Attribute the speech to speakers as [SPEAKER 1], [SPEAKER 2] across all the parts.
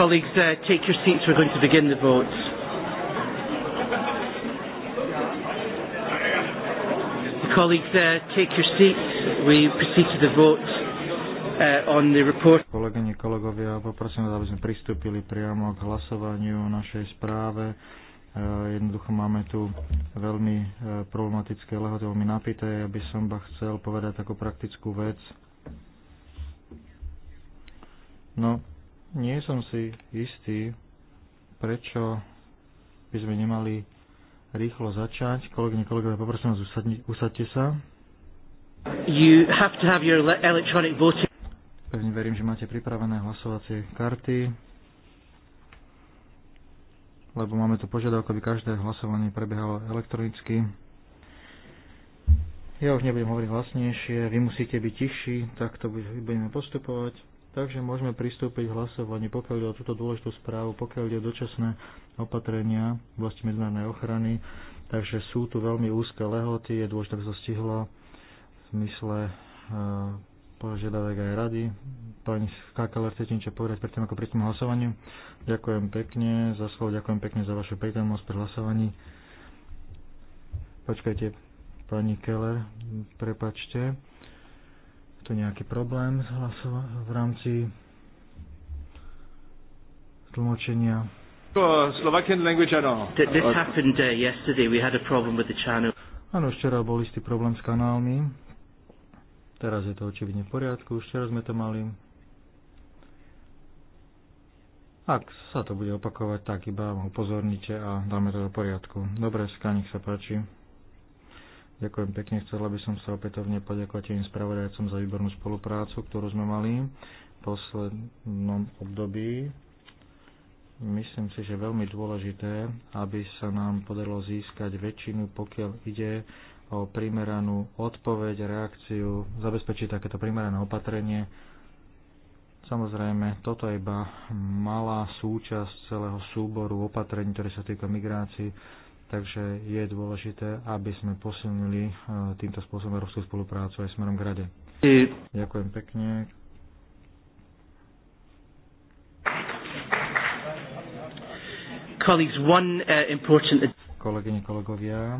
[SPEAKER 1] Colleagues, uh, take your seats. We're going to begin the vote. Colleagues, uh, take your seats. We proceed to the vote uh, on the report. Kolegyne, kolegovia,
[SPEAKER 2] poprosím vás, aby sme pristúpili priamo k hlasovaniu o našej správe. Uh, Jednoducho máme tu veľmi uh, problematické lehoty, veľmi napité. Ja by som ba chcel povedať takú praktickú vec. No, nie som si istý, prečo by sme nemali rýchlo začať. Kolegyne, kolegové, poprosím vás, usadte sa. You
[SPEAKER 1] have to have your electronic voting.
[SPEAKER 2] Pevne verím, že máte pripravené hlasovacie karty, lebo máme tu požiadavku, aby každé hlasovanie prebiehalo elektronicky. Ja už nebudem hovoriť hlasnejšie, vy musíte byť tichší, tak to budeme postupovať. Takže môžeme pristúpiť k hlasovaniu, pokiaľ ide o túto dôležitú správu, pokiaľ ide o dočasné opatrenia v oblasti medzinárodnej ochrany. Takže sú tu veľmi úzke lehoty, je dôležité, aby sa stihlo v zmysle e, požiadavek aj rady. Pani Skákala, chcete niečo povedať predtým ako tým hlasovaniu? Ďakujem pekne za slovo, ďakujem pekne za vašu prítomnosť pri hlasovaní. Počkajte, pani Keller, prepačte tu nejaký problém s v rámci tlmočenia. Uh, Áno, včera bol istý problém s kanálmi. Teraz je to očividne v poriadku. Včera sme to mali. Ak sa to bude opakovať, tak iba vám upozornite a dáme to do poriadku. Dobre, Skanik sa páči. Ďakujem pekne, chcela by som sa opätovne poďakovať tým spravodajcom za výbornú spoluprácu, ktorú sme mali v poslednom období. Myslím si, že veľmi dôležité, aby sa nám podarilo získať väčšinu, pokiaľ ide o primeranú odpoveď, reakciu, zabezpečiť takéto primerané opatrenie. Samozrejme, toto je iba malá súčasť celého súboru opatrení, ktoré sa týka migrácií Takže je dôležité, aby sme posilnili e, týmto spôsobom európsku spoluprácu aj smerom k rade. Ďakujem pekne.
[SPEAKER 1] Uh,
[SPEAKER 2] Kolegyne, kolegovia,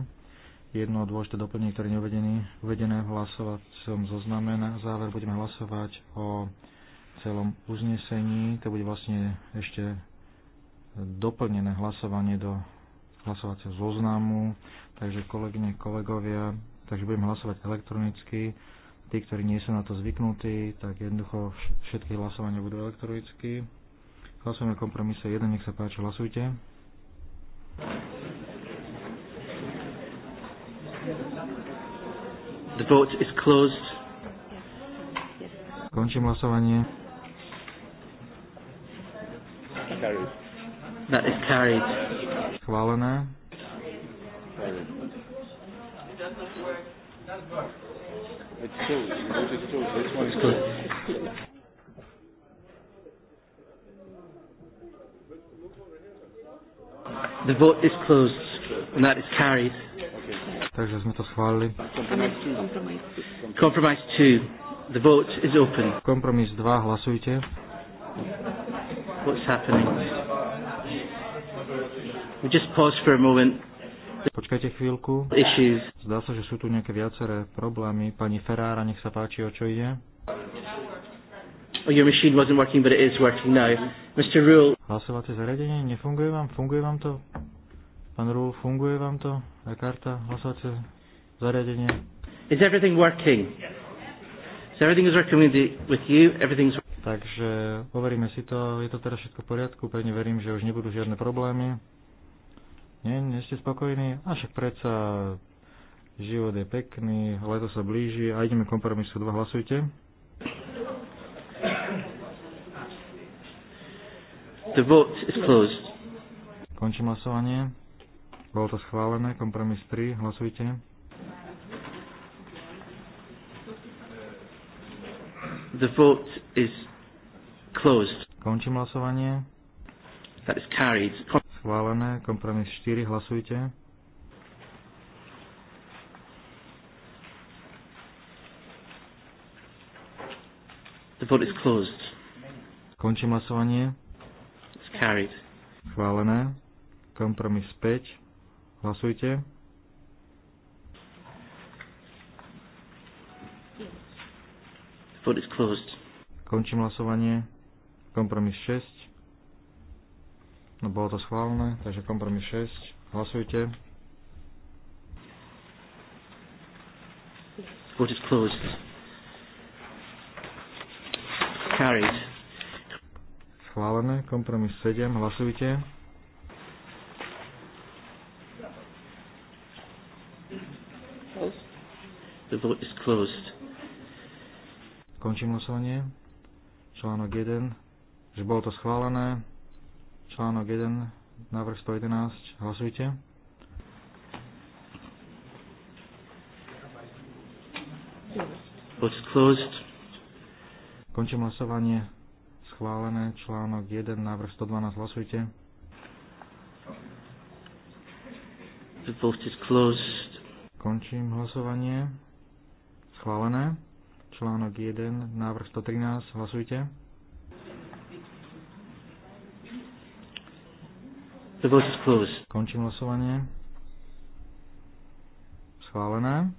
[SPEAKER 2] jedno dôležité doplnenie, ktoré je neuvedené, uvedené v hlasovacom zozname. Na záver budeme hlasovať o celom uznesení. To bude vlastne ešte doplnené hlasovanie do hlasovacieho zoznamu. Takže kolegyne, kolegovia, takže budem hlasovať elektronicky. Tí, ktorí nie sú na to zvyknutí, tak jednoducho všetky hlasovania budú elektronicky. Hlasujeme kompromise 1, nech sa páči, hlasujte.
[SPEAKER 1] The vote is closed.
[SPEAKER 2] Končím hlasovanie.
[SPEAKER 3] That is carried schválené.
[SPEAKER 1] The vote is closed and that is carried. Takže sme to schválili. Compromise 2. The vote is open. Kompromis 2, hlasujte. What's happening? just pause for a moment.
[SPEAKER 2] Počkajte chvíľku. Issues. Zdá sa, že sú tu nejaké viaceré problémy. Pani Ferrara, nech sa páči, o čo ide.
[SPEAKER 1] Oh, your machine wasn't working, but it is working now.
[SPEAKER 2] Mr. Rule. Hlasovacie zariadenie nefunguje vám? Funguje vám to? Pán Rule, funguje vám to? Aj e, karta, hlasovacie zariadenie?
[SPEAKER 1] Is everything working?
[SPEAKER 2] So everything is working with the, with you, everything's Takže overíme si to, je to teraz všetko v poriadku, pevne verím, že už nebudú žiadne problémy. Nie, nie ste spokojní? A však predsa život je pekný, leto sa blíži a ideme kompromisu. Dva hlasujte. The vote is closed. Končím hlasovanie. Bolo to schválené. Kompromis 3. Hlasujte. The vote is closed. Končím hlasovanie. That is carried. Schválené. Kompromis 4. Hlasujte. The vote is closed. Končím hlasovanie. It's carried. Schválené. Kompromis 5. Hlasujte.
[SPEAKER 1] The vote is closed.
[SPEAKER 2] Končím hlasovanie. Kompromis 6. No bolo to schválne, takže kompromis 6. Hlasujte.
[SPEAKER 1] Vote is closed. Carried.
[SPEAKER 2] Schválené, kompromis 7. Hlasujte.
[SPEAKER 1] The vote is closed.
[SPEAKER 2] Končím hlasovanie. Článok 1. Že bolo to schválené. Článok 1, návrh 111, hlasujte. Končím hlasovanie. Schválené. Článok 1, návrh 112, hlasujte. Končím hlasovanie. Schválené. Článok 1, návrh 113, hlasujte. The vote is closed. Končím hlasovanie. Schválené.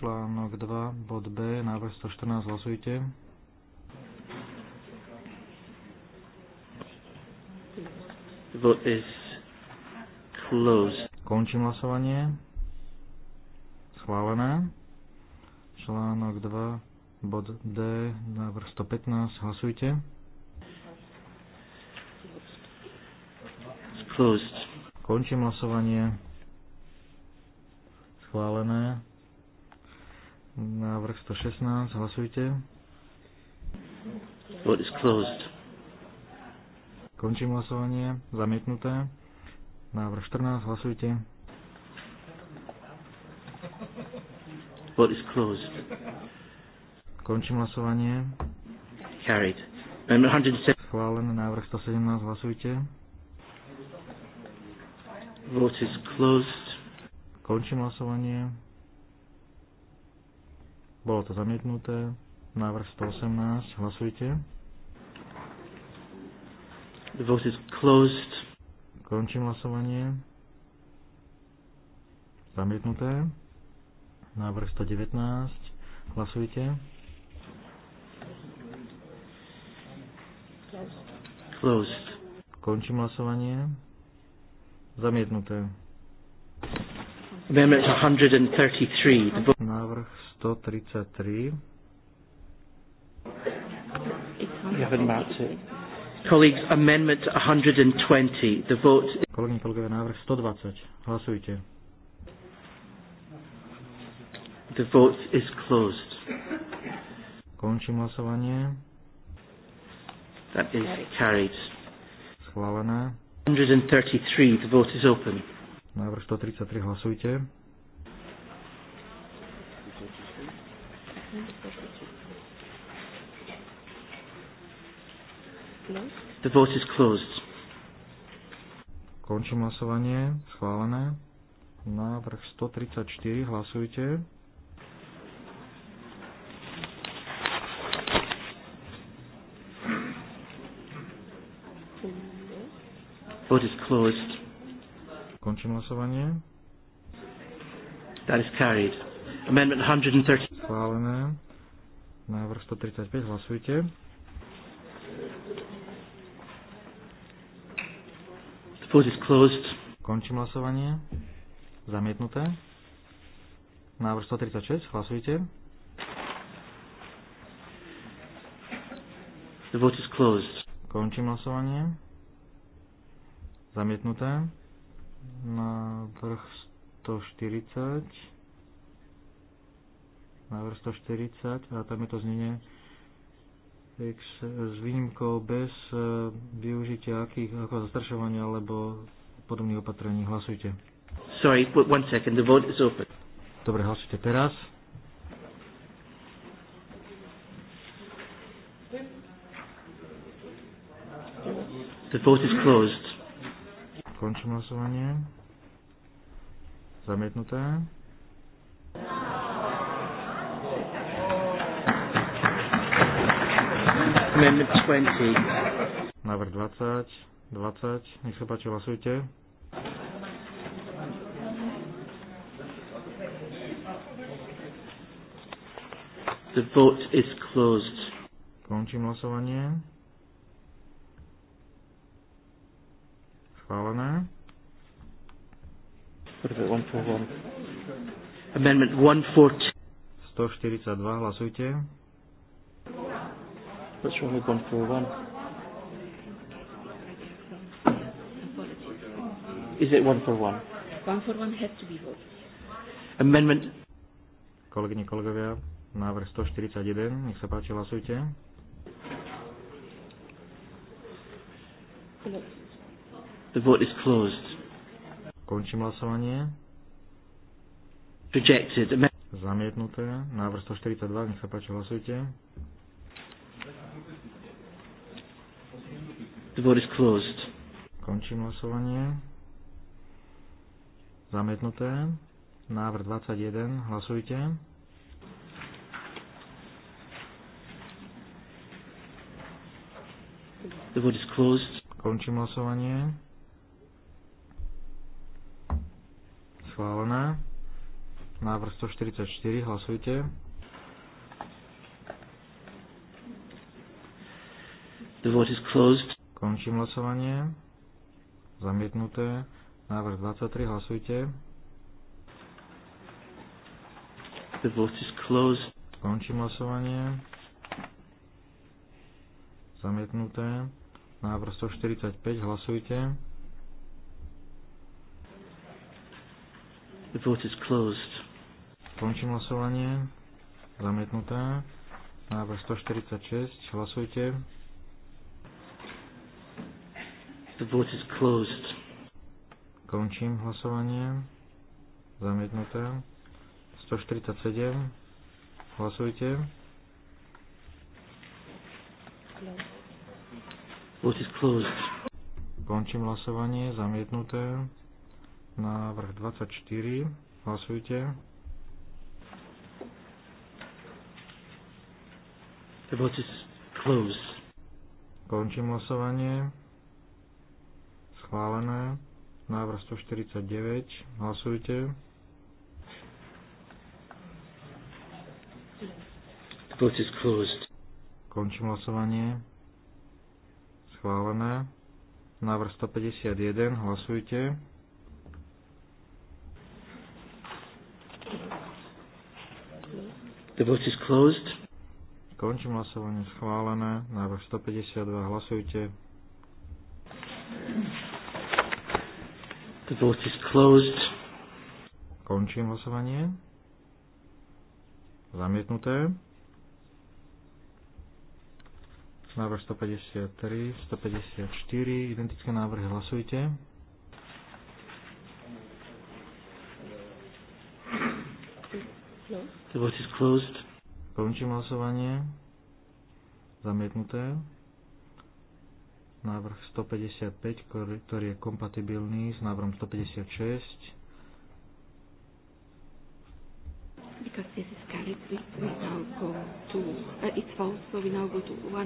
[SPEAKER 2] Článok 2, bod B, návrh 114, hlasujte. The vote is closed. Končím hlasovanie. Schválené. Článok 2, bod D, návrh 115, hlasujte. Closed. Končím hlasovanie. Schválené. Návrh 116. Hlasujte.
[SPEAKER 3] Vote is closed.
[SPEAKER 2] Končím hlasovanie. Zamietnuté. Návrh 14. Hlasujte.
[SPEAKER 3] Vote is closed.
[SPEAKER 2] Končím hlasovanie. Carried. Schválené návrh 117. Hlasujte. Vote is closed. Končím hlasovanie. Bolo to zamietnuté. Návrh 118. Hlasujte. The vote is closed. Končím hlasovanie. Zamietnuté. Návrh 119. Hlasujte. Closed. Končím hlasovanie. Zamietnuté.
[SPEAKER 1] Amendment 133. Návrh 133. Colleagues, Amendment 120. The vote... Kolegyne, kolegovia, návrh 120. Hlasujte. The vote is closed. Končím hlasovanie. That is carried. Schválené. 133, the vote is open. Návrh
[SPEAKER 2] 133, hlasujte. The vote is closed. Končím hlasovanie. Schválené. Návrh 134. Hlasujte.
[SPEAKER 1] Vote is closed. Končím hlasovanie. That is carried. Amendment 130. Schválené.
[SPEAKER 2] Návrh 135. Hlasujte. The vote is closed. Končím hlasovanie. Zamietnuté. Návrh 136. Hlasujte. The vote is closed. Končím hlasovanie. Zamietnuté. vrch 140. na vrch 140. A tam je to znenie s výnimkou bez e, využitia akých, ako zastrašovania alebo podobných opatrení. Hlasujte.
[SPEAKER 1] Sorry, one second, the vote is open. Dobre, hlasujte teraz.
[SPEAKER 3] The vote is closed.
[SPEAKER 2] Končím hlasovanie. Zamietnuté. Návrh 20. 20. Nech sa páči, hlasujte.
[SPEAKER 1] The vote is closed. Končím
[SPEAKER 2] hlasovanie.
[SPEAKER 1] schválené. Amendment 142. hlasujte. Which one Is it one for one?
[SPEAKER 3] One for one has to be voted.
[SPEAKER 2] Amendment. Kolegyne, kolegovia, návrh 141, nech sa páči, hlasujte. Hello. The vote is closed. Končím hlasovanie. Rejected. Zamietnuté. Návrh 142, nech sa páči, hlasujte. The vote is closed. Končím hlasovanie. Zamietnuté. Návrh 21, hlasujte. The vote is closed. Končím hlasovanie schválené. Návrh 144, hlasujte. The vote is closed. Končím hlasovanie. Zamietnuté. Návrh 23, hlasujte.
[SPEAKER 1] The vote is closed.
[SPEAKER 2] Končím hlasovanie. Zamietnuté. Návrh 145, hlasujte. The vote is closed. Končím hlasovanie. Zamietnuté. Návrh 146. Hlasujte. The vote is closed. Končím hlasovanie. Zamietnuté. 147. Hlasujte. Vote is closed. Končím hlasovanie. Zamietnuté. Návrh 24. Hlasujte. The vote is closed. Končím hlasovanie. Schválené. Návrh 149. Hlasujte. The vote is closed. Končím hlasovanie. Schválené. Návrh 151. Hlasujte. The vote is closed. Končím hlasovanie schválené. Návrh 152. Hlasujte. The vote is closed. Končím hlasovanie. Zamietnuté. Návrh 153, 154, identické návrhy hlasujte. The vote is closed. Končím hlasovanie. Zamietnuté. Návrh 155, ktorý je kompatibilný s návrhom 156.
[SPEAKER 3] Because this is we, we now go to, uh, it's false, so we now go to 158.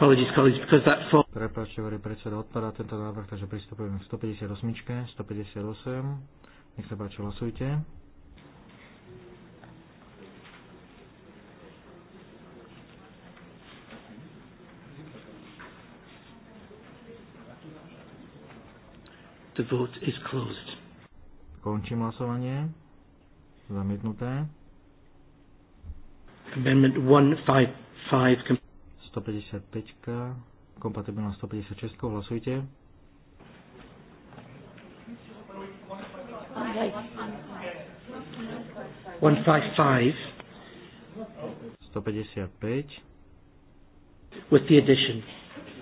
[SPEAKER 1] Apologies,
[SPEAKER 2] because Prepáčte, hovorí predseda, odpadá tento návrh, takže pristupujeme k 158. 158. Nech sa páči, hlasujte.
[SPEAKER 1] The vote is closed.
[SPEAKER 2] Končím hlasovanie. Zamietnuté. Amendment 155. 155. Kompatibilná 156. Hlasujte.
[SPEAKER 3] One five five.
[SPEAKER 1] 155. With the addition.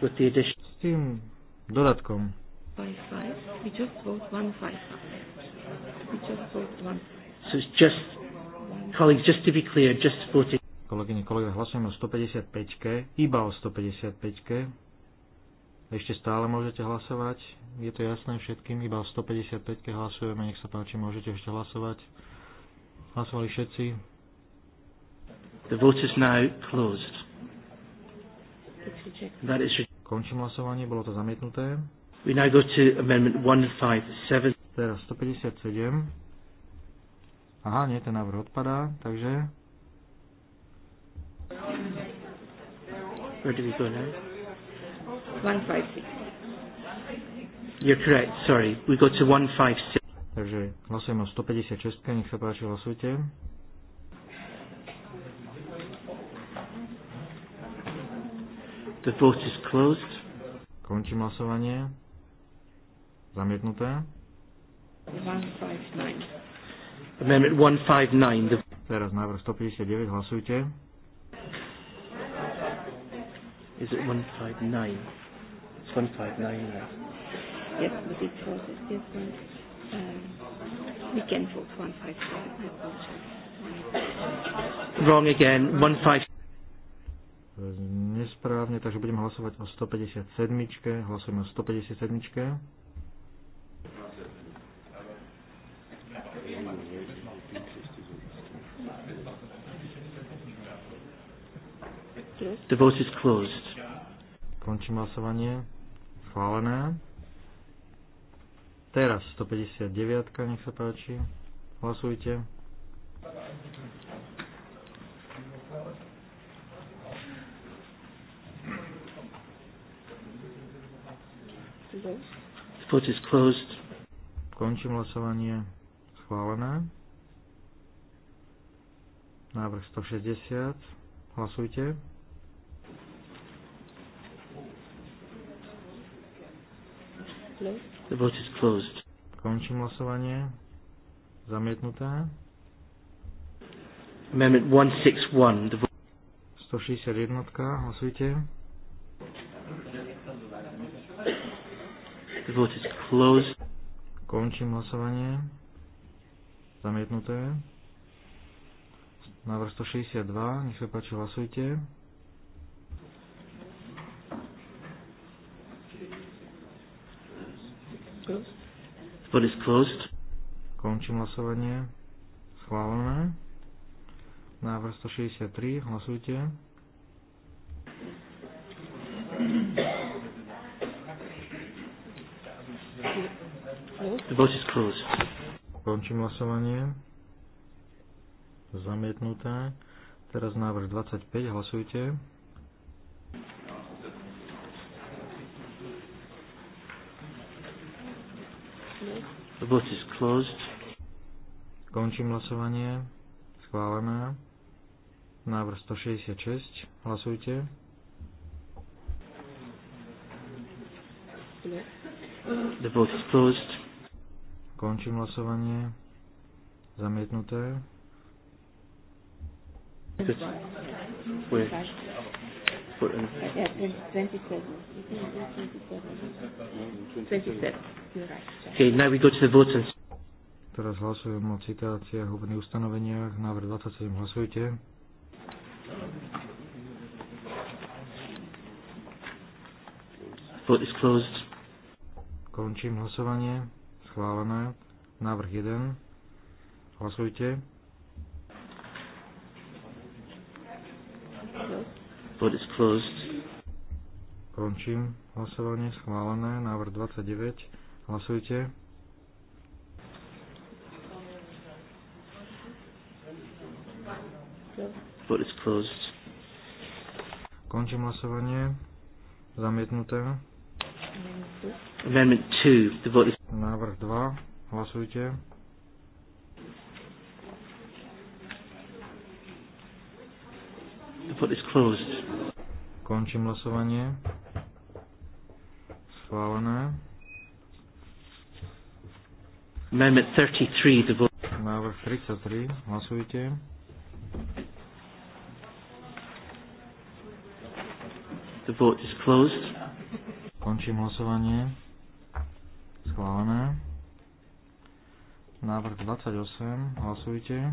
[SPEAKER 1] With the addition. S tým dodatkom.
[SPEAKER 3] Five five. We just vote one five. We just vote one
[SPEAKER 1] five. So it's just, colleagues, just to be clear,
[SPEAKER 2] just voting. Kolegyne, kolegovia, hlasujeme o 155-ke, iba o 155-ke. Ešte stále môžete hlasovať, je to jasné všetkým, iba o 155-ke hlasujeme, nech sa páči, môžete ešte hlasovať. Hlasovali všetci.
[SPEAKER 1] The vote is now closed.
[SPEAKER 2] That is... Končím hlasovanie, bolo to zamietnuté.
[SPEAKER 1] We now go to amendment 157. Teraz
[SPEAKER 2] 157. Aha, nie, ten návrh odpadá, takže... Where do we go now?
[SPEAKER 3] 156.
[SPEAKER 1] You're correct, sorry. We go to 156.
[SPEAKER 2] Takže hlasujeme o 156, nech sa páči, hlasujte. The vote is closed. Končím hlasovanie. Zamietnuté. Amendment
[SPEAKER 1] 159. Teraz návrh 159, hlasujte. Is it 159? It's 159 now.
[SPEAKER 3] Yes, but it was a different. Um, we can vote 159.
[SPEAKER 2] Wrong again. 159 nesprávne, takže budeme hlasovať o 157. Hlasujeme o 157.
[SPEAKER 1] The vote is closed. Končím
[SPEAKER 2] hlasovanie. Schválené. Teraz 159, nech sa páči. Hlasujte.
[SPEAKER 3] The
[SPEAKER 1] vote is closed. Končím
[SPEAKER 2] hlasovanie. Schválené. Návrh 160. Hlasujte. The vote is closed. Končím hlasovanie. Zamietnuté. Amendment 161. The vote 161. Hlasujte. The vote is closed. Končím hlasovanie. Zamietnuté. Návrh 162. Nech sa páči, hlasujte. Vote is closed. Končím hlasovanie. Schválené. Návrh 163. Hlasujte. The vote is closed. Končím hlasovanie. Zamietnuté. Teraz návrh 25. Hlasujte. The vote is closed. Končím hlasovanie. Schválené. Návrh 166. Hlasujte. The vote is closed. Končím hlasovanie. Zamietnuté. Wait put in.
[SPEAKER 1] Yeah,
[SPEAKER 3] 27. 27. 27. You're right.
[SPEAKER 2] Okay, now
[SPEAKER 1] we go to the votes and...
[SPEAKER 2] Teraz hlasujem o citáciách, hubných ustanoveniach. Návrh 27 hlasujte. Vote is closed. Končím hlasovanie. Schválené. Návrh 1. Hlasujte. vote is closed. Končím hlasovanie, schválené, návrh 29. Hlasujte. Vote is closed. Končím hlasovanie. Zamietnuté. Amendment 2. The vote is... Návrh 2. Hlasujte. The vote is closed. Končím hlasovanie. Schválené.
[SPEAKER 1] Amendment 33, the vote. Návrh 33, hlasujte. The vote is closed.
[SPEAKER 2] Končím hlasovanie. Schválené. Návrh 28, hlasujte.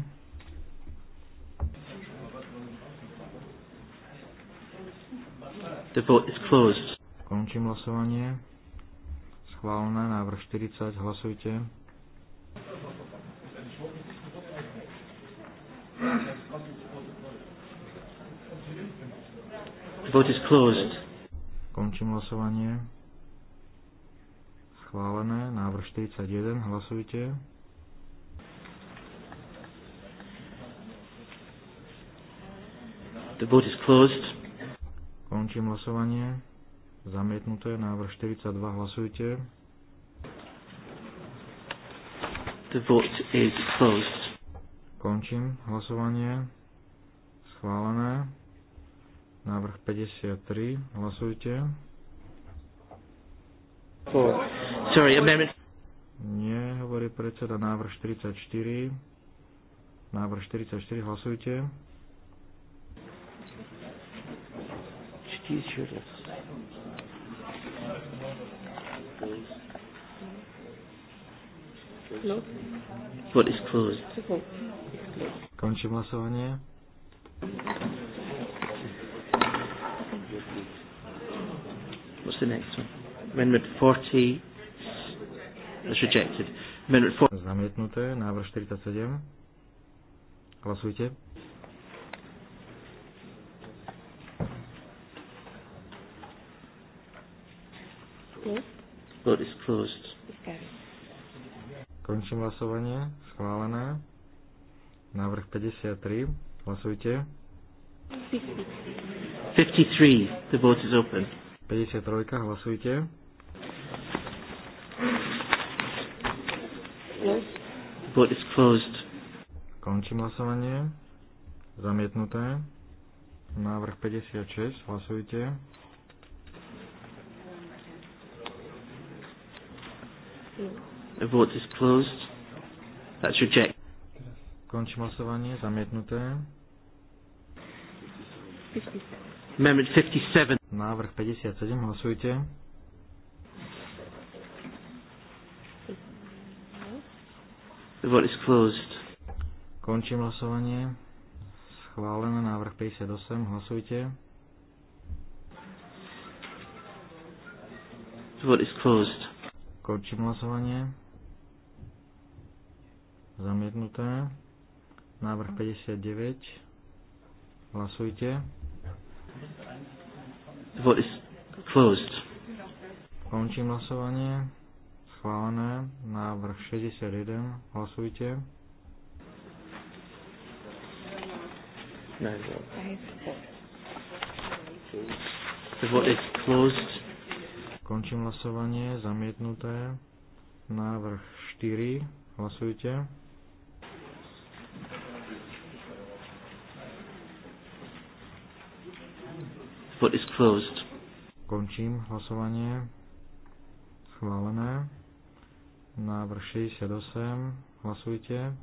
[SPEAKER 3] The vote is closed.
[SPEAKER 2] Končím hlasovanie. Schválené. Návrh 40. Hlasujte.
[SPEAKER 3] The vote is closed.
[SPEAKER 2] Končím hlasovanie. Schválené. Návrh 41. Hlasujte. The vote is closed. Končím hlasovanie. Zamietnuté. Návrh 42. Hlasujte. The vote is closed. Končím hlasovanie. Schválené. Návrh 53. Hlasujte. Sorry, amendment. Nie, hovorí predseda. Návrh 44. Návrh 44. Hlasujte.
[SPEAKER 1] die ist schön.
[SPEAKER 3] What is closed?
[SPEAKER 2] Končím hlasovanie.
[SPEAKER 1] What's the next one? Amendment 40 is rejected. Amendment
[SPEAKER 2] 40. Zamietnuté, návrh 47. Hlasujte.
[SPEAKER 1] Vote is closed.
[SPEAKER 2] Končím hlasovanie. Schválené. Návrh 53. Hlasujte.
[SPEAKER 1] 53. The vote is open. 53. Hlasujte.
[SPEAKER 3] Yes.
[SPEAKER 2] Vote is closed. Končím hlasovanie. Zamietnuté. Návrh 56. Hlasujte.
[SPEAKER 3] The
[SPEAKER 2] vote is closed. That's rejected. Končím hlasovanie, zamietnuté.
[SPEAKER 3] 57.
[SPEAKER 2] Návrh 57, hlasujte. The vote is closed. Končím hlasovanie. Schválené návrh 58, hlasujte. The vote is closed. Končím hlasovanie. Zamietnuté. Návrh 59. Hlasujte.
[SPEAKER 1] is closed.
[SPEAKER 2] Končím hlasovanie. Schválené. Návrh 61. Hlasujte. The vote is closed. Končím hlasovanie. Zamietnuté. Návrh 4.
[SPEAKER 1] Hlasujte. Vote is closed. Končím
[SPEAKER 2] hlasovanie. Schválené. Návrh 68. Hlasujte.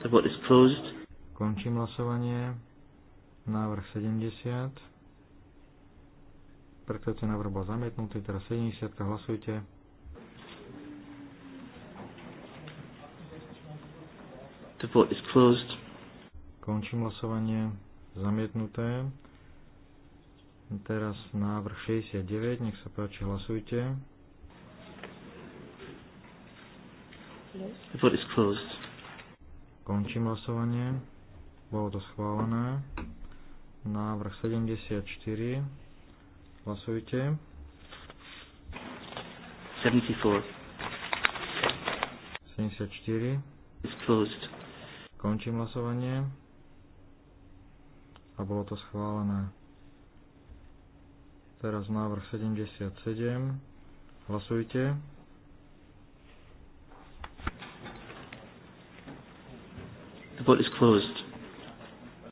[SPEAKER 2] The vote is closed. Končím hlasovanie Návrh 70. Predchádzajúci návrh bol zamietnutý, teraz 70. Hlasujte. The vote is closed. Končím hlasovanie. Zamietnuté. Teraz návrh 69. Nech sa páči, hlasujte. The vote is closed. Končím hlasovanie. Bolo to schválené. Návrh 74. Hlasujte. 74. 74. Končím hlasovanie. A bolo to schválené. Teraz návrh 77.
[SPEAKER 1] Hlasujte. The vote is closed.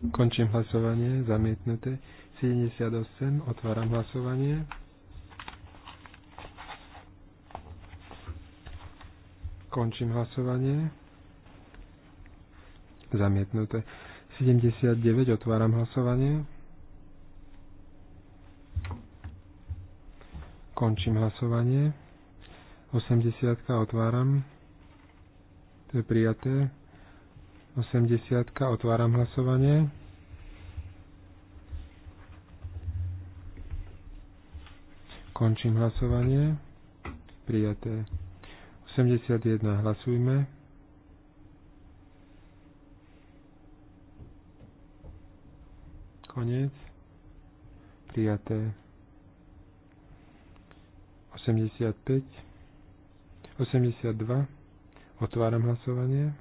[SPEAKER 4] Končím hlasovanie, zamietnuté. 78, otváram hlasovanie. Končím hlasovanie. Zamietnuté. 79, otváram hlasovanie. Končím hlasovanie. 80, otváram. To je prijaté. 80. Otváram hlasovanie. Končím hlasovanie. Prijaté. 81. Hlasujme. Koniec. Prijaté. 85. 82. Otváram hlasovanie.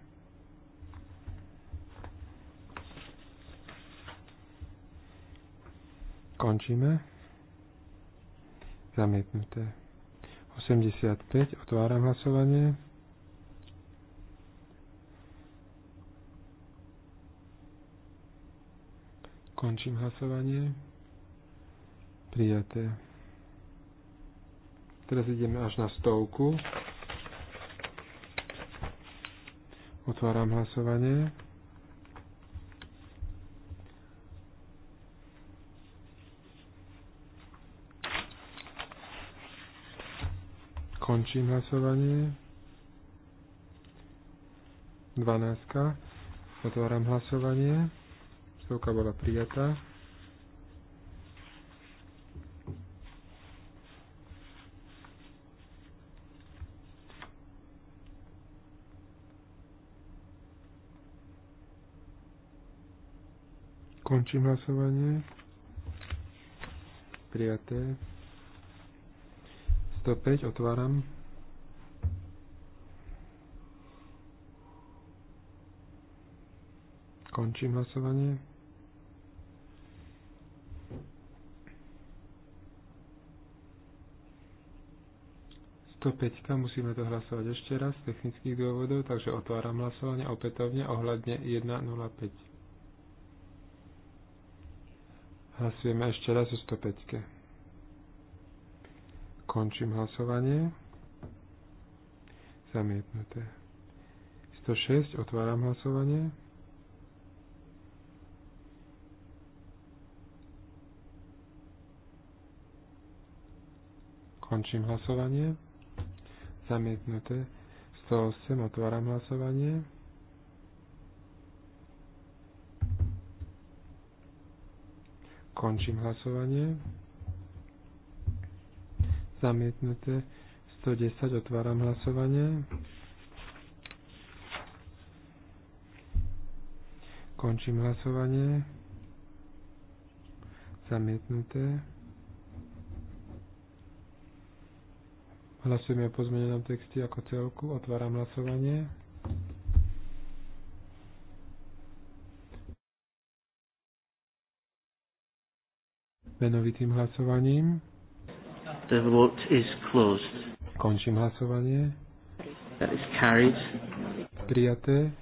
[SPEAKER 4] Končíme. Zamietnuté. 85. Otváram hlasovanie. Končím hlasovanie. Prijaté. Teraz ideme až na stovku. Otváram hlasovanie. Končím hlasovanie. 12. Otváram hlasovanie. Stovka bola prijatá. Končím hlasovanie. Prijaté. 105 otváram. Končím hlasovanie. To 5 musíme to hlasovať ešte raz z technických dôvodov, takže otváram hlasovanie opätovne ohľadne 1.05. Hlasujeme ešte raz o 105. Končím hlasovanie. Zamietnuté. 106. Otváram hlasovanie. Končím hlasovanie. Zamietnuté. 108. Otváram hlasovanie. Končím hlasovanie zamietnuté. 110 otváram hlasovanie. Končím hlasovanie. Zamietnuté. Hlasujeme o pozmenenom texte ako celku. Otváram hlasovanie. Menovitým hlasovaním.
[SPEAKER 1] The vote is closed. Končím hlasovanie. That is carried. Prijaté.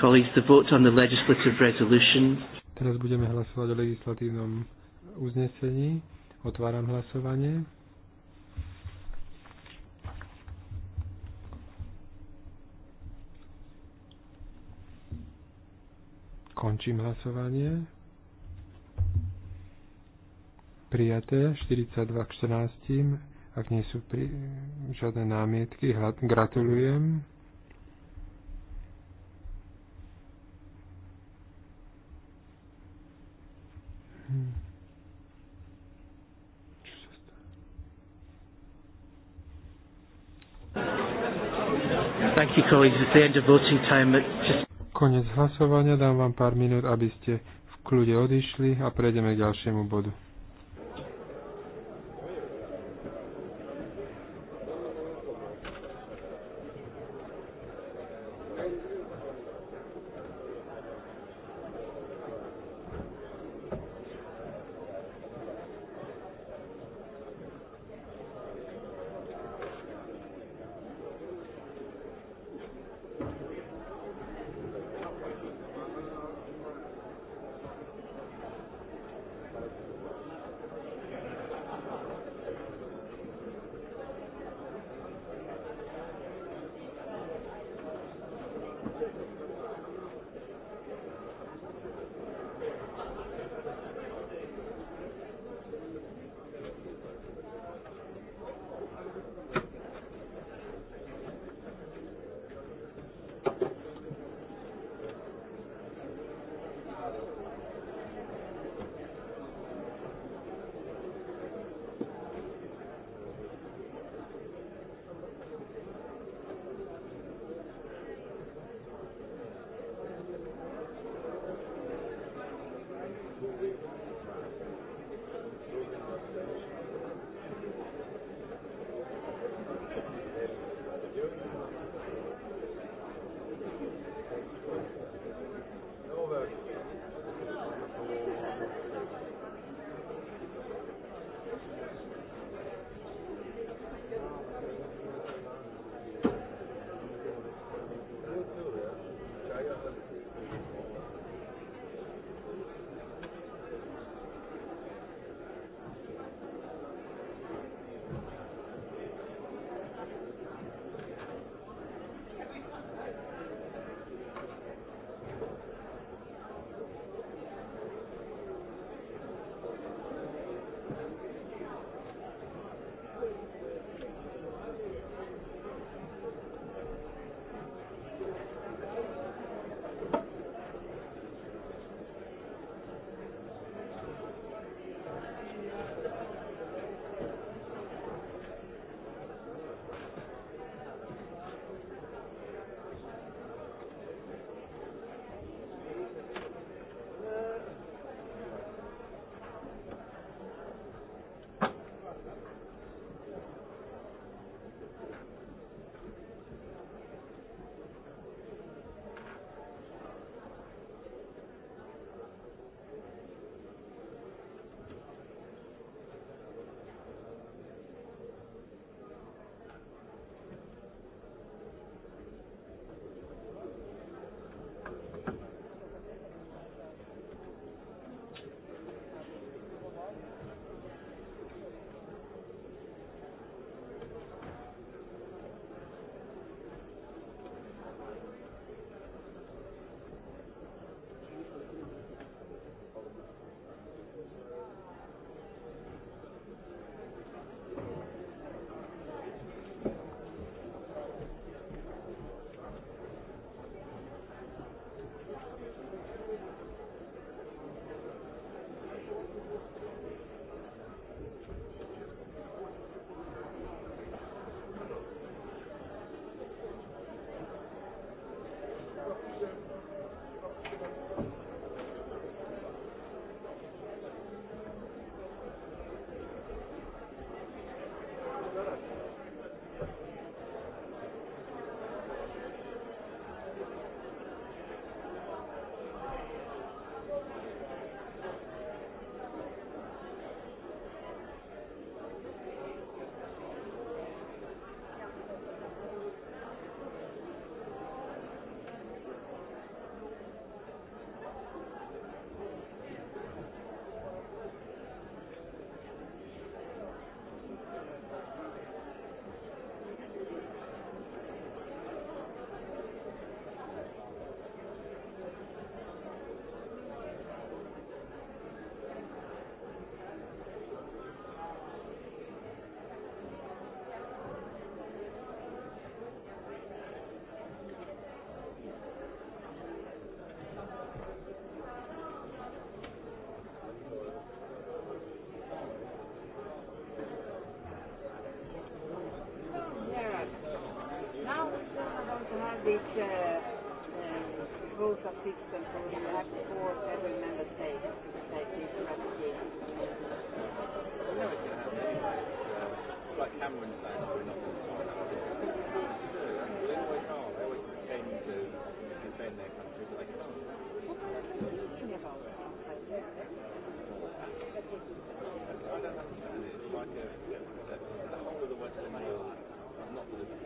[SPEAKER 1] Colleagues, the vote on the legislative resolution. Teraz
[SPEAKER 4] budeme hlasovať o legislatívnom uznesení. Otváram hlasovanie. Končím hlasovanie prijaté 42 k 14, ak nie sú pri, žiadne námietky. Gratulujem. Konec hlasovania. Dám vám pár minút, aby ste v kľude odišli a prejdeme k ďalšiemu bodu.
[SPEAKER 3] uh, uh, rules of system and so you have to force every member state to take these ratification. You know, it's like Cameron's saying, we're not going to sign up. They always are. They always pretend to defend their country, but they I don't understand It's like a, the whole of the Western not the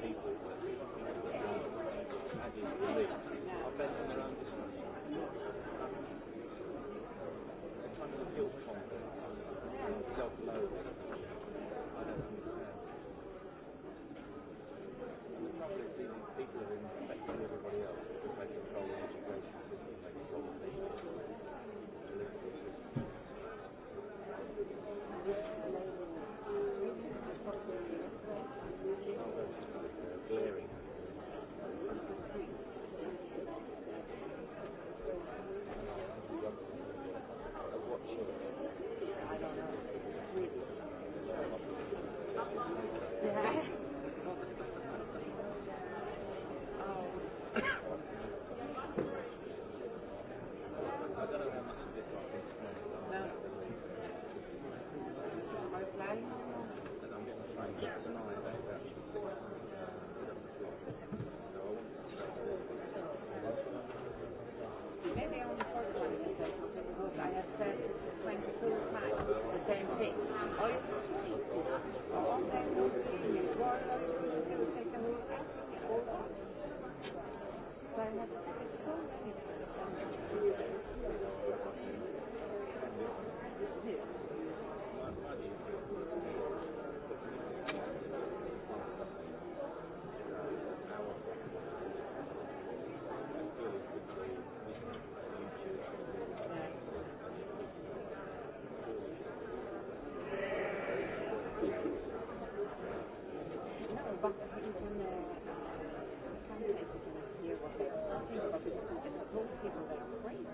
[SPEAKER 3] people, people, they're crazy.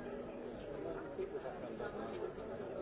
[SPEAKER 3] People have done that.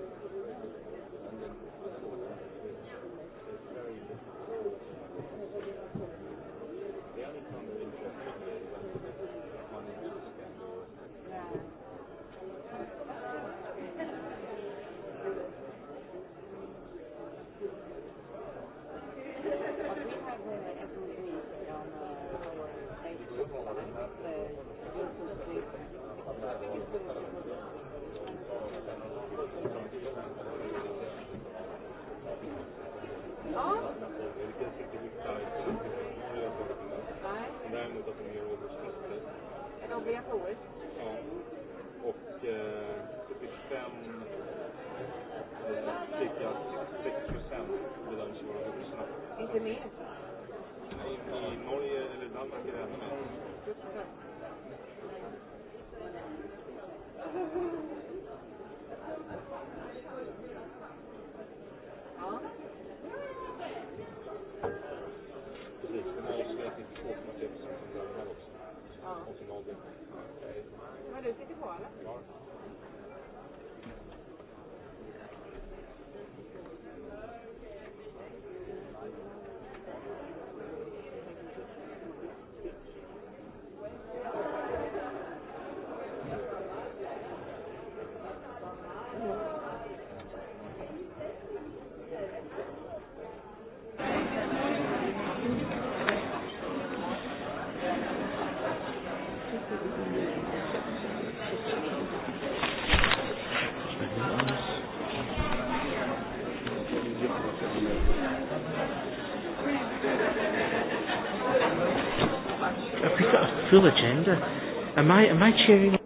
[SPEAKER 3] full agenda. Am I, am I
[SPEAKER 1] cheering?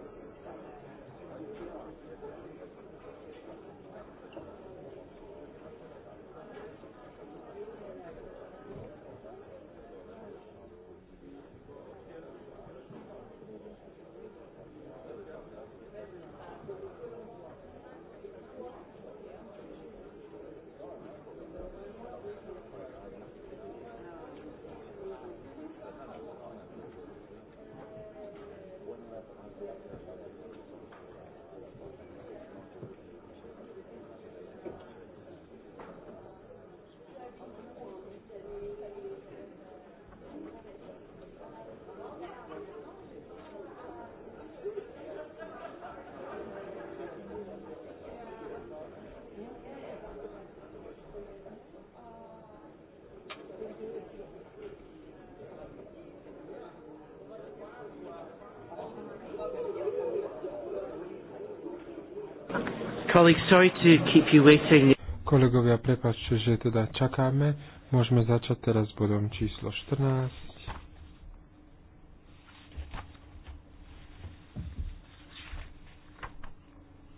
[SPEAKER 4] Colleagues, sorry to keep you waiting. Kolegovia, prepáčte, že teda čakáme. Môžeme začať teraz bodom číslo 14.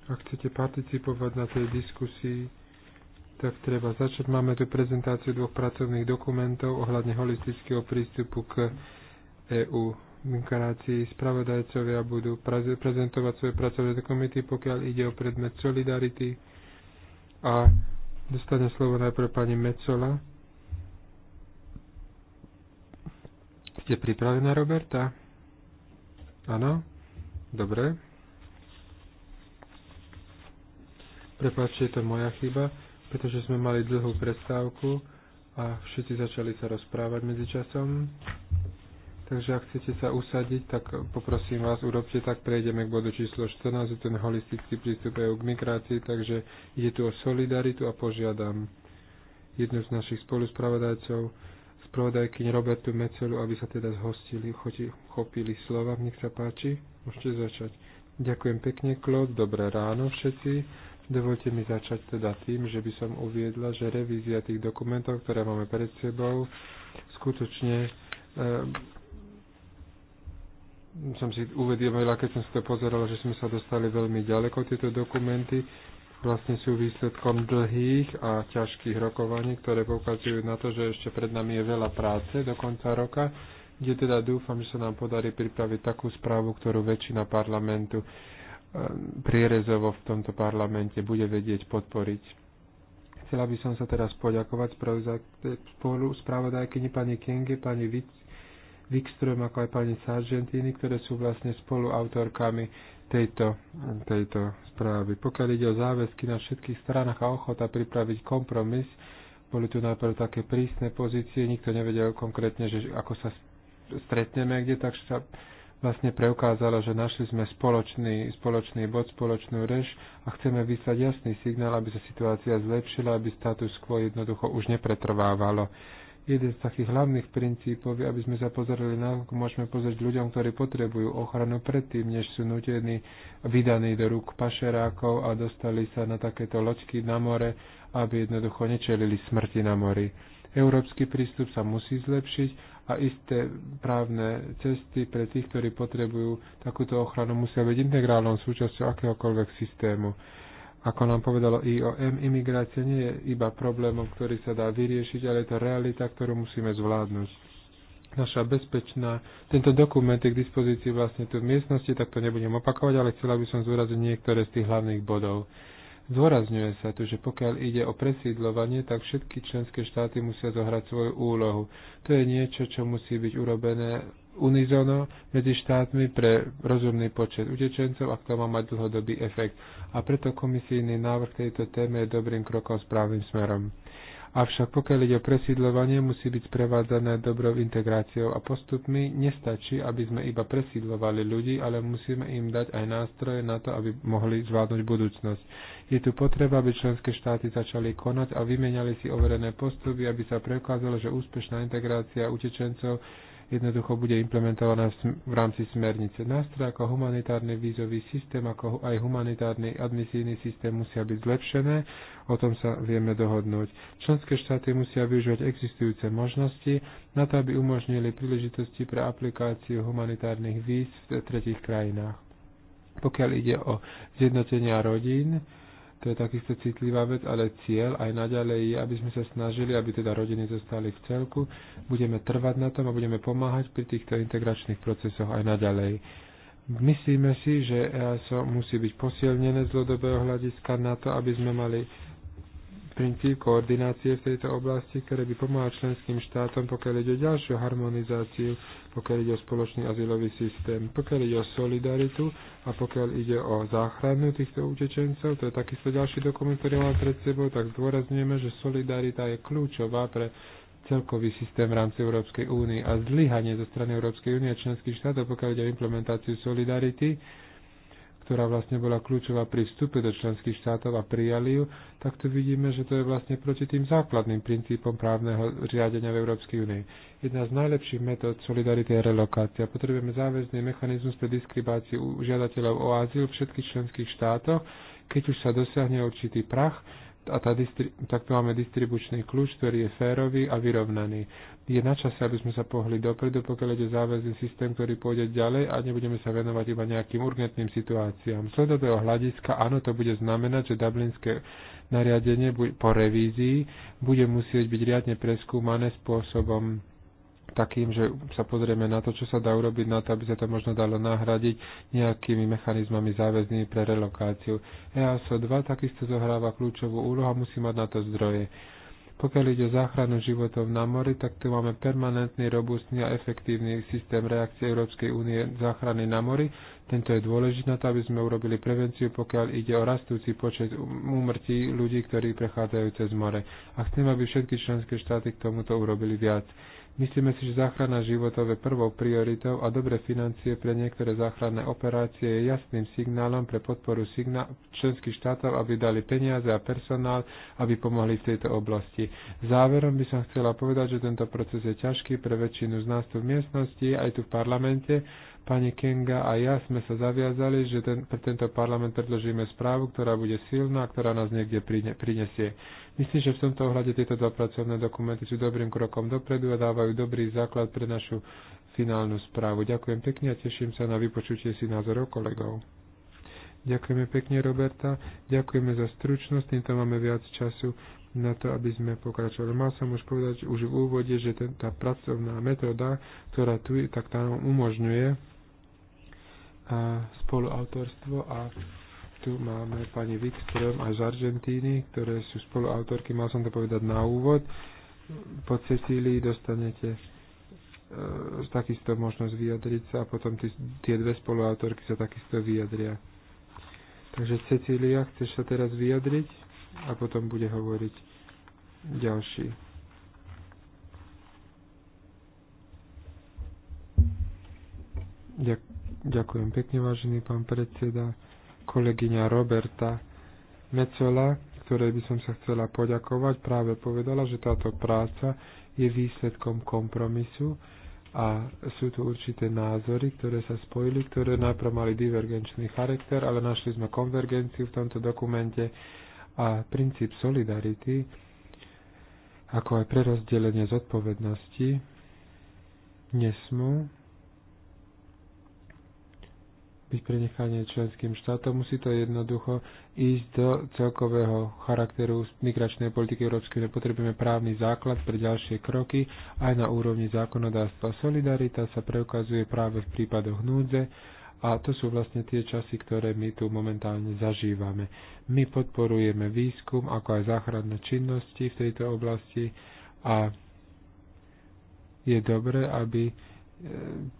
[SPEAKER 4] Ak chcete participovať na tej diskusii, tak treba začať. Máme tu prezentáciu dvoch pracovných dokumentov ohľadne holistického prístupu k EU migrácii. Spravodajcovia budú prezentovať svoje pracovné dokumenty, pokiaľ ide o predmet Solidarity. A dostane slovo najprv pani Mecola. Ste pripravená, Roberta? Áno? Dobre. Prepačte, je to moja chyba, pretože sme mali dlhú prestávku a všetci začali sa rozprávať medzičasom. časom. Takže ak chcete sa usadiť, tak poprosím vás, urobte tak, prejdeme k bodu číslo 14, ten holistický prístup EU k migrácii, takže ide tu o solidaritu a požiadam jednu z našich spoluspravodajcov, spravodajkyň Robertu Mecelu, aby sa teda zhostili, chopili slova, nech sa páči, môžete začať. Ďakujem pekne, Klod, dobré ráno všetci. Dovolte mi začať teda tým, že by som uviedla, že revízia tých dokumentov, ktoré máme pred sebou, skutočne som si uvedomila, keď som si to pozerala, že sme sa dostali veľmi ďaleko. Tieto dokumenty vlastne sú výsledkom dlhých a ťažkých rokovaní, ktoré poukazujú na to, že ešte pred nami je veľa práce do konca roka, kde teda dúfam, že sa nám podarí pripraviť takú správu, ktorú väčšina parlamentu e, prierezovo v tomto parlamente bude vedieť podporiť. Chcela by som sa teraz poďakovať spolu spravodajkyni pani Kenge, pani Wikström, ako aj pani Sargentini, ktoré sú vlastne spoluautorkami tejto, tejto správy. Pokiaľ ide o záväzky na všetkých stranách a ochota pripraviť kompromis, boli tu najprv také prísne pozície, nikto nevedel konkrétne, že ako sa stretneme kde, tak sa vlastne preukázalo, že našli sme spoločný, spoločný bod, spoločnú rež a chceme vyslať jasný signál, aby sa situácia zlepšila, aby status quo jednoducho už nepretrvávalo jeden z takých hlavných princípov je, aby sme sa pozerali na ako môžeme pozrieť ľuďom, ktorí potrebujú ochranu predtým, než sú nutení, vydaní do rúk pašerákov a dostali sa na takéto loďky na more, aby jednoducho nečelili smrti na mori. Európsky prístup sa musí zlepšiť a isté právne cesty pre tých, ktorí potrebujú takúto ochranu, musia byť integrálnou súčasťou akéhokoľvek systému ako nám povedalo IOM, imigrácia nie je iba problémom, ktorý sa dá vyriešiť, ale je to realita, ktorú musíme zvládnuť. Naša bezpečná, tento dokument je k dispozícii vlastne tu v miestnosti, tak to nebudem opakovať, ale chcela by som zúraziť niektoré z tých hlavných bodov. Zdôrazňuje sa tu, že pokiaľ ide o presídlovanie, tak všetky členské štáty musia zohrať svoju úlohu. To je niečo, čo musí byť urobené unizono medzi štátmi pre rozumný počet utečencov, a to má mať dlhodobý efekt. A preto komisijný návrh tejto téme je dobrým krokom správnym smerom. Avšak pokiaľ ide o presídľovanie, musí byť sprevádzané dobrou integráciou a postupmi. Nestačí, aby sme iba presídlovali ľudí, ale musíme im dať aj nástroje na to, aby mohli zvládnuť budúcnosť. Je tu potreba, aby členské štáty začali konať a vymenali si overené postupy, aby sa preukázalo, že úspešná integrácia utečencov jednoducho bude implementovaná v rámci smernice. Nástroje ako humanitárny vízový systém, ako aj humanitárny admisívny systém musia byť zlepšené, o tom sa vieme dohodnúť. Členské štáty musia využívať existujúce možnosti na to, aby umožnili príležitosti pre aplikáciu humanitárnych víz v tretich krajinách. Pokiaľ ide o zjednotenia rodín, to je takisto citlivá vec, ale cieľ aj naďalej je, aby sme sa snažili, aby teda rodiny zostali v celku. Budeme trvať na tom a budeme pomáhať pri týchto integračných procesoch aj naďalej. Myslíme si, že EASO musí byť posilnené z dlhodobého hľadiska na to, aby sme mali princíp koordinácie v tejto oblasti, ktoré by pomáha členským štátom, pokiaľ ide o ďalšiu harmonizáciu, pokiaľ ide o spoločný azylový systém, pokiaľ ide o solidaritu a pokiaľ ide o záchranu týchto utečencov. To je takisto ďalší dokument, ktorý mám pred sebou, tak zdôrazňujeme, že solidarita je kľúčová pre celkový systém v rámci Európskej únie a zlyhanie zo strany Európskej únie a členských štátov, pokiaľ ide o implementáciu solidarity, ktorá vlastne bola kľúčová pri vstupe do členských štátov a prijali ju, tak tu vidíme, že to je vlastne proti tým základným princípom právneho riadenia v Európskej únii. Jedna z najlepších metód solidarity je relokácia. Potrebujeme záväzný mechanizmus pre diskribáciu žiadateľov o azyl v všetkých členských štátoch, keď už sa dosiahne určitý prach, a tá distri- takto máme distribučný kľúč, ktorý je férový a vyrovnaný. Je na čase, aby sme sa pohli dopredu, pokiaľ ide záväzný systém, ktorý pôjde ďalej a nebudeme sa venovať iba nejakým urgentným situáciám. Z hľadového hľadiska áno, to bude znamenať, že dublinské nariadenie po revízii bude musieť byť riadne preskúmané spôsobom takým, že sa pozrieme na to, čo sa dá urobiť na to, aby sa to možno dalo nahradiť nejakými mechanizmami záväznými pre relokáciu. EASO 2 takisto zohráva kľúčovú úlohu a musí mať na to zdroje. Pokiaľ ide o záchranu životov na mori, tak tu máme permanentný, robustný a efektívny systém reakcie Európskej únie záchrany na mori. Tento je dôležitý na to, aby sme urobili prevenciu, pokiaľ ide o rastúci počet úmrtí ľudí, ktorí prechádzajú cez more. A chcem, aby všetky členské štáty k tomuto urobili viac. Myslíme si, že záchrana životov je prvou prioritou a dobre financie pre niektoré záchranné operácie je jasným signálom pre podporu signál členských štátov, aby dali peniaze a personál, aby pomohli v tejto oblasti. Záverom by som chcela povedať, že tento proces je ťažký pre väčšinu z nás tu v miestnosti, aj tu v parlamente, Pani Kenga a ja sme sa zaviazali, že ten, pre tento parlament predložíme správu, ktorá bude silná, ktorá nás niekde prinesie. Myslím, že v tomto ohľade tieto dva pracovné dokumenty sú dobrým krokom dopredu a dávajú dobrý základ pre našu finálnu správu. Ďakujem pekne a teším sa na vypočutie si názorov kolegov. Ďakujeme pekne, Roberta. Ďakujeme za stručnosť. Týmto máme viac času na to, aby sme pokračovali. Mal som už povedať už v úvode, že tá pracovná metóda, ktorá tu je, tak tá umožňuje a spoluautorstvo a tu máme pani Wikström a z Argentíny, ktoré sú spoluautorky, mal som to povedať na úvod. Po Cecílii dostanete e, takisto možnosť vyjadriť sa a potom tí, tie dve spoluautorky sa takisto vyjadria. Takže Cecília, chceš sa teraz vyjadriť a potom bude hovoriť ďalší. Ďakujem. Ďakujem pekne, vážený pán predseda. Kolegyňa Roberta Mecola, ktorej by som sa chcela poďakovať, práve povedala, že táto práca je výsledkom kompromisu a sú tu určité názory, ktoré sa spojili, ktoré najprv mali divergenčný charakter, ale našli sme konvergenciu v tomto dokumente a princíp solidarity, ako aj prerozdelenie zodpovednosti, nesmú byť prenechané členským štátom. Musí to jednoducho ísť do celkového charakteru migračnej politiky Európskej únie. Potrebujeme právny základ pre ďalšie kroky aj na úrovni zákonodárstva. Solidarita sa preukazuje práve v prípadoch núdze a to sú vlastne tie časy, ktoré my tu momentálne zažívame. My podporujeme výskum, ako aj záchranné činnosti v tejto oblasti a je dobré, aby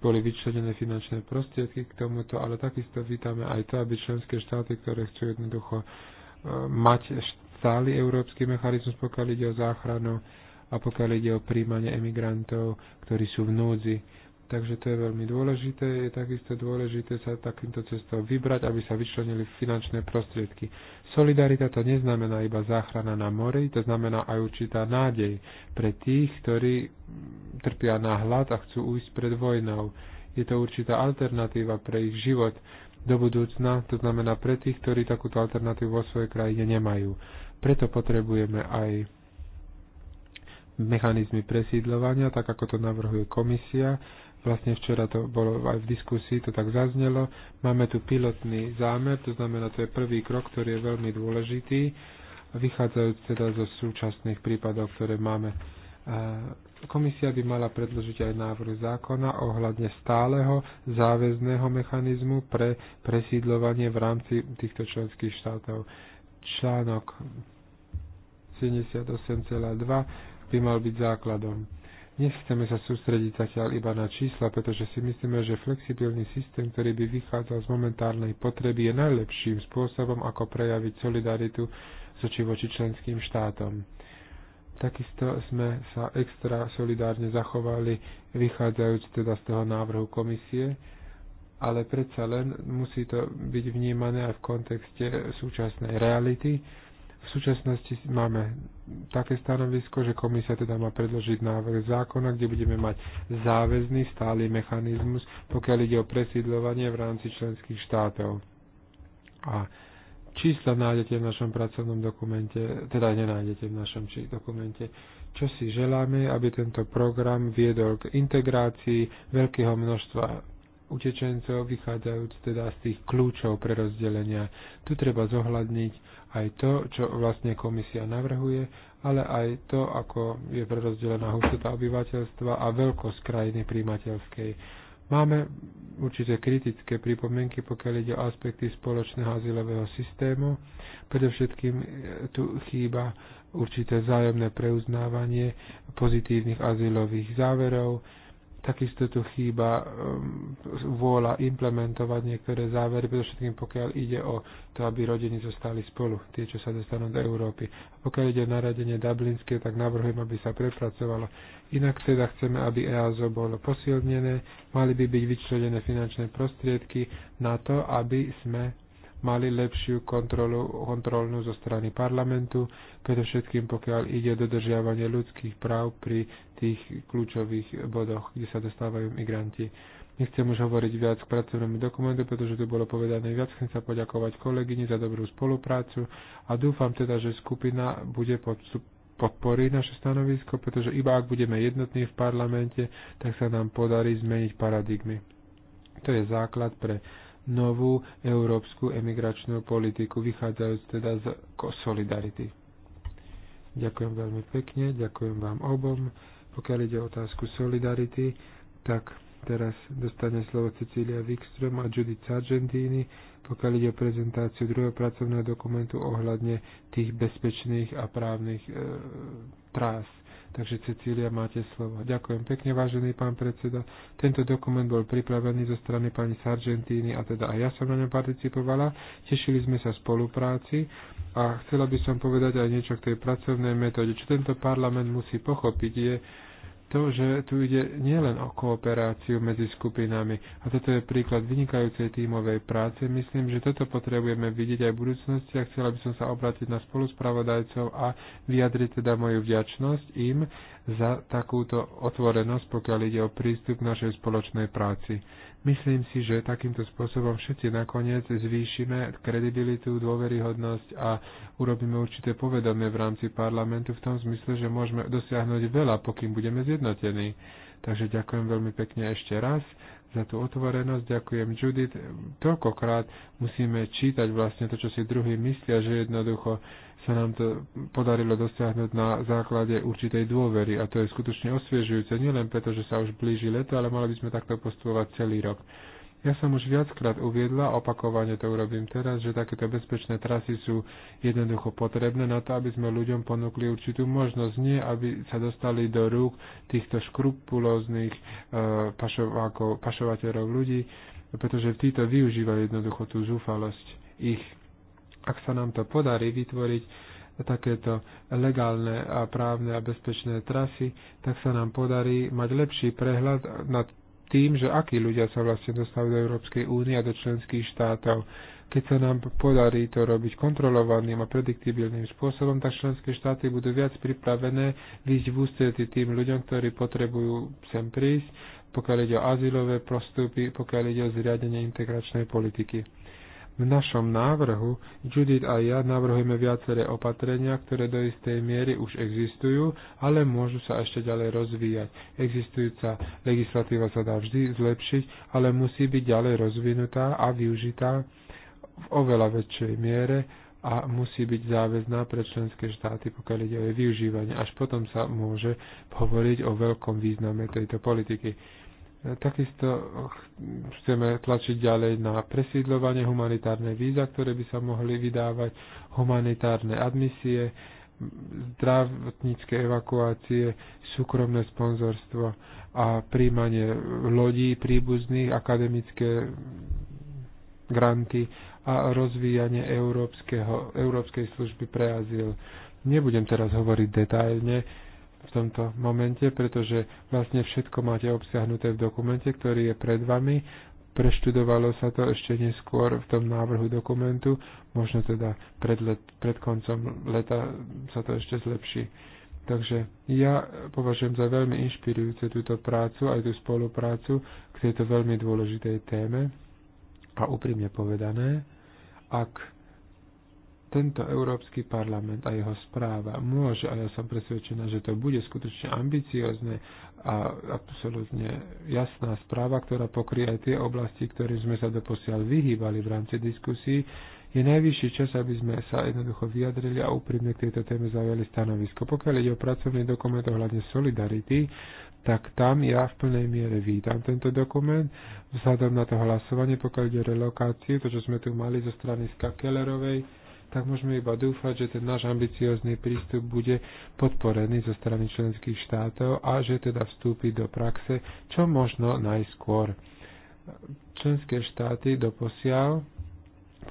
[SPEAKER 4] boli vyčlenené finančné prostriedky k tomuto, ale takisto vítame aj to, aby členské štáty, ktoré chcú jednoducho e, mať stály európsky mechanizmus, pokiaľ ide o záchranu a pokiaľ ide o príjmanie emigrantov, ktorí sú v núdzi, Takže to je veľmi dôležité. Je takisto dôležité sa takýmto cestou vybrať, aby sa vyčlenili finančné prostriedky. Solidarita to neznamená iba záchrana na mori, to znamená aj určitá nádej pre tých, ktorí trpia na hlad a chcú ujsť pred vojnou. Je to určitá alternatíva pre ich život do budúcna, to znamená pre tých, ktorí takúto alternatívu vo svojej krajine nemajú. Preto potrebujeme aj mechanizmy presídľovania, tak ako to navrhuje komisia, Vlastne včera to bolo aj v diskusii, to tak zaznelo. Máme tu pilotný zámer, to znamená, to je prvý krok, ktorý je veľmi dôležitý, vychádzajúc teda zo súčasných prípadov, ktoré máme. Komisia by mala predložiť aj návrh zákona ohľadne stáleho záväzného mechanizmu pre presídlovanie v rámci týchto členských štátov. Článok 78,2 by mal byť základom. Nechceme sa sústrediť zatiaľ iba na čísla, pretože si myslíme, že flexibilný systém, ktorý by vychádzal z momentárnej potreby, je najlepším spôsobom, ako prejaviť solidaritu soči voči členským štátom. Takisto sme sa extra solidárne zachovali, vychádzajúc teda z toho návrhu komisie, ale predsa len musí to byť vnímané aj v kontexte súčasnej reality, v súčasnosti máme také stanovisko, že komisia teda má predložiť návrh zákona, kde budeme mať záväzný stály mechanizmus, pokiaľ ide o presídľovanie v rámci členských štátov. A čísla nájdete v našom pracovnom dokumente, teda nenájdete v našom dokumente. Čo si želáme, aby tento program viedol k integrácii veľkého množstva utečencov, vychádzajúc teda z tých kľúčov pre rozdelenia. Tu treba zohľadniť aj to, čo vlastne komisia navrhuje, ale aj to, ako je prerozdelená hustota obyvateľstva a veľkosť krajiny príjmateľskej. Máme určite kritické pripomienky, pokiaľ ide o aspekty spoločného azylového systému. Predovšetkým e, tu chýba určité vzájomné preuznávanie pozitívnych azylových záverov, Takisto tu chýba um, vôľa implementovať niektoré závery, predovšetkým pokiaľ ide o to, aby rodiny zostali spolu, tie, čo sa dostanú do Európy. A pokiaľ ide o naradenie dublinské, tak navrhujem, aby sa prepracovalo. Inak teda chceme, aby EASO bolo posilnené, mali by byť vyčlenené finančné prostriedky na to, aby sme mali lepšiu kontrolu, kontrolnú zo strany parlamentu, predovšetkým pokiaľ ide dodržiavanie ľudských práv pri tých kľúčových bodoch, kde sa dostávajú migranti. Nechcem už hovoriť viac k pracovnému dokumentu, pretože tu bolo povedané viac. Chcem sa poďakovať kolegyni za dobrú spoluprácu a dúfam teda, že skupina bude podstup podporí naše stanovisko, pretože iba ak budeme jednotní v parlamente, tak sa nám podarí zmeniť paradigmy. To je základ pre novú európsku emigračnú politiku, vychádzajúc teda z solidarity. Ďakujem veľmi pekne, ďakujem vám obom. Pokiaľ ide o otázku solidarity, tak teraz dostane slovo Cecília Wikström a Judith Sargentini, pokiaľ ide o prezentáciu druhého pracovného dokumentu ohľadne tých bezpečných a právnych e, trás. Takže Cecília, máte slovo. Ďakujem pekne, vážený pán predseda. Tento dokument bol pripravený zo strany pani Sargentini a teda aj ja som na ňom participovala. Tešili sme sa spolupráci a chcela by som povedať aj niečo k tej pracovnej metóde. Čo tento parlament musí pochopiť je, to, že tu ide nielen o kooperáciu medzi skupinami. A toto je príklad vynikajúcej tímovej práce. Myslím, že toto potrebujeme vidieť aj v budúcnosti a chcela by som sa obrátiť na spoluspravodajcov a vyjadriť teda moju vďačnosť im za takúto otvorenosť, pokiaľ ide o prístup k našej spoločnej práci. Myslím si, že takýmto spôsobom všetci nakoniec zvýšime kredibilitu, dôveryhodnosť a urobíme určité povedomie v rámci parlamentu v tom zmysle, že môžeme dosiahnuť veľa, pokým budeme zjednotení. Takže ďakujem veľmi pekne ešte raz za tú otvorenosť. Ďakujem Judith. Toľkokrát musíme čítať vlastne to, čo si druhý myslia, že jednoducho sa nám to podarilo dosiahnuť na základe určitej dôvery. A to je skutočne osviežujúce, nielen preto, že sa už blíži leto, ale mali by sme takto postupovať celý rok. Ja som už viackrát uviedla, opakovane to urobím teraz, že takéto bezpečné trasy sú jednoducho potrebné na to, aby sme ľuďom ponúkli určitú možnosť, nie aby sa dostali do rúk týchto škrupulóznych e, pašovateľov ľudí, pretože títo využívajú jednoducho tú zúfalosť ich ak sa nám to podarí vytvoriť takéto legálne a právne a bezpečné trasy, tak sa nám podarí mať lepší prehľad nad tým, že akí ľudia sa vlastne dostávajú do Európskej únie a do členských štátov keď sa nám podarí to robiť kontrolovaným a prediktibilným spôsobom, tak členské štáty budú viac pripravené výjsť v ústrety tým ľuďom, ktorí potrebujú sem prísť, pokiaľ ide o azylové postupy, pokiaľ ide o zriadenie integračnej politiky. V našom návrhu Judith a ja navrhujeme viaceré opatrenia, ktoré do istej miery už existujú, ale môžu sa ešte ďalej rozvíjať. Existujúca legislatíva sa dá vždy zlepšiť, ale musí byť ďalej rozvinutá a využitá v oveľa väčšej miere a musí byť záväzná pre členské štáty, pokiaľ ide o jej využívanie. Až potom sa môže hovoriť o veľkom význame tejto politiky. Takisto chceme tlačiť ďalej na presídľovanie humanitárne víza, ktoré by sa mohli vydávať, humanitárne admisie, zdravotnícke evakuácie, súkromné sponzorstvo a príjmanie lodí príbuzných, akademické granty a rozvíjanie Európskej služby pre azyl. Nebudem teraz hovoriť detailne, v tomto momente, pretože vlastne všetko máte obsiahnuté v dokumente, ktorý je pred vami. Preštudovalo sa to ešte neskôr v tom návrhu dokumentu, možno teda pred, let, pred koncom leta sa to ešte zlepší. Takže ja považujem za veľmi inšpirujúce túto prácu, aj tú spoluprácu k tejto veľmi dôležitej téme. A úprimne povedané, ak tento Európsky parlament a jeho správa môže, a ja som presvedčená, že to bude skutočne ambiciozne a absolútne jasná správa, ktorá pokrie aj tie oblasti, ktorým sme sa doposiaľ vyhýbali v rámci diskusí, je najvyšší čas, aby sme sa jednoducho vyjadrili a úprimne k tejto téme zaujali stanovisko. Pokiaľ ide o pracovný dokument ohľadne Solidarity, tak tam ja v plnej miere vítam tento dokument. Vzhľadom na to hlasovanie, pokiaľ ide o relokáciu, to, čo sme tu mali zo strany Skakelerovej, tak môžeme iba dúfať, že ten náš ambiciózny prístup bude podporený zo strany členských štátov a že teda vstúpi do praxe čo možno najskôr. Členské štáty doposiaľ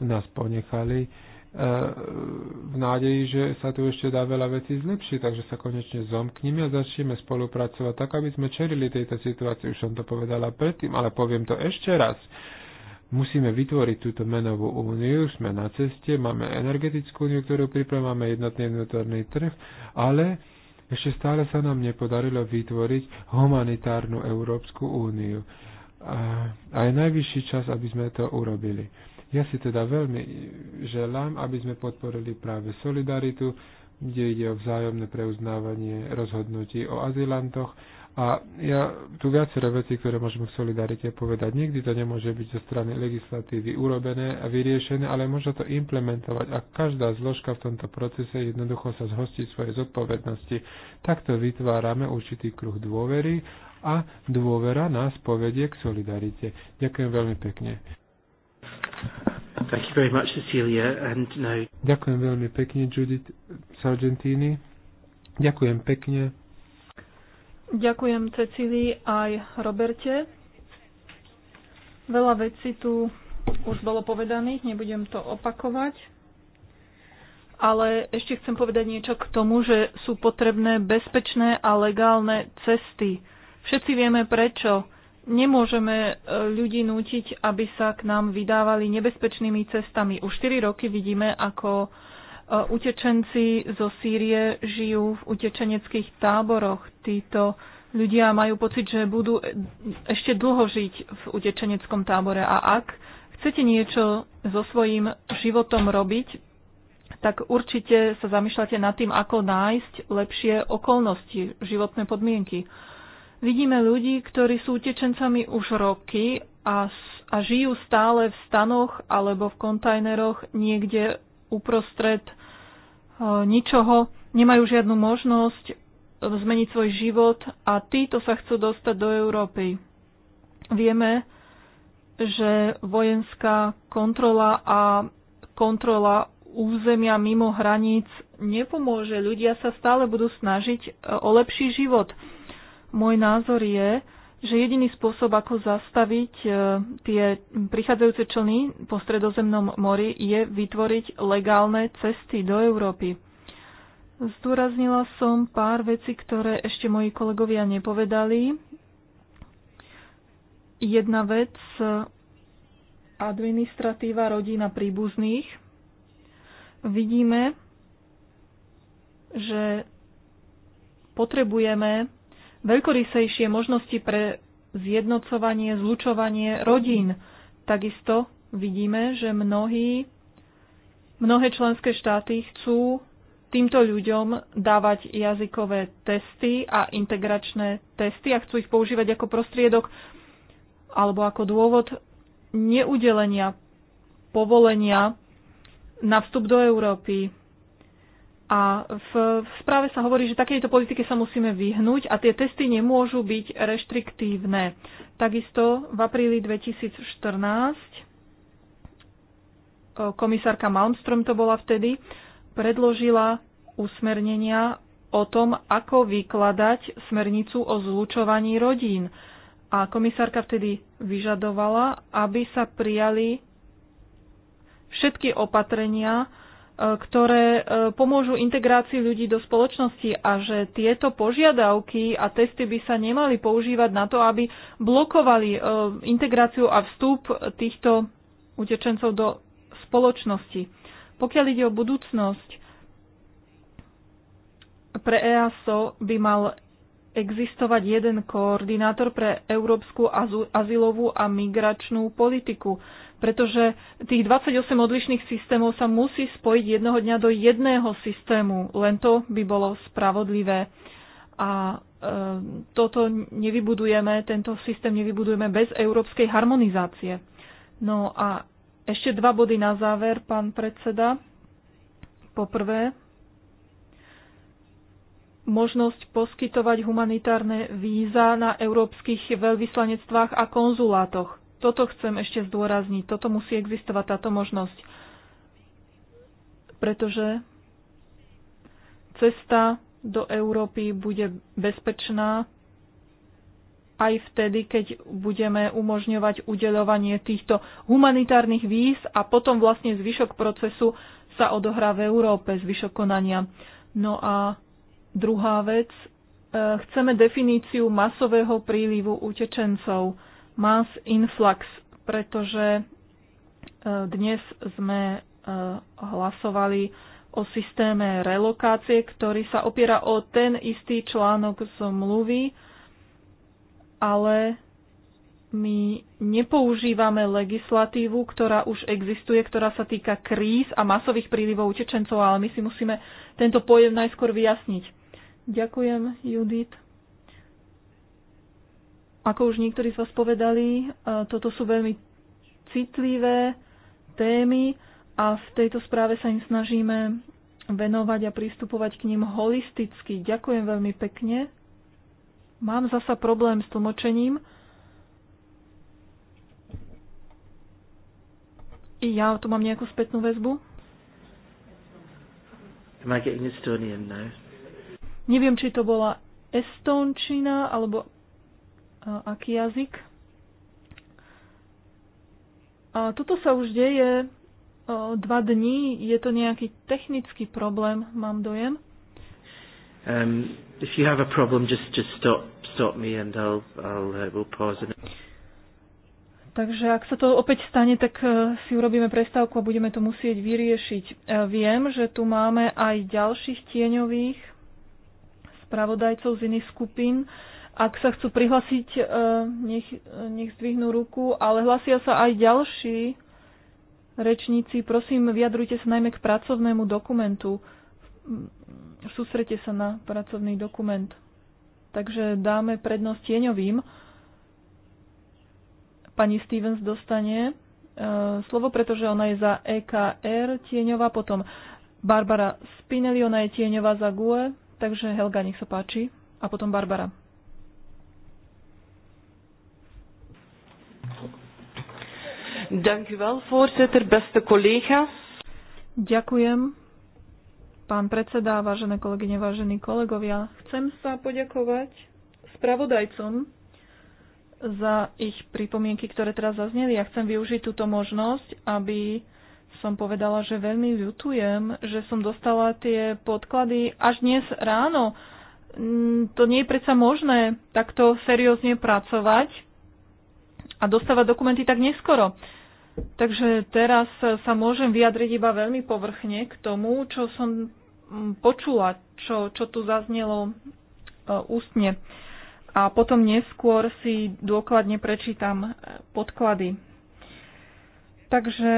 [SPEAKER 4] nás ponechali e, v nádeji, že sa tu ešte dá veľa vecí zlepšiť, takže sa konečne zomkneme a začneme spolupracovať tak, aby sme čerili tejto situácii. Už som to povedala predtým, ale poviem to ešte raz. Musíme vytvoriť túto menovú úniu, sme na ceste, máme energetickú úniu, ktorú pripravíme jednotný vnútorný trh, ale ešte stále sa nám nepodarilo vytvoriť humanitárnu Európsku úniu. A, a je najvyšší čas, aby sme to urobili. Ja si teda veľmi želám, aby sme podporili práve solidaritu, kde ide o vzájomné preuznávanie rozhodnutí o azylantoch a ja tu viacero veci, ktoré môžeme v solidarite povedať. Nikdy to nemôže byť zo strany legislatívy urobené a vyriešené, ale môže to implementovať. A každá zložka v tomto procese jednoducho sa zhostí svojej zodpovednosti. Takto vytvárame určitý kruh dôvery a dôvera nás povedie k solidarite. Ďakujem veľmi pekne.
[SPEAKER 1] Thank you very much, Cecilia. And now...
[SPEAKER 4] Ďakujem veľmi pekne, Judith Sargentini. Ďakujem pekne.
[SPEAKER 5] Ďakujem Cecílii aj Roberte. Veľa vecí tu už bolo povedaných, nebudem to opakovať. Ale ešte chcem povedať niečo k tomu, že sú potrebné bezpečné a legálne cesty. Všetci vieme prečo. Nemôžeme e, ľudí nútiť, aby sa k nám vydávali nebezpečnými cestami. Už 4 roky vidíme, ako E, utečenci zo Sýrie žijú v utečeneckých táboroch. Títo ľudia majú pocit, že budú ešte dlho žiť v utečeneckom tábore. A ak chcete niečo so svojím životom robiť, tak určite sa zamýšľate nad tým, ako nájsť lepšie okolnosti, životné podmienky. Vidíme ľudí, ktorí sú utečencami už roky a, a žijú stále v stanoch alebo v kontajneroch niekde uprostred e, ničoho, nemajú žiadnu možnosť e, zmeniť svoj život a títo sa chcú dostať do Európy. Vieme, že vojenská kontrola a kontrola územia mimo hraníc nepomôže. Ľudia sa stále budú snažiť e, o lepší život. Môj názor je, že jediný spôsob, ako zastaviť e, tie prichádzajúce člny po stredozemnom mori, je vytvoriť legálne cesty do Európy. Zdôraznila som pár vecí, ktoré ešte moji kolegovia nepovedali. Jedna vec, administratíva rodina príbuzných. Vidíme, že potrebujeme veľkorysejšie možnosti pre zjednocovanie, zlučovanie rodín. Takisto vidíme, že mnohí, mnohé členské štáty chcú týmto ľuďom dávať jazykové testy a integračné testy a chcú ich používať ako prostriedok alebo ako dôvod neudelenia povolenia na vstup do Európy. A v správe sa hovorí, že takejto politike sa musíme vyhnúť a tie testy nemôžu byť reštriktívne. Takisto v apríli 2014 e, komisárka Malmström to bola vtedy, predložila usmernenia o tom, ako vykladať smernicu o zlučovaní rodín. A komisárka vtedy vyžadovala, aby sa prijali všetky opatrenia, E, ktoré e, pomôžu integrácii ľudí do spoločnosti a že tieto požiadavky a testy by sa nemali používať na to, aby blokovali e, integráciu a vstup týchto utečencov do spoločnosti. Pokiaľ ide o budúcnosť, pre EASO by mal existovať jeden koordinátor pre európsku azylovú a migračnú politiku pretože tých 28 odlišných systémov sa musí spojiť jednoho dňa do jedného systému. Len to by bolo spravodlivé. A e, toto nevybudujeme, tento systém nevybudujeme bez európskej harmonizácie. No a ešte dva body na záver, pán predseda. Poprvé, možnosť poskytovať humanitárne víza na európskych veľvyslanectvách a konzulátoch. Toto chcem ešte zdôrazniť. Toto musí existovať, táto možnosť. Pretože cesta do Európy bude bezpečná aj vtedy, keď budeme umožňovať udeľovanie týchto humanitárnych víz a potom vlastne zvyšok procesu sa odohrá v Európe, zvyšok konania. No a druhá vec, e, chceme definíciu masového prílivu utečencov mass influx, pretože e, dnes sme e, hlasovali o systéme relokácie, ktorý sa opiera o ten istý článok zmluvy, ale my nepoužívame legislatívu, ktorá už existuje, ktorá sa týka kríz a masových prílivov utečencov, ale my si musíme tento pojem najskôr vyjasniť. Ďakujem, Judith. Ako už niektorí z vás povedali, e, toto sú veľmi citlivé témy a v tejto správe sa im snažíme venovať a pristupovať k ním holisticky. Ďakujem veľmi pekne. Mám zasa problém s tlmočením. I ja tu mám nejakú spätnú väzbu.
[SPEAKER 1] Am I getting Estonian now?
[SPEAKER 5] Neviem, či to bola estončina alebo aký jazyk. A toto sa už deje dva dní. Je to nejaký technický problém, mám dojem.
[SPEAKER 1] Um, if you have a problem, just, just stop, stop me and I'll, I'll, uh, we'll pause. And...
[SPEAKER 5] Takže ak sa to opäť stane, tak uh, si urobíme prestávku a budeme to musieť vyriešiť. Uh, viem, že tu máme aj ďalších tieňových spravodajcov z iných skupín. Ak sa chcú prihlasiť, e, nech, nech zdvihnú ruku, ale hlasia sa aj ďalší rečníci. Prosím, vyjadrujte sa najmä k pracovnému dokumentu. Mm, sústrete sa na pracovný dokument. Takže dáme prednosť tieňovým. Pani Stevens dostane e, slovo, pretože ona je za EKR tieňová, potom Barbara Spinelli, ona je tieňová za GUE, takže Helga, nech sa páči, a potom Barbara. Dank u wel, voorzitter, beste collega's. Ďakujem, pán predseda, vážené kolegyne, vážení kolegovia. Chcem sa poďakovať spravodajcom za ich pripomienky, ktoré teraz zazneli. Ja chcem využiť túto možnosť, aby som povedala, že veľmi ľutujem, že som dostala tie podklady až dnes ráno. Mm, to nie je predsa možné takto seriózne pracovať a dostávať dokumenty tak neskoro. Takže teraz sa môžem vyjadriť iba veľmi povrchne k tomu, čo som mm, počula, čo, čo tu zaznelo e, ústne. A potom neskôr si dôkladne prečítam e, podklady. Takže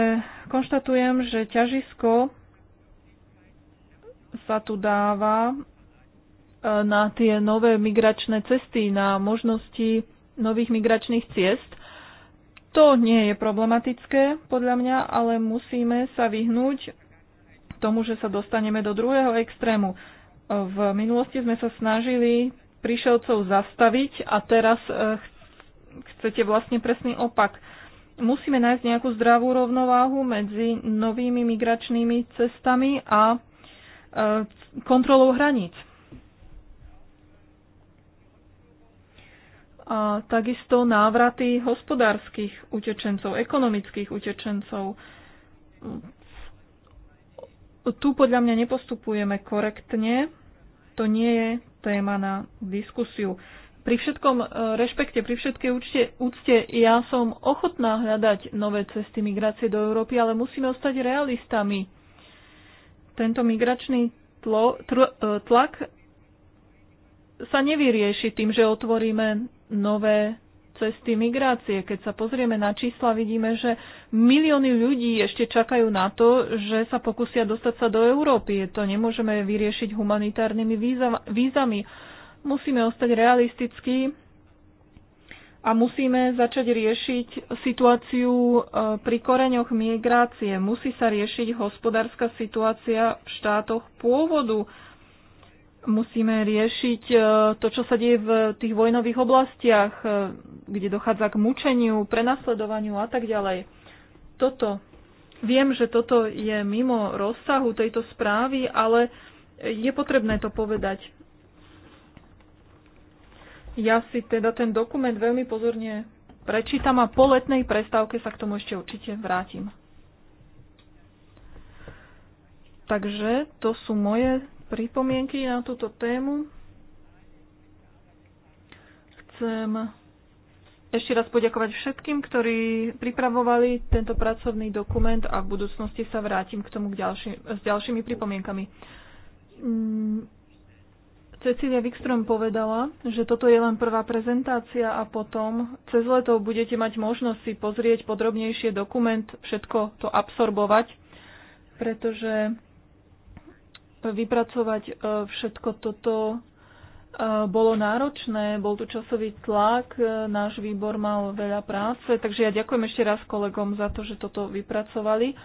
[SPEAKER 5] konštatujem, že ťažisko sa tu dáva e, na tie nové migračné cesty, na možnosti nových migračných ciest to nie je problematické, podľa mňa, ale musíme sa vyhnúť tomu, že sa dostaneme do druhého extrému. V minulosti sme sa snažili prišelcov zastaviť a teraz eh, chcete vlastne presný opak. Musíme nájsť nejakú zdravú rovnováhu medzi novými migračnými cestami a eh, kontrolou hraníc. a takisto návraty hospodárskych utečencov, ekonomických utečencov. Tu podľa mňa nepostupujeme korektne, to nie je téma na diskusiu. Pri všetkom e, rešpekte, pri všetkej úcte, úcte ja som ochotná hľadať nové cesty migrácie do Európy, ale musíme ostať realistami. Tento migračný tlo, tl, e, tlak sa nevyrieši tým, že otvoríme nové cesty migrácie. Keď sa pozrieme na čísla, vidíme, že milióny ľudí ešte čakajú na to, že sa pokusia dostať sa do Európy. To nemôžeme vyriešiť humanitárnymi vízami. Musíme ostať realistickí a musíme začať riešiť situáciu e, pri koreňoch migrácie. Musí sa riešiť hospodárska situácia v štátoch pôvodu Musíme riešiť e, to, čo sa deje v tých vojnových oblastiach, e, kde dochádza k mučeniu, prenasledovaniu a tak ďalej. Toto. Viem, že toto je mimo rozsahu tejto správy, ale je potrebné to povedať. Ja si teda ten dokument veľmi pozorne prečítam a po letnej prestávke sa k tomu ešte určite vrátim. Takže to sú moje pripomienky na túto tému. Chcem ešte raz poďakovať všetkým, ktorí pripravovali tento pracovný dokument a v budúcnosti sa vrátim k tomu k ďalší, s ďalšími pripomienkami. Mm, Cecilia Wikström povedala, že toto je len prvá prezentácia a potom cez leto budete mať možnosť si pozrieť podrobnejšie dokument, všetko to absorbovať, pretože vypracovať e, všetko toto e, bolo náročné, bol tu časový tlak, e, náš výbor mal veľa práce, takže ja ďakujem ešte raz kolegom za to, že toto vypracovali.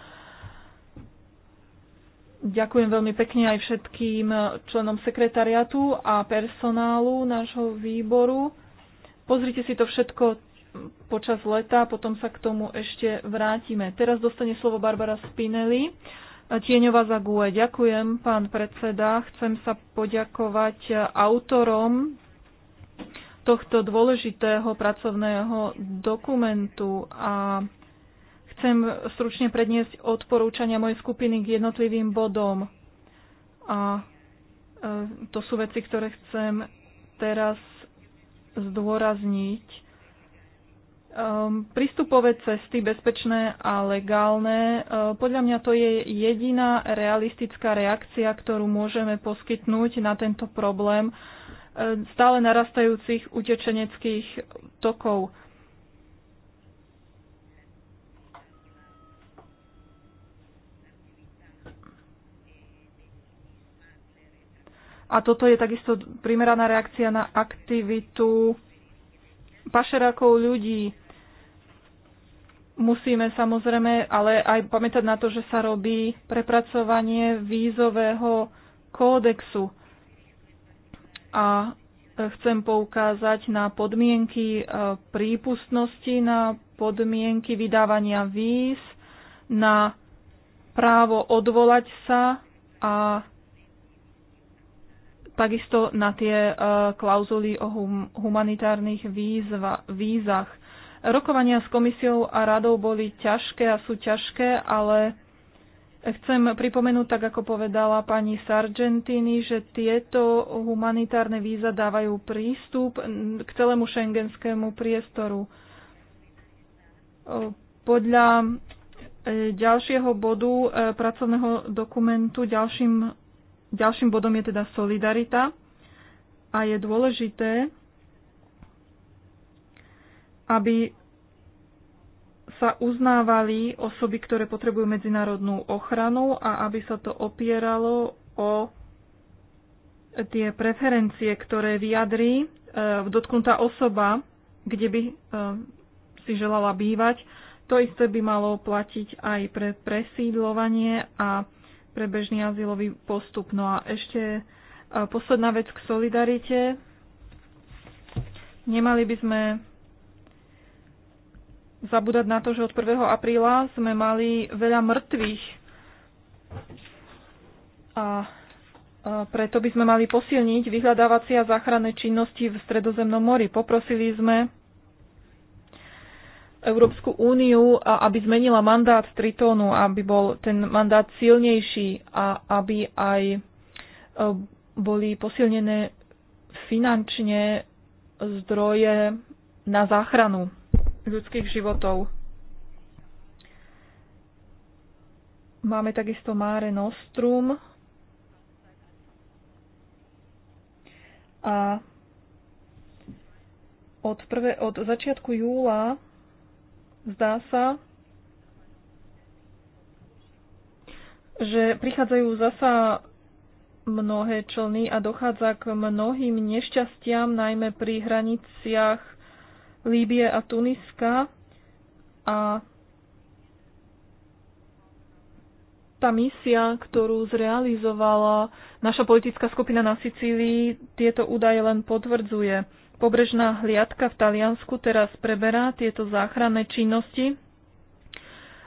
[SPEAKER 5] Ďakujem veľmi pekne aj všetkým členom sekretariatu a personálu nášho výboru. Pozrite si to všetko počas leta, potom sa k tomu ešte vrátime. Teraz dostane slovo Barbara Spinelli Tieňová za e. Ďakujem, pán predseda. Chcem sa poďakovať autorom tohto dôležitého pracovného dokumentu a chcem stručne predniesť odporúčania mojej skupiny k jednotlivým bodom. A e, to sú veci, ktoré chcem teraz zdôrazniť. Um, prístupové cesty, bezpečné a legálne, uh, podľa mňa to je jediná realistická reakcia, ktorú môžeme poskytnúť na tento problém uh, stále narastajúcich utečeneckých tokov. A toto je takisto primeraná reakcia na aktivitu pašerákov ľudí Musíme samozrejme ale aj pamätať na to, že sa robí prepracovanie vízového kódexu. A e, chcem poukázať na podmienky e, prípustnosti, na podmienky vydávania víz, na právo odvolať sa a takisto na tie e, klauzuly o hum, humanitárnych výzva, vízach. Rokovania s komisiou a radou boli ťažké a sú ťažké, ale chcem pripomenúť, tak ako povedala pani Sargentini, že tieto humanitárne víza dávajú prístup k celému šengenskému priestoru. Podľa e, ďalšieho bodu e, pracovného dokumentu ďalším, ďalším bodom je teda solidarita a je dôležité, aby sa uznávali osoby, ktoré potrebujú medzinárodnú ochranu a aby sa to opieralo o tie preferencie, ktoré vyjadrí e, dotknutá osoba, kde by e, si želala bývať. To isté by malo platiť aj pre presídlovanie a pre bežný azylový postup. No a ešte e, posledná vec k solidarite. Nemali by sme zabúdať na to, že od 1. apríla sme mali veľa mŕtvych. A preto by sme mali posilniť vyhľadávacie a záchranné činnosti v Stredozemnom mori. Poprosili sme Európsku úniu, aby zmenila mandát Tritónu, aby bol ten mandát silnejší a aby aj e, boli posilnené finančne zdroje na záchranu ľudských životov. Máme takisto Mare Nostrum a od, prvé, od začiatku júla zdá sa, že prichádzajú zasa mnohé člny a dochádza k mnohým nešťastiam, najmä pri hraniciach Líbie a Tuniska a tá misia, ktorú zrealizovala naša politická skupina na Sicílii, tieto údaje len potvrdzuje. Pobrežná hliadka v Taliansku teraz preberá tieto záchranné činnosti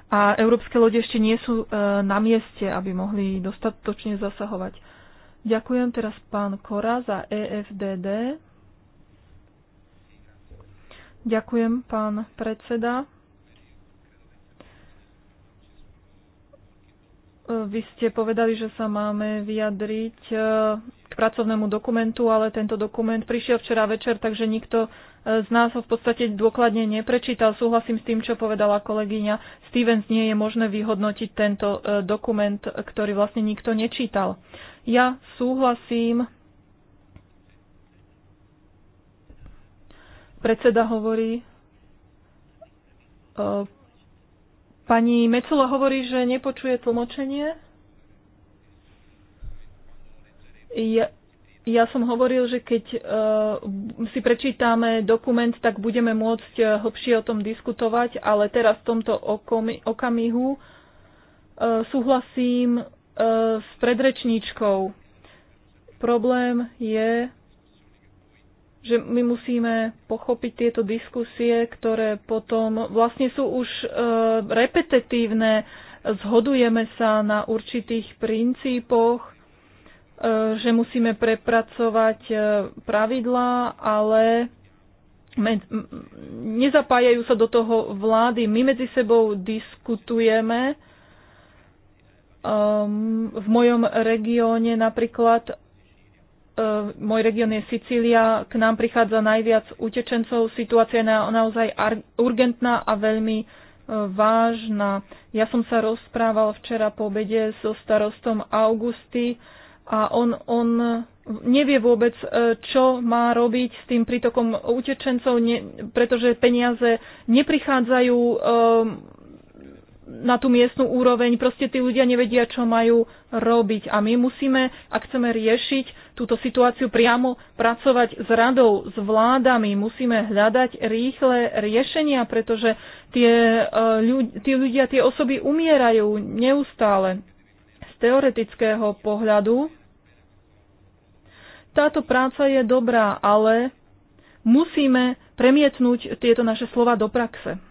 [SPEAKER 5] a európske lode ešte nie sú e, na mieste, aby mohli dostatočne zasahovať. Ďakujem teraz pán Kora za EFDD. Ďakujem, pán predseda. Vy ste povedali, že sa máme vyjadriť e, k pracovnému dokumentu, ale tento dokument prišiel včera večer, takže nikto e, z nás ho v podstate dôkladne neprečítal. Súhlasím s tým, čo povedala kolegyňa. Stevens nie je možné vyhodnotiť tento e, dokument, ktorý vlastne nikto nečítal. Ja súhlasím Predseda hovorí, e, pani Mecula hovorí, že nepočuje tlmočenie. Ja, ja som hovoril, že keď uh, si prečítame dokument, tak budeme môcť e, hlbšie o tom diskutovať, ale teraz v tomto okomi, okamihu uh, súhlasím uh, s predrečníčkou. Problém je, že my musíme pochopiť tieto diskusie, ktoré potom vlastne sú už e, repetitívne, zhodujeme sa na určitých princípoch, e, že musíme prepracovať e, pravidlá, ale med, nezapájajú sa do toho vlády. My medzi sebou diskutujeme E, v mojom regióne napríklad E, môj región je Sicília, k nám prichádza najviac utečencov, situácia je naozaj urgentná a veľmi e, vážna. Ja som sa rozprával včera po obede so starostom Augusty a on, on nevie vôbec, e, čo má robiť s tým prítokom utečencov, ne, pretože peniaze neprichádzajú um, na tú miestnú úroveň. Proste tí ľudia nevedia, čo majú robiť. A my musíme, ak chceme riešiť túto situáciu priamo, pracovať s radou, s vládami. Musíme hľadať rýchle riešenia, pretože tie, e, ľudia, tie ľudia, tie osoby umierajú neustále. Z teoretického pohľadu táto práca je dobrá, ale musíme premietnúť tieto naše slova do praxe.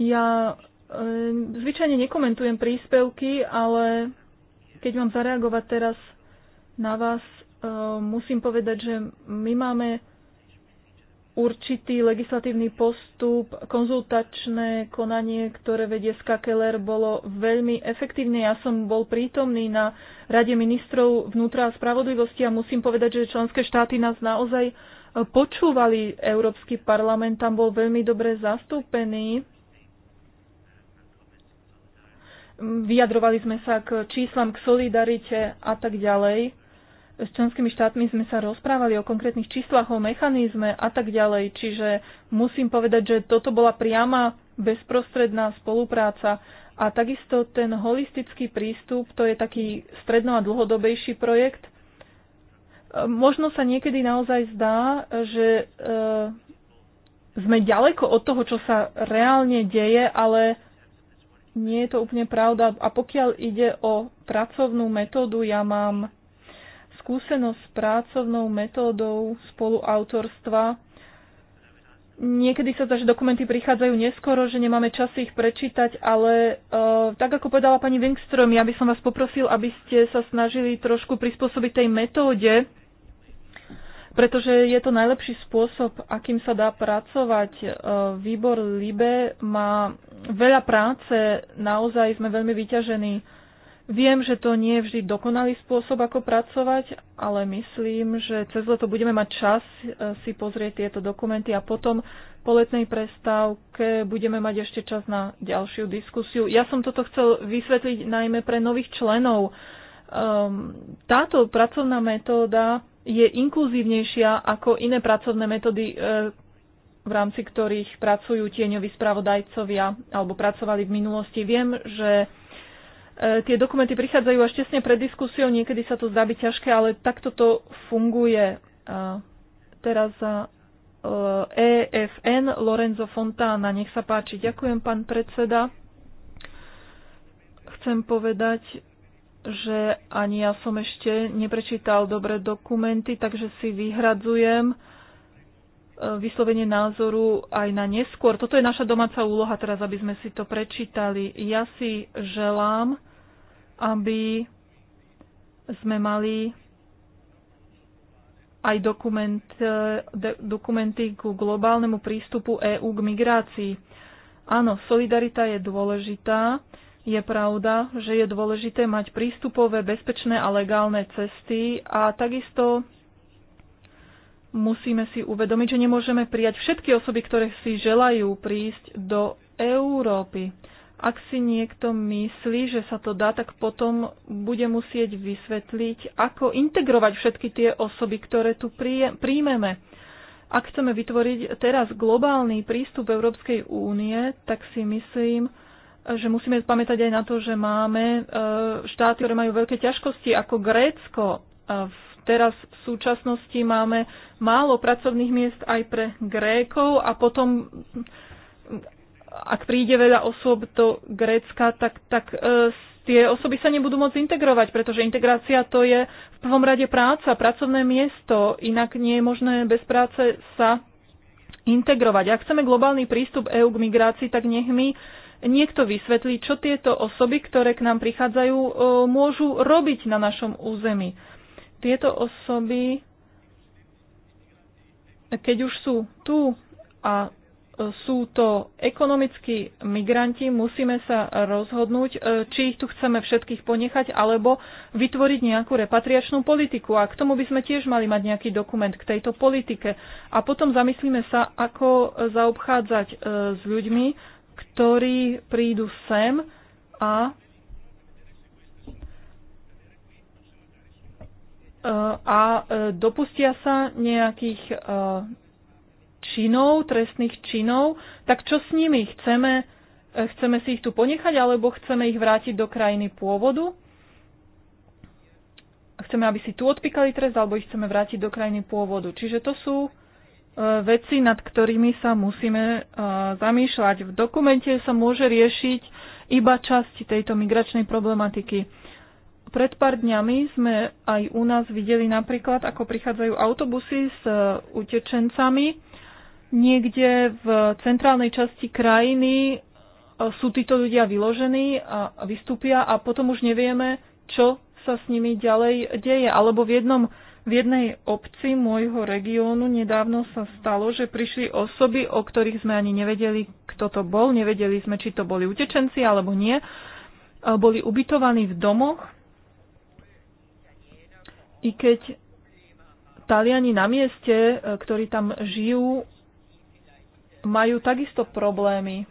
[SPEAKER 5] Ja e, zvyčajne nekomentujem príspevky, ale keď mám zareagovať teraz na vás, e, musím povedať, že my máme určitý legislatívny postup, konzultačné konanie, ktoré vedie Skakeler, bolo veľmi efektívne. Ja som bol prítomný na Rade ministrov vnútra a spravodlivosti a musím povedať, že členské štáty nás naozaj e, počúvali. Európsky parlament tam bol veľmi dobre zastúpený vyjadrovali sme sa k číslam, k solidarite a tak ďalej. S členskými štátmi sme sa rozprávali o konkrétnych číslach, o mechanizme a tak ďalej. Čiže musím povedať, že toto bola priama bezprostredná spolupráca a takisto ten holistický prístup, to je taký stredno a dlhodobejší projekt. Možno sa niekedy naozaj zdá, že e, sme ďaleko od toho, čo sa reálne deje, ale nie je to úplne pravda. A pokiaľ ide o pracovnú metódu, ja mám skúsenosť s pracovnou metódou spoluautorstva. Niekedy sa zdá, že dokumenty prichádzajú neskoro, že nemáme čas ich prečítať, ale uh, tak ako povedala pani Wingström, ja by som vás poprosil, aby ste sa snažili trošku prispôsobiť tej metóde, pretože je to najlepší spôsob, akým sa dá pracovať. E, výbor LIBE má veľa práce, naozaj sme veľmi vyťažení. Viem, že to nie je vždy dokonalý spôsob, ako pracovať, ale myslím, že cez leto budeme mať čas e, si pozrieť tieto dokumenty a potom po letnej prestávke budeme mať ešte čas na ďalšiu diskusiu. Ja som toto chcel vysvetliť najmä pre nových členov. Ehm, táto pracovná metóda je inkluzívnejšia ako iné pracovné metódy, e, v rámci ktorých pracujú tieňoví spravodajcovia alebo pracovali v minulosti. Viem, že e, tie dokumenty prichádzajú až tesne pred diskusiou, niekedy sa to zdá byť ťažké, ale takto to funguje. E, teraz za EFN Lorenzo Fontána. Nech sa páči. Ďakujem, pán predseda. Chcem povedať, že ani ja som ešte neprečítal dobre dokumenty, takže si vyhradzujem e, vyslovenie názoru aj na neskôr. Toto je naša domáca úloha teraz, aby sme si to prečítali. Ja si želám, aby sme mali aj dokument, e, dokumenty ku globálnemu prístupu EÚ k migrácii. Áno, solidarita je dôležitá, je pravda, že je dôležité mať prístupové, bezpečné a legálne cesty a takisto musíme si uvedomiť, že nemôžeme prijať všetky osoby, ktoré si želajú prísť do Európy. Ak si niekto myslí, že sa to dá, tak potom bude musieť vysvetliť, ako integrovať všetky tie osoby, ktoré tu príjmeme. Ak chceme vytvoriť teraz globálny prístup Európskej únie, tak si myslím, že musíme pamätať aj na to, že máme e, štáty, ktoré majú veľké ťažkosti, ako Grécko. Teraz v súčasnosti máme málo pracovných miest aj pre Grékov a potom, ak príde veľa osôb do Grécka, tak, tak e, tie osoby sa nebudú môcť integrovať, pretože integrácia to je v prvom rade práca, pracovné miesto, inak nie je možné bez práce sa integrovať. Ak chceme globálny prístup Eu k migrácii, tak nech my niekto vysvetlí, čo tieto osoby, ktoré k nám prichádzajú, e, môžu robiť na našom území. Tieto osoby, keď už sú tu a e, sú to ekonomickí migranti, musíme sa rozhodnúť, e, či ich tu chceme všetkých ponechať, alebo vytvoriť nejakú repatriačnú politiku. A k tomu by sme tiež mali mať nejaký dokument k tejto politike. A potom zamyslíme sa, ako zaobchádzať s ľuďmi, ktorí prídu sem a eh, a eh, dopustia sa nejakých eh, činov, trestných činov, tak čo s nimi? Chceme, chceme si ich tu ponechať, alebo chceme ich vrátiť do krajiny pôvodu? Chceme, aby si tu odpíkali trest, alebo ich chceme vrátiť do krajiny pôvodu. Čiže to sú E, veci, nad ktorými sa musíme e, zamýšľať. V dokumente sa môže riešiť iba časť tejto migračnej problematiky. Pred pár dňami sme aj u nás videli napríklad, ako prichádzajú autobusy s e, utečencami. Niekde v centrálnej časti krajiny sú títo ľudia vyložení a vystúpia a potom už nevieme, čo sa s nimi ďalej deje. Alebo v jednom v jednej obci môjho regiónu nedávno sa stalo, že prišli osoby, o ktorých sme ani nevedeli, kto to bol, nevedeli sme, či to boli utečenci alebo nie. Boli ubytovaní v domoch, i keď Taliani na mieste, e, ktorí tam žijú, majú takisto problémy.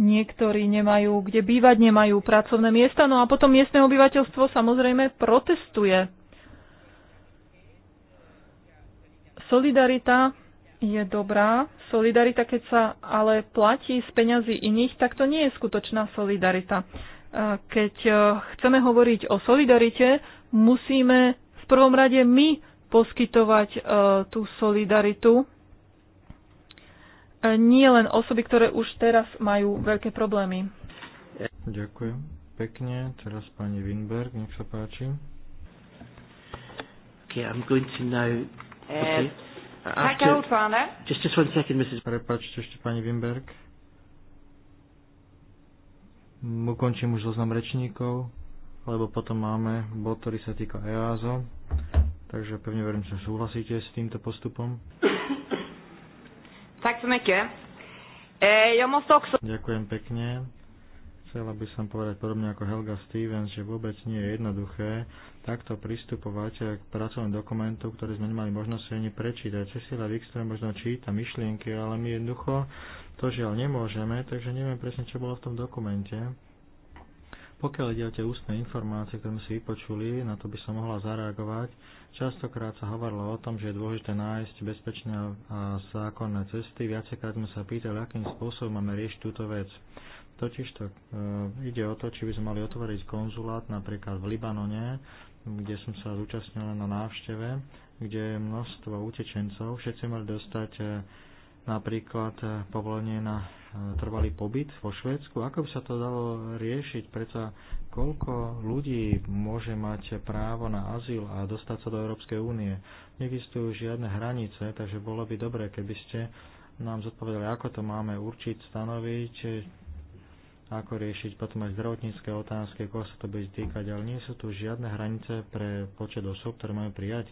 [SPEAKER 5] Niektorí nemajú kde bývať, nemajú pracovné miesta, no a potom miestne obyvateľstvo samozrejme protestuje Solidarita je dobrá. Solidarita, keď sa ale platí z peňazí iných, tak to nie je skutočná solidarita. Keď e, chceme hovoriť o solidarite, musíme v prvom rade my poskytovať e, tú solidaritu, e, nie len osoby, ktoré už teraz majú veľké problémy.
[SPEAKER 2] Ďakujem pekne. Teraz pani Winberg, nech sa páči.
[SPEAKER 1] Okay, I'm going to now
[SPEAKER 5] Okay. Eh, Tackar ordförande.
[SPEAKER 1] Just, just one second, Mrs. Prepačte ešte, pani Wimberg.
[SPEAKER 2] Ukončím už zoznam rečníkov, lebo potom máme bod, ktorý sa týka EASO. Takže pevne verím, že súhlasíte s týmto postupom.
[SPEAKER 5] Tak so mycket. Eh,
[SPEAKER 2] Ďakujem pekne. Chcela by som povedať podobne ako Helga Stevens, že vôbec nie je jednoduché takto pristupovať k pracovnému dokumentu, ktorý sme nemali možnosť ani prečítať. Cecilia Wikström možno číta myšlienky, ale my jednoducho to žiaľ nemôžeme, takže neviem presne, čo bolo v tom dokumente. Pokiaľ ide o tie ústne informácie, ktoré sme si vypočuli, na to by som mohla zareagovať. Častokrát sa hovorilo o tom, že je dôležité nájsť bezpečné a zákonné cesty. Viacekrát sme sa pýtali, akým spôsobom máme riešiť túto vec. Totiž e, ide o to, či by sme mali otvoriť konzulát napríklad v Libanone, kde som sa zúčastnil na návšteve, kde je množstvo utečencov. Všetci mali dostať e, napríklad e, povolenie na e, trvalý pobyt vo Švédsku. Ako by sa to dalo riešiť? Preto koľko ľudí môže mať právo na azyl a dostať sa do Európskej únie? Neexistujú žiadne hranice, takže bolo by dobré, keby ste nám zodpovedali, ako to máme určiť, stanoviť, ako riešiť potom aj zdravotnícke otázky, koho sa to bude týkať, ale nie sú tu žiadne hranice pre počet osôb, ktoré majú prijať.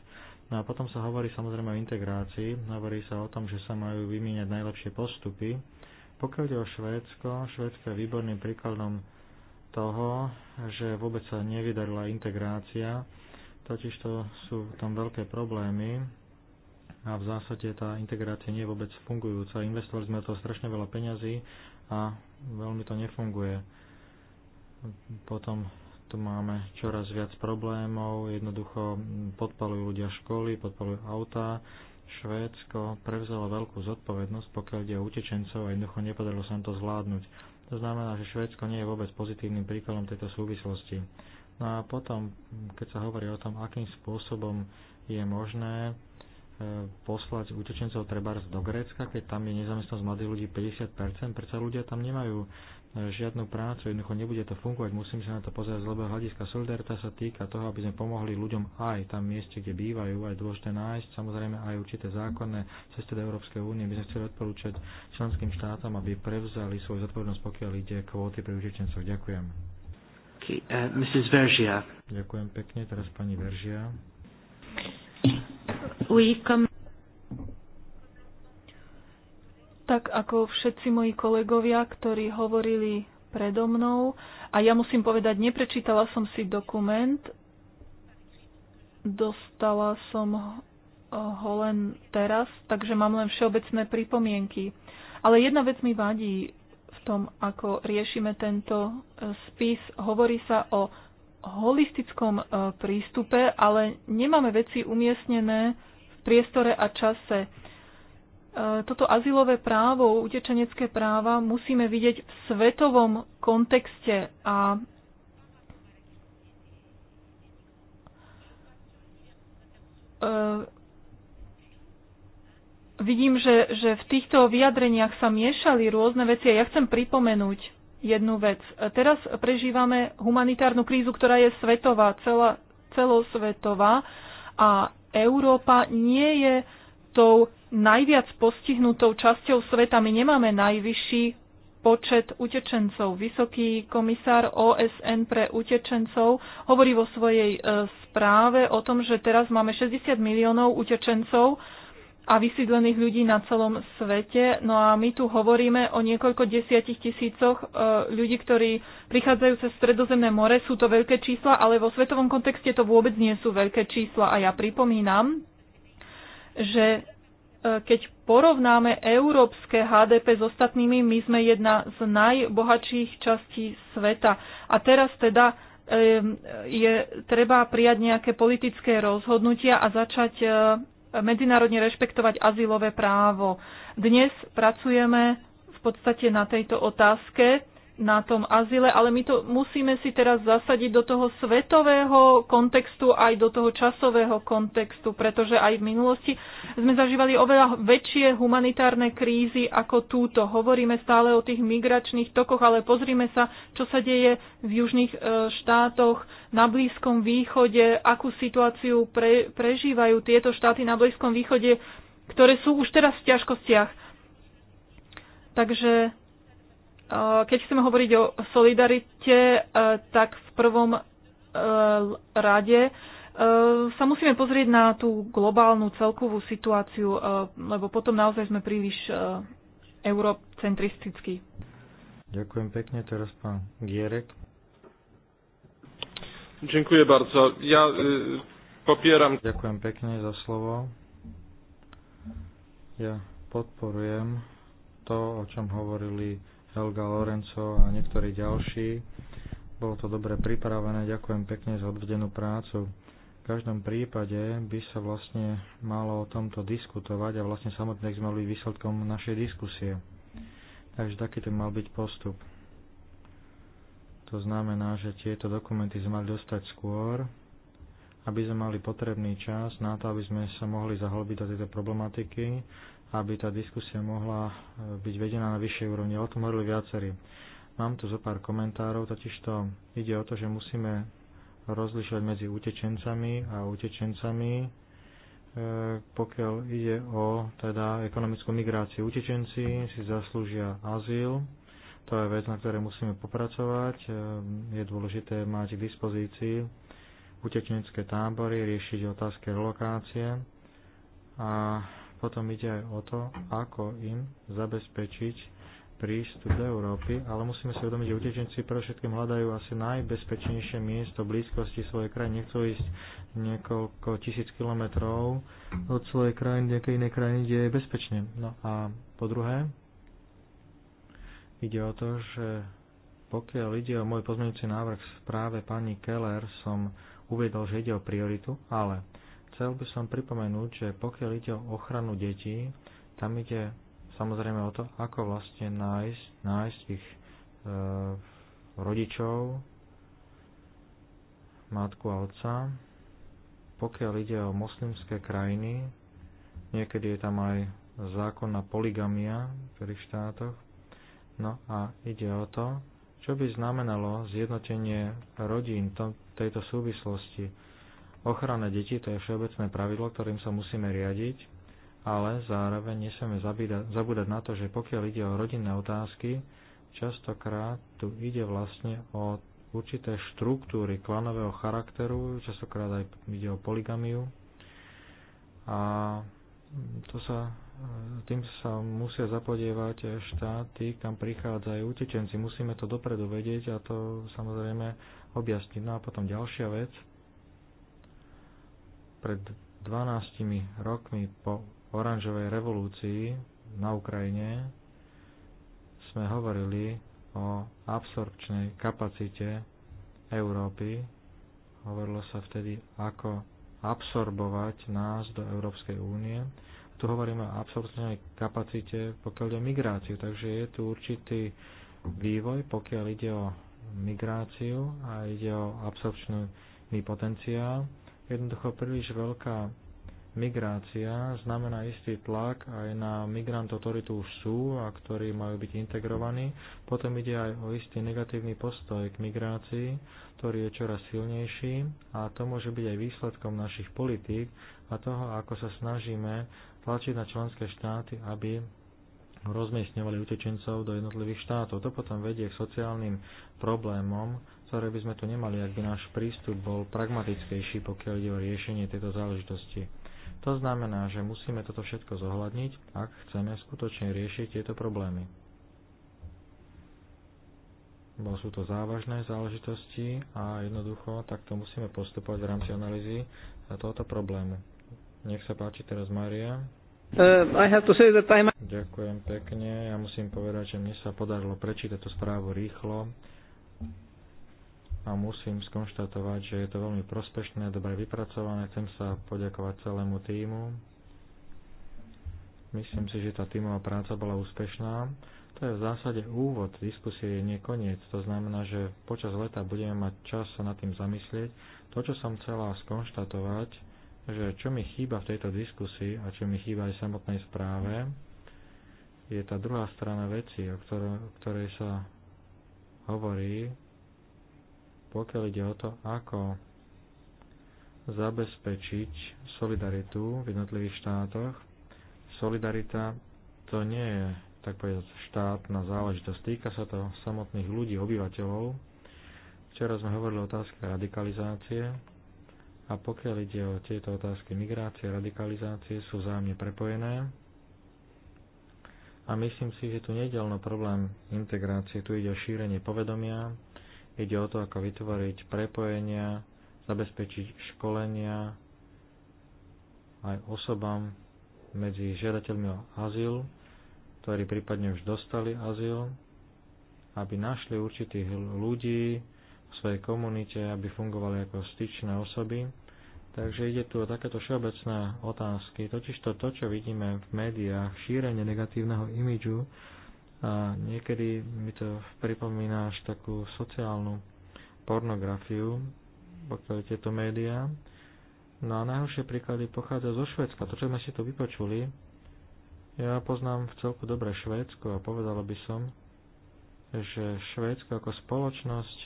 [SPEAKER 2] No a potom sa hovorí samozrejme o integrácii, hovorí sa o tom, že sa majú vymieňať najlepšie postupy. Pokiaľ ide o Švédsko, Švédsko je výborným príkladom toho, že vôbec sa nevydarila integrácia, to sú tam veľké problémy a v zásade tá integrácia nie je vôbec fungujúca. Investovali sme to strašne veľa peňazí a veľmi to nefunguje. Potom tu máme čoraz viac problémov, jednoducho podpalujú ľudia školy, podpalujú autá. Švédsko prevzalo veľkú zodpovednosť, pokiaľ ide o utečencov a jednoducho nepodarilo sa to zvládnuť. To znamená, že Švédsko nie je vôbec pozitívnym príkladom tejto súvislosti. No a potom, keď sa hovorí o tom, akým spôsobom je možné poslať utečencov trebárs do Grécka, keď tam je nezamestnosť mladých ľudí 50%, prečo ľudia tam nemajú e, žiadnu prácu, jednoducho nebude to fungovať, musím sa na to pozerať z lebeho hľadiska. Solidarita sa týka toho, aby sme pomohli ľuďom aj tam mieste, kde bývajú, aj dôležité nájsť, samozrejme aj určité zákonné cesty do Európskej únie. My sme chceli odporúčať členským štátom, aby prevzali svoju zodpovednosť, pokiaľ ide kvóty pre utečencov. Ďakujem. Okay, uh, Mrs. Veržia. Ďakujem pekne, teraz pani Veržia.
[SPEAKER 3] Oui, comme...
[SPEAKER 5] Tak ako všetci moji kolegovia, ktorí hovorili predo mnou, a ja musím povedať, neprečítala som si dokument, dostala som ho len teraz, takže mám len všeobecné pripomienky. Ale jedna vec mi vadí v tom, ako riešime tento e, spis. Hovorí sa o holistickom e, prístupe, ale nemáme veci umiestnené priestore a čase. E, toto azylové právo, utečenecké práva musíme vidieť v svetovom kontexte a e, vidím, že, že v týchto vyjadreniach sa miešali rôzne veci a ja chcem pripomenúť jednu vec. Teraz prežívame humanitárnu krízu, ktorá je svetová, celá, celosvetová a Európa nie je tou najviac postihnutou časťou sveta. My nemáme najvyšší počet utečencov. Vysoký komisár OSN pre utečencov hovorí vo svojej e, správe o tom, že teraz máme 60 miliónov utečencov a vysídlených ľudí na celom svete. No a my tu hovoríme o niekoľko desiatich tisícoch e, ľudí, ktorí prichádzajú cez Stredozemné more. Sú to veľké čísla, ale vo svetovom kontexte to vôbec nie sú veľké čísla. A ja pripomínam, že e, keď porovnáme európske HDP s ostatnými, my sme jedna z najbohatších častí sveta. A teraz teda e, je treba prijať nejaké politické rozhodnutia a začať medzinárodne rešpektovať azylové právo. Dnes pracujeme v podstate na tejto otázke na tom azile, ale my to musíme si teraz zasadiť do toho svetového kontextu, aj do toho časového kontextu, pretože aj v minulosti sme zažívali oveľa väčšie humanitárne krízy ako túto. Hovoríme stále o tých migračných tokoch, ale pozrime sa, čo sa deje v južných e, štátoch, na Blízkom východe, akú situáciu pre, prežívajú tieto štáty na Blízkom východe, ktoré sú už teraz v ťažkostiach. Takže keď chceme hovoriť o solidarite, tak v prvom rade sa musíme pozrieť na tú globálnu celkovú situáciu, lebo potom naozaj sme príliš eurocentristickí.
[SPEAKER 2] Ďakujem pekne, teraz pán Gierek.
[SPEAKER 4] Dziękuję bardzo. Ja y,
[SPEAKER 2] popieram. Ďakujem pekne za slovo. Ja podporujem to, o čom hovorili Helga Lorenzo a niektorí ďalší. Bolo to dobre pripravené, ďakujem pekne za odvedenú prácu. V každom prípade by sa vlastne malo o tomto diskutovať a vlastne samotné sme mali výsledkom našej diskusie. Takže taký to mal byť postup. To znamená, že tieto dokumenty sme mali dostať skôr, aby sme mali potrebný čas na to, aby sme sa mohli zahlbiť do tejto problematiky aby tá diskusia mohla e, byť vedená na vyššej úrovni. O tom hovorili viacerí. Mám tu zo pár komentárov, to ide o to, že musíme rozlišovať medzi utečencami a utečencami, e, pokiaľ ide o teda ekonomickú migráciu. Utečenci si zaslúžia azyl, to je vec, na ktorej musíme popracovať. E, je dôležité mať k dispozícii utečenecké tábory, riešiť otázky relokácie a potom ide aj o to, ako im zabezpečiť prístup do Európy, ale musíme si uvedomiť, že utečenci pre všetkým hľadajú asi najbezpečnejšie miesto blízkosti svojej krajiny. Nechcú ísť niekoľko tisíc kilometrov od svojej krajiny nejakej inej krajiny, kde je bezpečne. No a po druhé, ide o to, že pokiaľ ide o môj pozmeňujúci návrh v správe pani Keller, som uvedol, že ide o prioritu, ale Chcel by som pripomenúť, že pokiaľ ide o ochranu detí, tam ide samozrejme o to, ako vlastne nájsť, nájsť ich e, rodičov, matku a otca. Pokiaľ ide o moslimské krajiny, niekedy je tam aj zákonná poligamia v ktorých štátoch. No a ide o to, čo by znamenalo zjednotenie rodín v tejto súvislosti. Ochrana detí to je všeobecné pravidlo, ktorým sa musíme riadiť, ale zároveň nesmieme zabúdať na to, že pokiaľ ide o rodinné otázky, častokrát tu ide vlastne o určité štruktúry klanového charakteru, častokrát aj ide o poligamiu. A to sa, tým sa musia zapodievať štáty, kam prichádzajú utečenci. Musíme to dopredu vedieť a to samozrejme objasniť. No a potom ďalšia vec, pred 12 rokmi po oranžovej revolúcii na Ukrajine sme hovorili o absorpčnej kapacite Európy. Hovorilo sa vtedy, ako absorbovať nás do Európskej únie. Tu hovoríme o absorpčnej kapacite, pokiaľ ide o migráciu. Takže je tu určitý vývoj, pokiaľ ide o migráciu a ide o absorpčný potenciál. Jednoducho príliš veľká migrácia znamená istý tlak aj na migrantov, ktorí tu už sú a ktorí majú byť integrovaní. Potom ide aj o istý negatívny postoj k migrácii, ktorý je čoraz silnejší a to môže byť aj výsledkom našich politík a toho, ako sa snažíme tlačiť na členské štáty, aby rozmiestňovali utečencov do jednotlivých štátov. To potom vedie k sociálnym problémom ktoré by sme tu nemali, ak by náš prístup bol pragmatickejší, pokiaľ ide o riešenie tejto záležitosti. To znamená, že musíme toto všetko zohľadniť, ak chceme skutočne riešiť tieto problémy. Bo sú to závažné záležitosti a jednoducho takto musíme postupovať v rámci analýzy tohoto problému. Nech sa páči teraz Maria.
[SPEAKER 5] Uh, I have to say that I'm...
[SPEAKER 2] Ďakujem pekne. Ja musím povedať, že mne sa podarilo prečítať tú správu rýchlo a musím skonštatovať, že je to veľmi prospešné, dobre vypracované. Chcem sa poďakovať celému týmu. Myslím si, že tá týmová práca bola úspešná. To je v zásade úvod diskusie, nie koniec. To znamená, že počas leta budeme mať čas sa nad tým zamyslieť. To, čo som chcela skonštatovať, že čo mi chýba v tejto diskusii a čo mi chýba aj v samotnej správe, je tá druhá strana veci, o ktorej sa hovorí pokiaľ ide o to, ako zabezpečiť solidaritu v jednotlivých štátoch. Solidarita to nie je, tak povedať, štátna záležitosť. Týka sa to samotných ľudí, obyvateľov. Včera sme hovorili o otázke radikalizácie a pokiaľ ide o tieto otázky migrácie a radikalizácie, sú vzájomne prepojené. A myslím si, že tu nejde problém integrácie, tu ide o šírenie povedomia, Ide o to, ako vytvoriť prepojenia, zabezpečiť školenia aj osobám medzi žiadateľmi o azyl, ktorí prípadne už dostali azyl, aby našli určitých ľudí v svojej komunite, aby fungovali ako styčné osoby. Takže ide tu o takéto všeobecné otázky, totižto to, čo vidíme v médiách, šírenie negatívneho imidžu a niekedy mi to pripomína až takú sociálnu pornografiu, pokiaľ tieto médiá. No a najhoršie príklady pochádza zo Švedska. To, čo sme si to vypočuli, ja poznám v celku dobre Švédsko a povedala by som, že Švédsko ako spoločnosť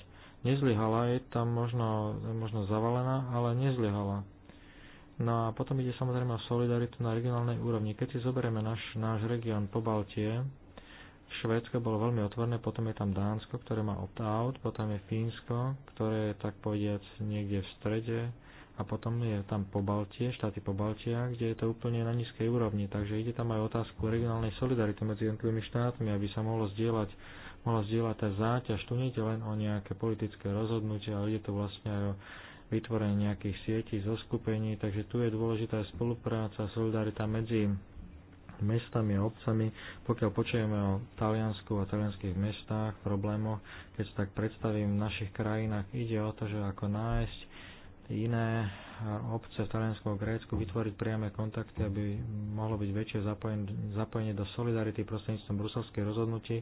[SPEAKER 2] nezlyhala, je tam možno, možno zavalená, ale nezlyhala. No a potom ide samozrejme o solidaritu na regionálnej úrovni. Keď si zoberieme náš, náš región po Baltie, Švédsko bolo veľmi otvorné, potom je tam Dánsko, ktoré má opt-out, potom je Fínsko, ktoré je tak povediac niekde v strede a potom je tam Baltie, štáty Po Baltia, kde je to úplne na nízkej úrovni. Takže ide tam aj otázku regionálnej solidarity medzi jednotlivými štátmi, aby sa mohlo zdieľať mohla zdieľať tá záťaž. Tu nie je len o nejaké politické rozhodnutie, ale ide to vlastne aj o vytvorenie nejakých sietí, zoskupení, takže tu je dôležitá spolupráca, solidarita medzi mestami a obcami, pokiaľ počujeme o Taliansku a talianských mestách, problémoch, keď sa tak predstavím v našich krajinách, ide o to, že ako nájsť iné obce v Taliansku a Grécku vytvoriť priame kontakty, aby mohlo byť väčšie zapojenie do solidarity prostredníctvom bruselskej rozhodnutí.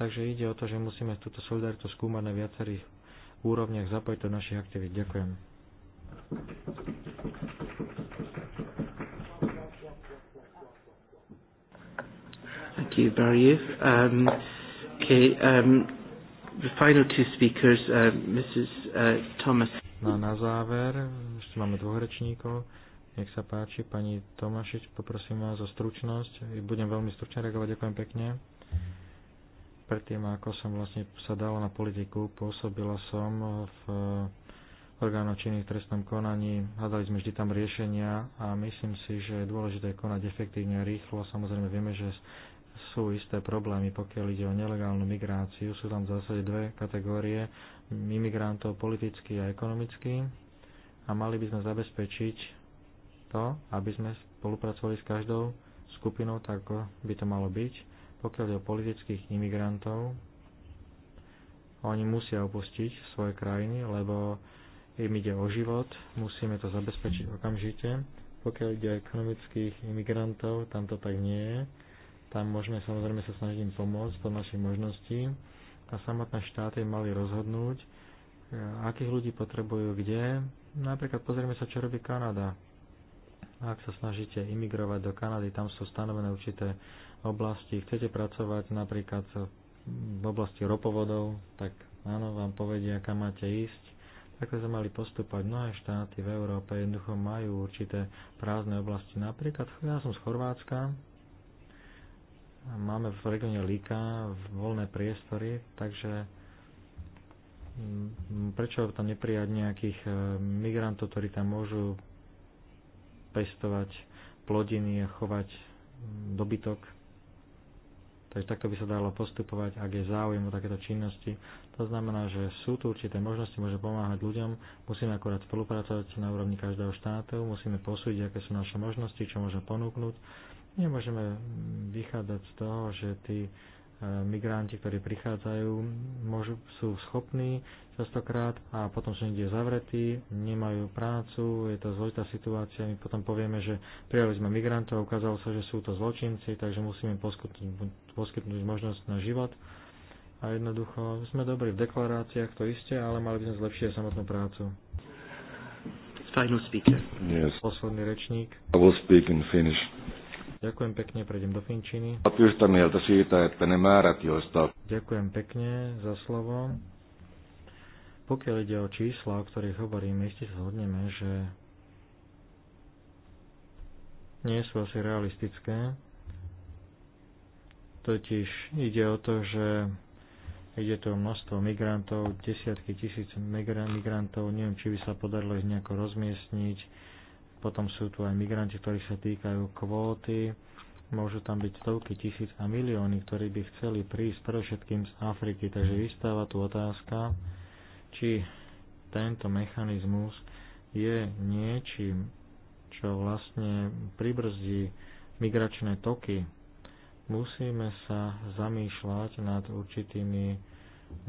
[SPEAKER 2] Takže ide o to, že musíme túto solidaritu skúmať na viacerých úrovniach, zapojiť do našich aktivít. Ďakujem.
[SPEAKER 1] Thank you, Barry. Um, okay, um, the final two speakers, uh, Mrs. Uh, Thomas. No na záver, ešte máme dvoch
[SPEAKER 2] rečníkov. Nech sa páči, pani Tomašič, poprosím vás o stručnosť. Budem veľmi stručne reagovať, ďakujem pekne. Predtým, ako som vlastne sa dala na politiku, pôsobila som v orgánov činných trestnom konaní. Hľadali sme vždy tam riešenia a myslím si, že je dôležité konať efektívne a rýchlo. Samozrejme vieme, že sú isté problémy, pokiaľ ide o nelegálnu migráciu. Sú tam v zásade dve kategórie imigrantov, politický a ekonomický. A mali by sme zabezpečiť to, aby sme spolupracovali s každou skupinou, tak ako by to malo byť. Pokiaľ ide o politických imigrantov, oni musia opustiť svoje krajiny, lebo im ide o život, musíme to zabezpečiť okamžite. Pokiaľ ide o ekonomických imigrantov, tam to tak nie je tam môžeme samozrejme sa snažiť im pomôcť pod našich možností a samotné štáty mali rozhodnúť, eh, akých ľudí potrebujú kde. Napríklad pozrieme sa, čo robí Kanada. Ak sa snažíte imigrovať do Kanady, tam sú stanovené určité oblasti. Chcete pracovať napríklad v oblasti ropovodov, tak áno, vám povedia, kam máte ísť. Takto sme mali postúpať. Mnohé štáty v Európe jednoducho majú určité prázdne oblasti. Napríklad ja som z Chorvátska, Máme v regióne Líka voľné priestory, takže mm, mm, prečo tam neprijať nejakých e, migrantov, ktorí tam môžu pestovať plodiny a chovať mm, dobytok. Takže takto by sa dalo postupovať, ak je záujem o takéto činnosti. To znamená, že sú tu určité možnosti, môže pomáhať ľuďom, musíme akorát spolupracovať na úrovni každého štátu, musíme posúdiť, aké sú naše možnosti, čo môžeme ponúknuť Nemôžeme vychádzať z toho, že tí e, migranti, ktorí prichádzajú, môžu, sú schopní častokrát a potom sú niekde zavretí, nemajú prácu, je to zložitá situácia. My potom povieme, že prijali sme migrantov, ukázalo sa, že sú to zločinci, takže musíme poskytnúť, poskytnúť možnosť na život. A jednoducho sme dobrí v deklaráciách, to isté, ale mali by sme zlepšiť samotnú prácu.
[SPEAKER 1] Final speaker.
[SPEAKER 3] Yes.
[SPEAKER 2] Posledný rečník.
[SPEAKER 3] I will speak in Finnish.
[SPEAKER 2] Ďakujem pekne, prejdem do Finčiny. Ďakujem pekne za slovo. Pokiaľ ide o čísla, o ktorých hovoríme, ešte sa zhodneme, že nie sú asi realistické. Totiž ide o to, že ide tu množstvo migrantov, desiatky tisíc migrantov, neviem, či by sa podarilo ich nejako rozmiestniť, potom sú tu aj migranti, ktorí sa týkajú kvóty. Môžu tam byť stovky tisíc a milióny, ktorí by chceli prísť predovšetkým z Afriky. Takže vystáva tu otázka, či tento mechanizmus je niečím, čo vlastne pribrzdí migračné toky. Musíme sa zamýšľať nad určitými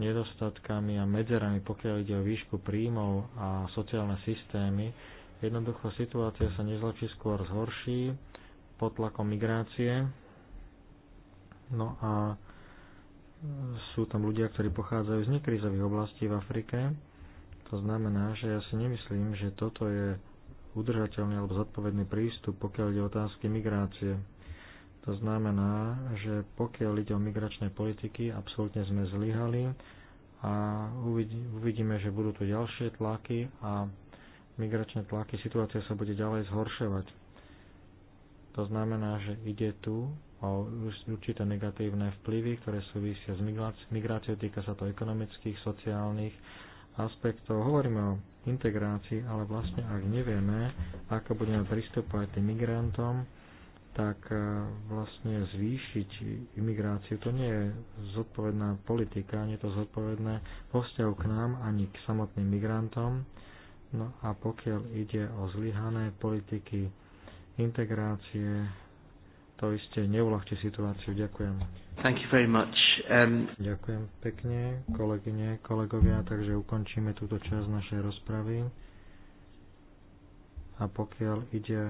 [SPEAKER 2] nedostatkami a medzerami, pokiaľ ide o výšku príjmov a sociálne systémy, Jednoducho situácia sa nezlepší, skôr zhorší pod tlakom migrácie. No a sú tam ľudia, ktorí pochádzajú z nekrízových oblastí v Afrike. To znamená, že ja si nemyslím, že toto je udržateľný alebo zodpovedný prístup, pokiaľ ide otázky migrácie. To znamená, že pokiaľ ide o migračné politiky, absolútne sme zlyhali a uvidíme, že budú tu ďalšie tlaky a migračné tlaky, situácia sa bude ďalej zhoršovať. To znamená, že ide tu o určité negatívne vplyvy, ktoré súvisia s migráciou, týka sa to ekonomických, sociálnych aspektov. Hovoríme o integrácii, ale vlastne ak nevieme, ako budeme pristúpať tým migrantom, tak e, vlastne zvýšiť imigráciu, to nie je zodpovedná politika, nie je to zodpovedné po k nám ani k samotným migrantom. No a pokiaľ ide o zlyhané politiky integrácie, to iste neulahčí situáciu. Ďakujem. Thank you very much. Um... Ďakujem pekne, kolegyne, kolegovia, takže ukončíme túto časť našej rozpravy. A pokiaľ ide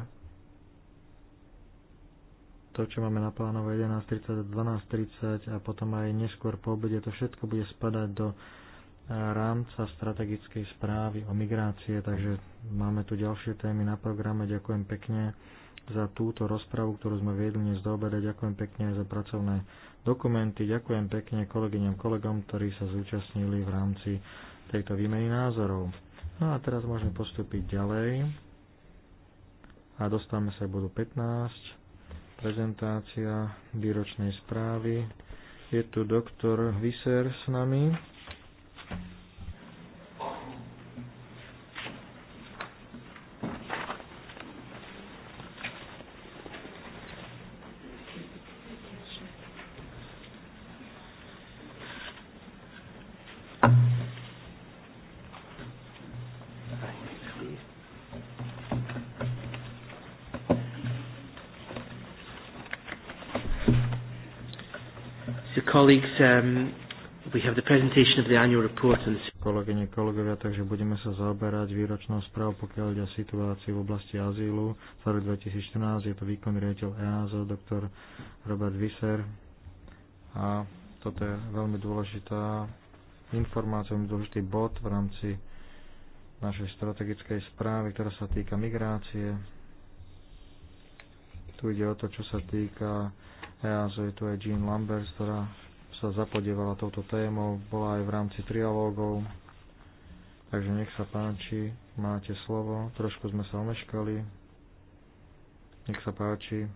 [SPEAKER 2] to, čo máme naplánované 11.30 12.30 a potom aj neskôr po obede, to všetko bude spadať do rámca strategickej správy o migrácie, takže máme tu ďalšie témy na programe. Ďakujem pekne za túto rozpravu, ktorú sme viedli dnes do obeda. Ďakujem pekne aj za pracovné dokumenty. Ďakujem pekne kolegyňam, kolegom, ktorí sa zúčastnili v rámci tejto výmeny názorov. No a teraz môžeme postúpiť ďalej. A dostávame sa k bodu 15. Prezentácia výročnej správy. Je tu doktor Viser s nami
[SPEAKER 1] colleagues, um, we have the presentation of the annual report
[SPEAKER 2] and... Kolegyne, kolegovia, takže budeme sa zaoberať výročnou správou, pokiaľ ide o situáciu v oblasti azylu. Za rok 2014 je to výkonný riaditeľ EASO, doktor Robert Visser. A toto je veľmi dôležitá informácia, veľmi dôležitý bod v rámci našej strategickej správy, ktorá sa týka migrácie. Tu ide o to, čo sa týka EASO, je tu aj Jean Lambert, ktorá sa zapodievala touto témou, bola aj v rámci trialógov. Takže nech sa páči, máte slovo. Trošku sme sa omeškali. Nech sa páči.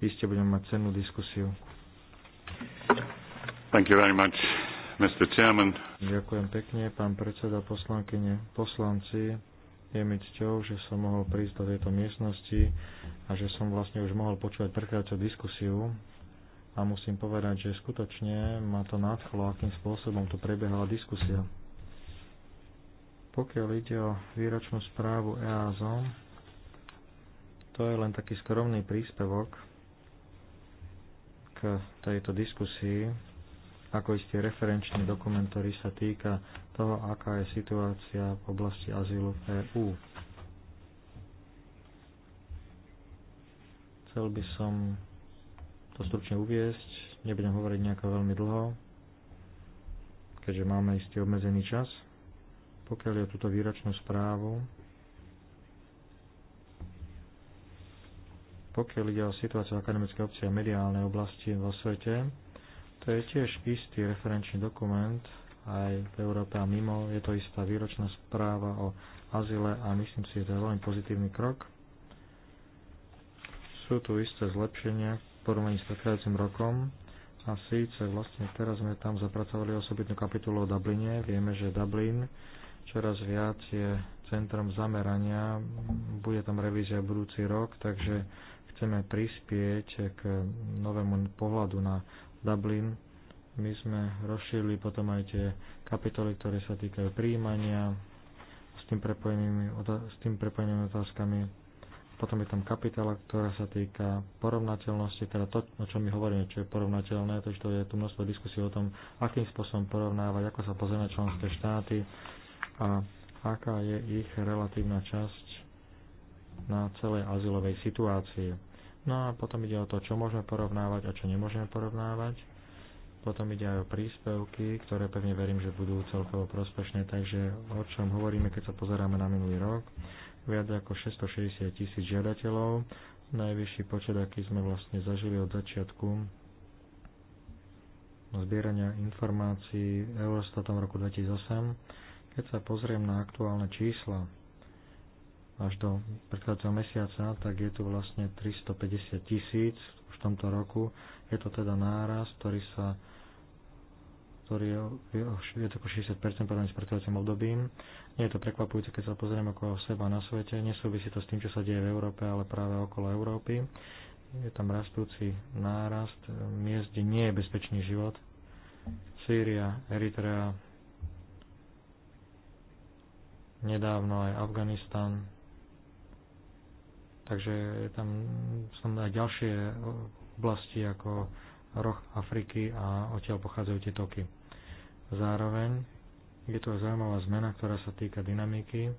[SPEAKER 2] Iste budeme mať cennú
[SPEAKER 1] diskusiu. Thank you very much, Mr. Chairman.
[SPEAKER 2] Ďakujem pekne, pán predseda, poslankyne, poslanci. Je mi cťou, že som mohol prísť do tejto miestnosti a že som vlastne už mohol počúvať prechádzať diskusiu a musím povedať, že skutočne ma to nadchlo, akým spôsobom tu prebiehala diskusia. Pokiaľ ide o výročnú správu EASO, to je len taký skromný príspevok k tejto diskusii, ako istý referenčný dokument, ktorý sa týka toho, aká je situácia v oblasti azylu v EÚ. Chcel by som to stručne uviesť, nebudem hovoriť nejako veľmi dlho, keďže máme istý obmedzený čas. Pokiaľ je túto výročnú správu, pokiaľ ide o situáciu akademickej obci a mediálnej oblasti vo svete, to je tiež istý referenčný dokument aj v Európe a mimo. Je to istá výročná správa o azile a myslím si, že to je veľmi pozitívny krok. Sú tu isté zlepšenia, porovnaní s predchádzajúcim rokom. A síce vlastne teraz sme tam zapracovali osobitnú kapitolu o Dubline. Vieme, že Dublin čoraz viac je centrom zamerania. Bude tam revízia budúci rok, takže chceme prispieť k novému pohľadu na Dublin. My sme rozšírili potom aj tie kapitoly, ktoré sa týkajú príjmania, s tým prepojenými, s tým prepojenými otázkami potom je tam kapitola, ktorá sa týka porovnateľnosti, teda to, o čom my hovoríme, čo je porovnateľné, to, je tu množstvo diskusí o tom, akým spôsobom porovnávať, ako sa pozrieme členské štáty a aká je ich relatívna časť na celej azylovej situácii. No a potom ide o to, čo môžeme porovnávať a čo nemôžeme porovnávať. Potom ide aj o príspevky, ktoré pevne verím, že budú celkovo prospešné, takže o čom hovoríme, keď sa pozeráme na minulý rok viac ako 660 tisíc žiadateľov, najvyšší počet, aký sme vlastne zažili od začiatku zbierania informácií Eurostatom v roku 2008. Keď sa pozriem na aktuálne čísla až do predchádzajúceho mesiaca, tak je tu vlastne 350 tisíc už v tomto roku. Je to teda náraz, ktorý sa ktorý je, je 60% porovnaní s predchádzajúcim obdobím. Nie je to prekvapujúce, keď sa pozrieme okolo seba na svete. Nesúvisí to s tým, čo sa deje v Európe, ale práve okolo Európy. Je tam rastúci nárast miest, kde nie je bezpečný život. Sýria, Eritrea, nedávno aj Afganistan. Takže je tam som aj ďalšie oblasti ako roh Afriky a odtiaľ pochádzajú tie toky. Zároveň je to zaujímavá zmena, ktorá sa týka dynamiky.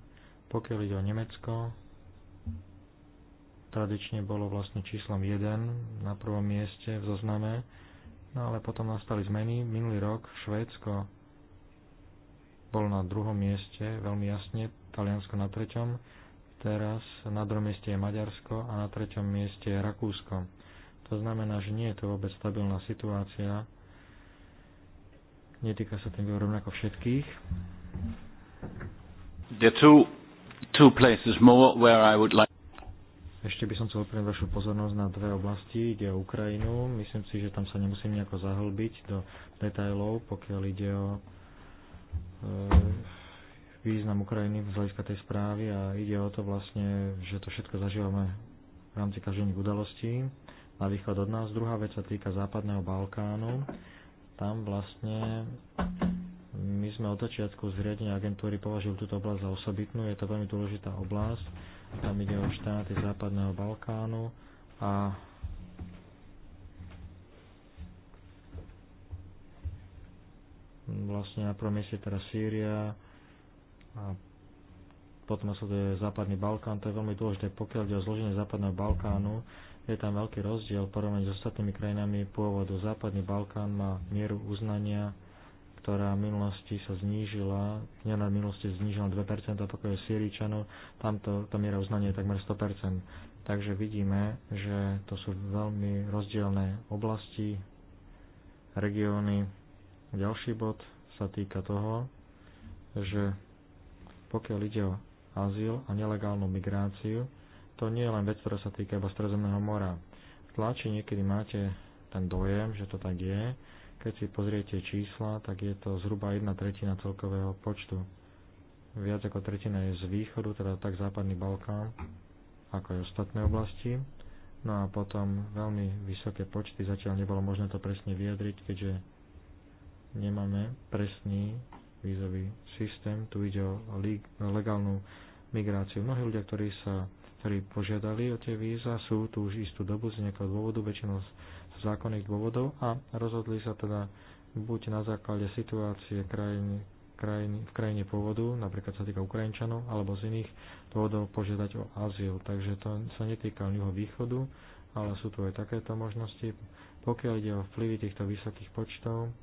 [SPEAKER 2] Pokiaľ ide o Nemecko, tradične bolo vlastne číslom 1 na prvom mieste v zozname, no ale potom nastali zmeny. Minulý rok Švédsko bol na druhom mieste, veľmi jasne, Taliansko na treťom, teraz na druhom mieste je Maďarsko a na treťom mieste je Rakúsko. To znamená, že nie je to vôbec stabilná situácia, Netýka sa ten rovnako všetkých.
[SPEAKER 1] There two, two places more where I
[SPEAKER 2] would like ešte by som chcel upriamiť vašu pozornosť na dve oblasti. Ide o Ukrajinu. Myslím si, že tam sa nemusím nejako zahlbiť do detajlov, pokiaľ ide o e, význam Ukrajiny z hľadiska tej správy a ide o to vlastne, že to všetko zažívame v rámci každodenných udalostí na východ od nás. Druhá vec sa týka Západného Balkánu tam vlastne my sme od začiatku zriadenia agentúry považili túto oblasť za osobitnú, je to veľmi dôležitá oblasť, tam ide o štáty Západného Balkánu a vlastne na prvom mieste teraz Sýria a potom sa to je Západný Balkán, to je veľmi dôležité, pokiaľ ide o zloženie Západného Balkánu, je tam veľký rozdiel porovnaní s ostatnými krajinami pôvodu. Západný Balkán má mieru uznania, ktorá v minulosti sa znížila, dňa na minulosti znížila 2%, a pokiaľ je Syričanov, tamto, to miera uznania je takmer 100%. Takže vidíme, že to sú veľmi rozdielne oblasti, regióny. Ďalší bod sa týka toho, že pokiaľ ide o azyl a nelegálnu migráciu, to nie je len vec, ktorá sa týka iba Stredozemného mora. V tlači niekedy máte ten dojem, že to tak je. Keď si pozriete čísla, tak je to zhruba jedna tretina celkového počtu. Viac ako tretina je z východu, teda tak západný Balkán, ako aj ostatné oblasti. No a potom veľmi vysoké počty, zatiaľ nebolo možné to presne vyjadriť, keďže nemáme presný vízový systém. Tu ide o legálnu migráciu. Mnohí ľudia, ktorí sa ktorí požiadali o tie víza, sú tu už istú dobu z nejakého dôvodu, väčšinou z zákonných dôvodov a rozhodli sa teda buď na základe situácie krajiny, krajiny, v krajine pôvodu, napríklad sa týka Ukrajinčanov, alebo z iných dôvodov požiadať o azyl. Takže to sa netýka len východu, ale sú tu aj takéto možnosti. Pokiaľ ide o vplyvy týchto vysokých počtov,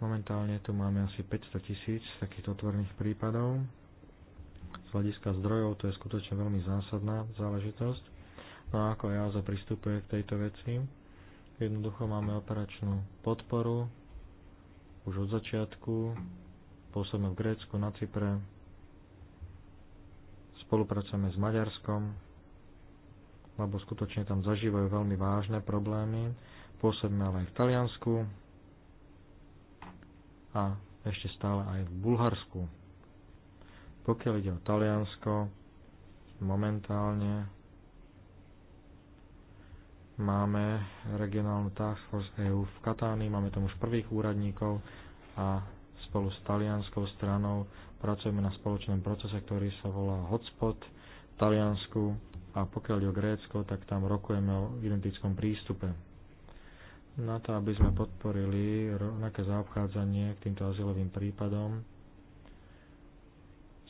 [SPEAKER 2] momentálne tu máme asi 500 tisíc takýchto otvorných prípadov, hľadiska zdrojov to je skutočne veľmi zásadná záležitosť. No a ako EASA pristupuje k tejto veci? Jednoducho máme operačnú podporu už od začiatku, pôsobíme v Grécku, na Cypre, spolupracujeme s Maďarskom, lebo skutočne tam zažívajú veľmi vážne problémy. Pôsobíme ale aj v Taliansku a ešte stále aj v Bulharsku. Pokiaľ ide o Taliansko, momentálne máme regionálnu Task Force EU v Katánii, máme tam už prvých úradníkov a spolu s talianskou stranou pracujeme na spoločnom procese, ktorý sa volá Hotspot v Taliansku a pokiaľ ide o Grécko, tak tam rokujeme o identickom prístupe. Na to, aby sme podporili rovnaké zaobchádzanie k týmto azylovým prípadom,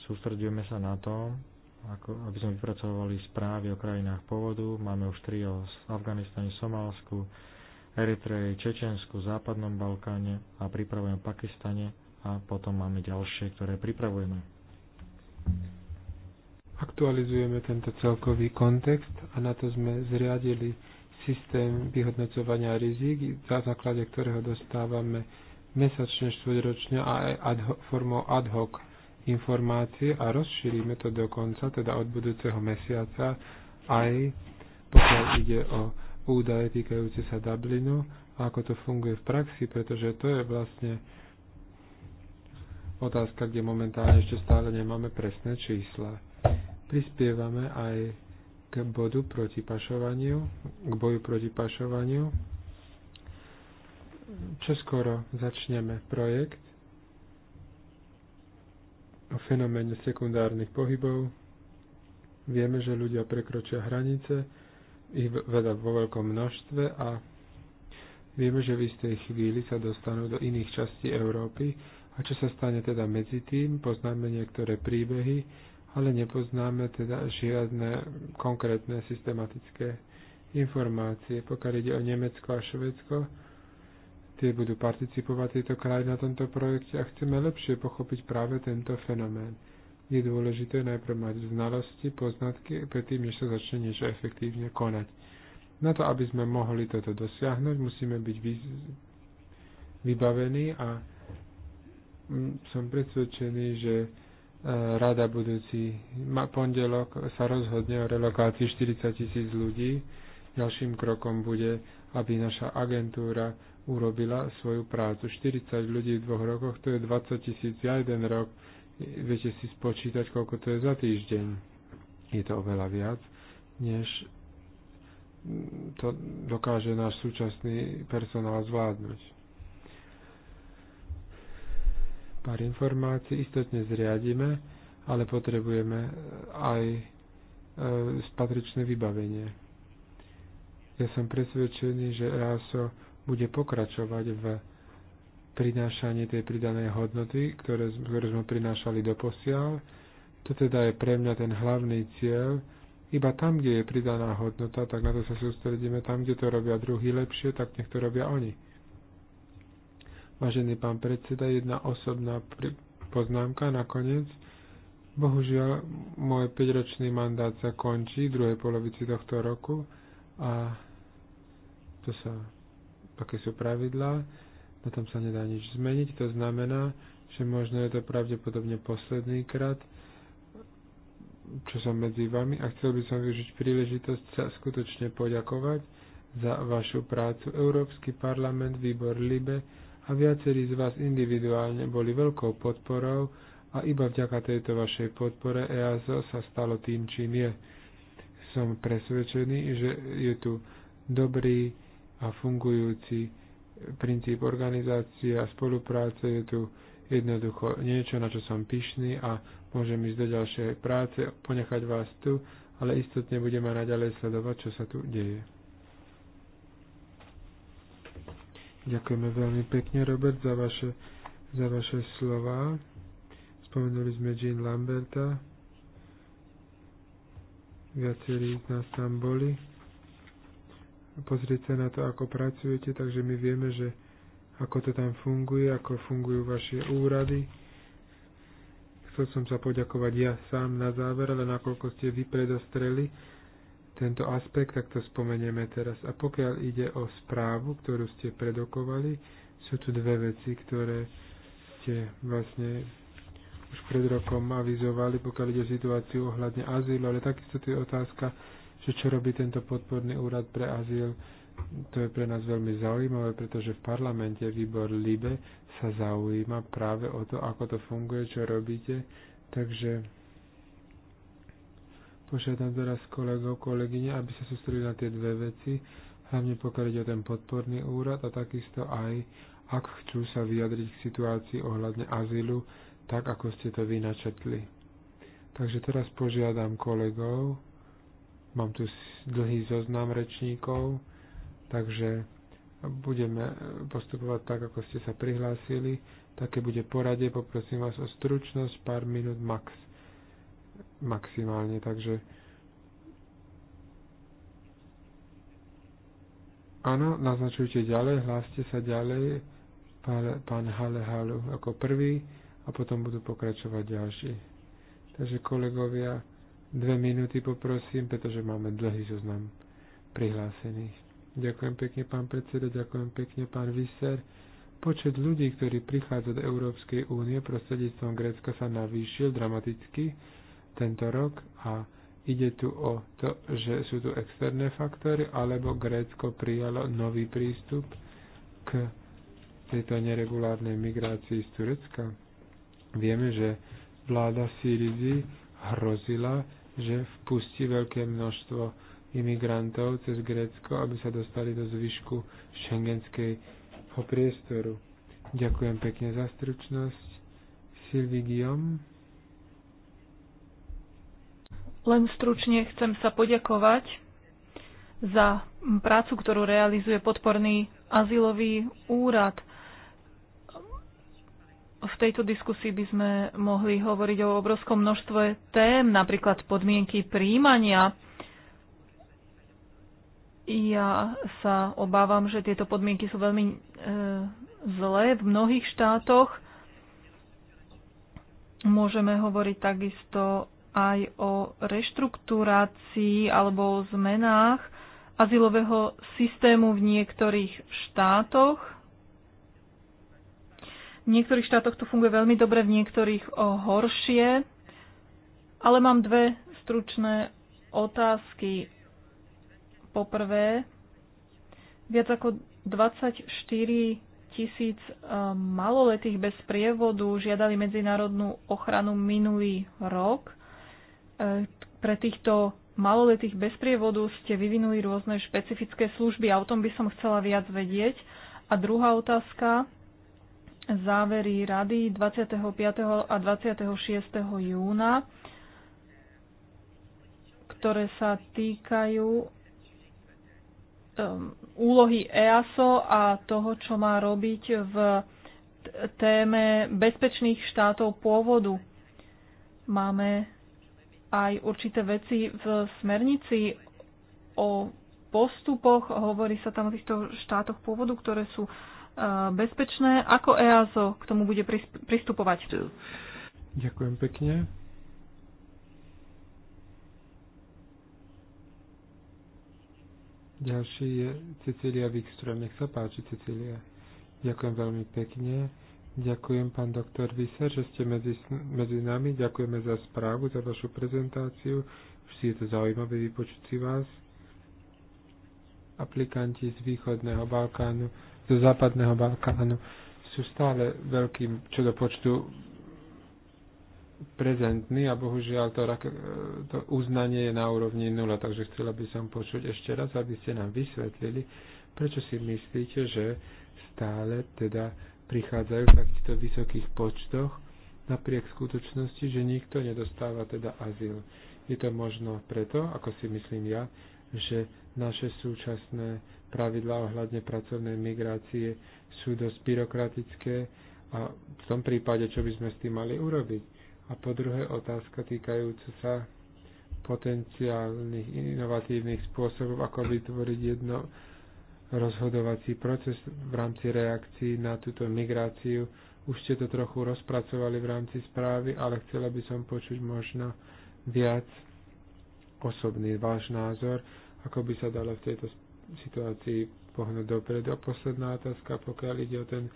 [SPEAKER 2] Sústredujeme sa na to, ako, aby sme vypracovali správy o krajinách pôvodu. Máme už tri o Afganistane, Somálsku, Eritreji, Čečensku, Západnom Balkáne a pripravujeme Pakistane a potom máme ďalšie, ktoré pripravujeme.
[SPEAKER 4] Aktualizujeme tento celkový kontext a na to sme zriadili systém vyhodnocovania rizik, na základe ktorého dostávame mesačne, štvrťročne a ad hoc, formou ad hoc informácie a rozšírime to dokonca, teda od budúceho mesiaca, aj pokiaľ ide o údaje týkajúce sa Dublinu a ako to funguje v praxi, pretože to je vlastne otázka, kde momentálne ešte stále nemáme presné čísla. Prispievame aj k bodu proti pašovaniu, k boju proti pašovaniu. skoro začneme projekt, o fenoméne sekundárnych pohybov. Vieme, že ľudia prekročia hranice, ich veda vo veľkom množstve a vieme, že v istej chvíli sa dostanú do iných častí Európy a čo sa stane teda medzi tým, poznáme niektoré príbehy, ale nepoznáme teda žiadne konkrétne systematické informácie. Pokiaľ ide o Nemecko a Švedsko, tie budú participovať tieto krajiny na tomto projekte a chceme lepšie pochopiť práve tento fenomén. Je dôležité najprv mať znalosti, poznatky, predtým, než sa začne niečo efektívne konať. Na to, aby sme mohli toto dosiahnuť, musíme byť vybavení a mm, som presvedčený, že e, rada budúci pondelok sa rozhodne o relokácii 40 tisíc ľudí. Ďalším krokom bude, aby naša agentúra urobila svoju prácu. 40 ľudí v dvoch rokoch, to je 20 tisíc za jeden rok. Viete si spočítať, koľko to je za týždeň. Je to oveľa viac, než to dokáže náš súčasný personál zvládnuť. Pár informácií istotne zriadíme, ale potrebujeme aj e, patričné vybavenie. Ja som presvedčený, že EASO bude pokračovať v prinášaní tej pridanej hodnoty, ktoré, ktoré sme prinášali do posiaľ. To teda je pre mňa ten hlavný cieľ. Iba tam, kde je pridaná hodnota, tak na to sa sústredíme. Tam, kde to robia druhý lepšie, tak nech to robia oni. Vážený pán predseda, jedna osobná poznámka nakoniec. Bohužiaľ, môj 5-ročný mandát sa končí v druhej polovici tohto roku a to sa aké sú pravidlá, na tom sa nedá nič zmeniť, to znamená, že možno je to pravdepodobne posledný krát, čo som medzi vami a chcel by som využiť príležitosť sa skutočne poďakovať za vašu prácu. Európsky parlament, výbor LIBE a viacerí z vás individuálne boli veľkou podporou a iba vďaka tejto vašej podpore EASO sa stalo tým, čím je. Som presvedčený, že je tu dobrý a fungujúci princíp organizácie a spolupráce je tu jednoducho niečo, na čo som pyšný a môžem ísť do ďalšej práce, ponechať vás tu, ale istotne budeme naďalej sledovať, čo sa tu deje. Ďakujeme veľmi pekne, Robert, za vaše, za vaše slova. Spomenuli sme Jean Lamberta. Viacerí z nás tam boli pozrieť sa na to, ako pracujete, takže my vieme, že ako to tam funguje, ako fungujú vaše úrady. Chcel som sa poďakovať ja sám na záver, ale nakoľko ste vy predostreli tento aspekt, tak to spomenieme teraz. A pokiaľ ide o správu, ktorú ste predokovali, sú tu dve veci, ktoré ste vlastne už pred rokom avizovali, pokiaľ ide o situáciu ohľadne azylu, ale takisto tu je otázka že čo robí tento podporný úrad pre azyl. To je pre nás veľmi zaujímavé, pretože v parlamente výbor LIBE sa zaujíma práve o to, ako to funguje, čo robíte. Takže požiadam teraz kolegov, kolegyne, aby sa sústredili na tie dve veci, hlavne pokiaľ ide o ten podporný úrad a takisto aj, ak chcú sa vyjadriť k situácii ohľadne azylu, tak ako ste to vy načetli. Takže teraz požiadam kolegov, Mám tu dlhý zoznam rečníkov, takže budeme eh, postupovať tak, ako ste sa prihlásili. Také bude poradie, poprosím vás o stručnosť, pár minút max, maximálne, takže Áno, naznačujte ďalej, hláste sa ďalej, pán, pán Hale Halu ako prvý a potom budú pokračovať ďalší. Takže kolegovia, Dve minúty poprosím, pretože máme dlhý zoznam prihlásených. Ďakujem pekne, pán predseda, ďakujem pekne, pán Vyser. Počet ľudí, ktorí prichádza do Európskej únie prostredníctvom Grécka sa navýšil dramaticky tento rok a ide tu o to, že sú tu externé faktory, alebo Grécko prijalo nový prístup k tejto neregulárnej migrácii z Turecka. Vieme, že vláda Syrizy hrozila že vpustí veľké množstvo imigrantov cez Grécko, aby sa dostali do zvyšku šengenského priestoru. Ďakujem pekne za stručnosť. Sylvie Guillaume.
[SPEAKER 5] Len stručne chcem sa poďakovať za prácu, ktorú realizuje podporný azylový úrad – v tejto diskusii by sme mohli hovoriť o obrovskom množstve tém, napríklad podmienky príjmania. Ja sa obávam, že tieto podmienky sú veľmi e, zlé v mnohých štátoch. Môžeme hovoriť takisto aj o reštrukturácii alebo o zmenách azylového systému v niektorých štátoch v niektorých štátoch to funguje veľmi dobre, v niektorých o horšie. Ale mám dve stručné otázky. Poprvé, viac ako 24 tisíc e, maloletých bez prievodu žiadali medzinárodnú ochranu minulý rok. E, pre týchto maloletých bez prievodu ste vyvinuli rôzne špecifické služby a o tom by som chcela viac vedieť. A druhá otázka závery rady 25. a 26. júna, ktoré sa týkajú um, úlohy EASO a toho, čo má robiť v téme bezpečných štátov pôvodu. Máme aj určité veci v smernici o postupoch. Hovorí sa tam o týchto štátoch pôvodu, ktoré sú uh, bezpečné. Ako EASO k tomu bude pristupovať?
[SPEAKER 4] Ďakujem pekne. Ďalší je Cecília Wikström. Nech sa páči, Cecília. Ďakujem veľmi pekne. Ďakujem, pán doktor Vyser, že ste medzi, medzi nami. Ďakujeme za správu, za vašu prezentáciu. Vždy je to zaujímavé vypočuť si vás. Aplikanti z východného Balkánu do západného Balkánu sú stále veľkým čo do počtu prezentní a bohužiaľ to, to uznanie je na úrovni nula, takže chcela by som počuť ešte raz, aby ste nám vysvetlili, prečo si myslíte, že stále teda prichádzajú v takýchto vysokých počtoch napriek skutočnosti, že nikto nedostáva teda azyl. Je to možno preto, ako si myslím ja, že naše súčasné pravidlá ohľadne pracovnej migrácie sú dosť byrokratické a v tom prípade, čo by sme s tým mali urobiť. A po druhé otázka týkajúca sa potenciálnych inovatívnych spôsobov, ako vytvoriť jedno rozhodovací proces v rámci reakcií na túto migráciu. Už ste to trochu rozpracovali v rámci správy, ale chcela by som počuť možno viac osobný váš názor, ako by sa dalo v tejto situácii pohnúť dopredu. A posledná otázka, pokiaľ ide o ten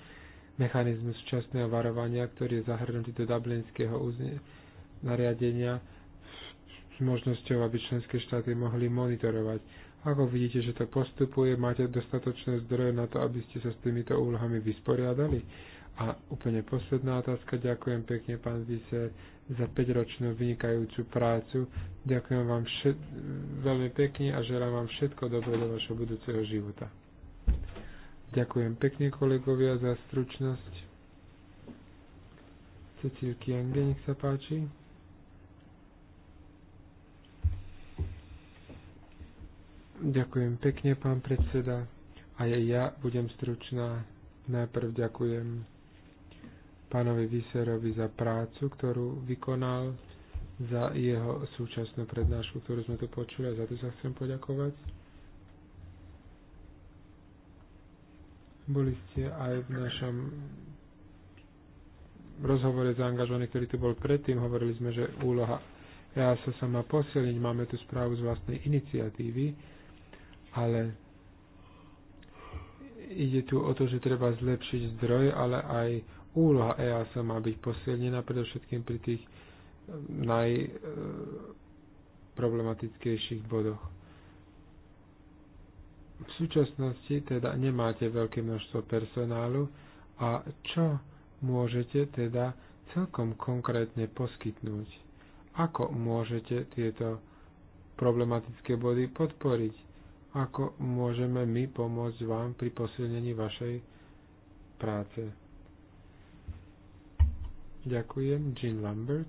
[SPEAKER 4] mechanizmus včasného varovania, ktorý je zahrnutý do dublinského nariadenia s možnosťou, aby členské štáty mohli monitorovať. Ako vidíte, že to postupuje, máte dostatočné zdroje na to, aby ste sa s týmito úlohami vysporiadali? A úplne posledná otázka, ďakujem pekne, pán Viser, za 5-ročnú vynikajúcu prácu. Ďakujem vám všet- veľmi pekne a želám vám všetko dobré do vašho budúceho života. Ďakujem pekne kolegovia za stručnosť. Cecilky Kienge, nech sa páči. Ďakujem pekne, pán predseda. A ja budem stručná. Najprv ďakujem pánovi Viserovi za prácu, ktorú vykonal, za jeho súčasnú prednášku, ktorú sme tu počuli a za to sa chcem poďakovať. Boli ste aj v našom rozhovore zaangažovaní, ktorý tu bol predtým. Hovorili sme, že úloha ja sa má posilniť. Máme tu správu z vlastnej iniciatívy, ale ide tu o to, že treba zlepšiť zdroj, ale aj úloha EASA má byť posilnená predovšetkým pri tých ehm, najproblematickejších ehm, bodoch. V súčasnosti teda nemáte veľké množstvo personálu a čo môžete teda celkom konkrétne poskytnúť? Ako môžete tieto problematické body podporiť? Ako môžeme my pomôcť vám pri posilnení vašej práce? Ďakujem, Jean Lambert.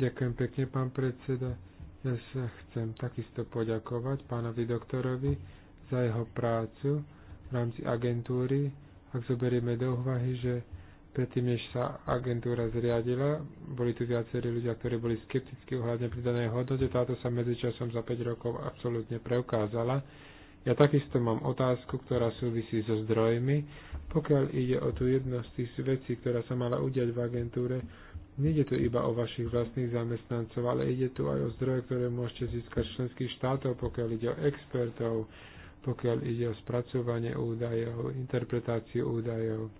[SPEAKER 4] Ďakujem pekne, pán predseda. Ja sa chcem takisto poďakovať pánovi doktorovi za jeho prácu v rámci agentúry. Ak zoberieme do úvahy, že predtým, než sa agentúra zriadila, boli tu viacerí ľudia, ktorí boli skeptickí ohľadne pridanej hodnote. Táto sa medzičasom za 5 rokov absolútne preukázala. Ja takisto mám otázku, ktorá súvisí so zdrojmi. Pokiaľ ide o tú jednu z tých vecí, ktorá sa mala udiať v agentúre, nejde tu iba o vašich vlastných zamestnancov, ale ide tu aj o zdroje, ktoré môžete získať členských štátov, pokiaľ ide o expertov, pokiaľ ide o spracovanie údajov, interpretáciu údajov.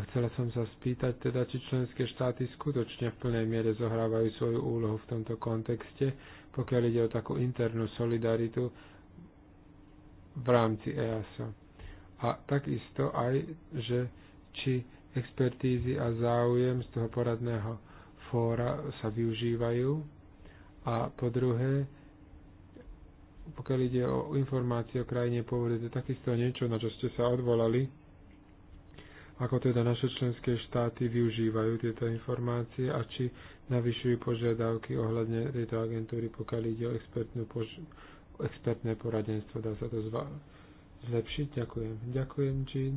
[SPEAKER 4] A chcela som sa spýtať teda, či členské štáty skutočne v plnej miere zohrávajú svoju úlohu v tomto kontexte, pokiaľ ide o takú internú solidaritu v rámci EASO. A takisto aj, že či expertízy a záujem z toho poradného fóra sa využívajú. A po druhé, pokiaľ ide o informácie o krajine pôvodu, to takisto niečo, na čo ste sa odvolali, ako teda naše členské štáty využívajú tieto informácie a či navyšujú požiadavky ohľadne tejto agentúry, pokiaľ ide o expertnú pož- expertné poradenstvo. Dá sa to zlepšiť? Ďakujem. Ďakujem, Jean.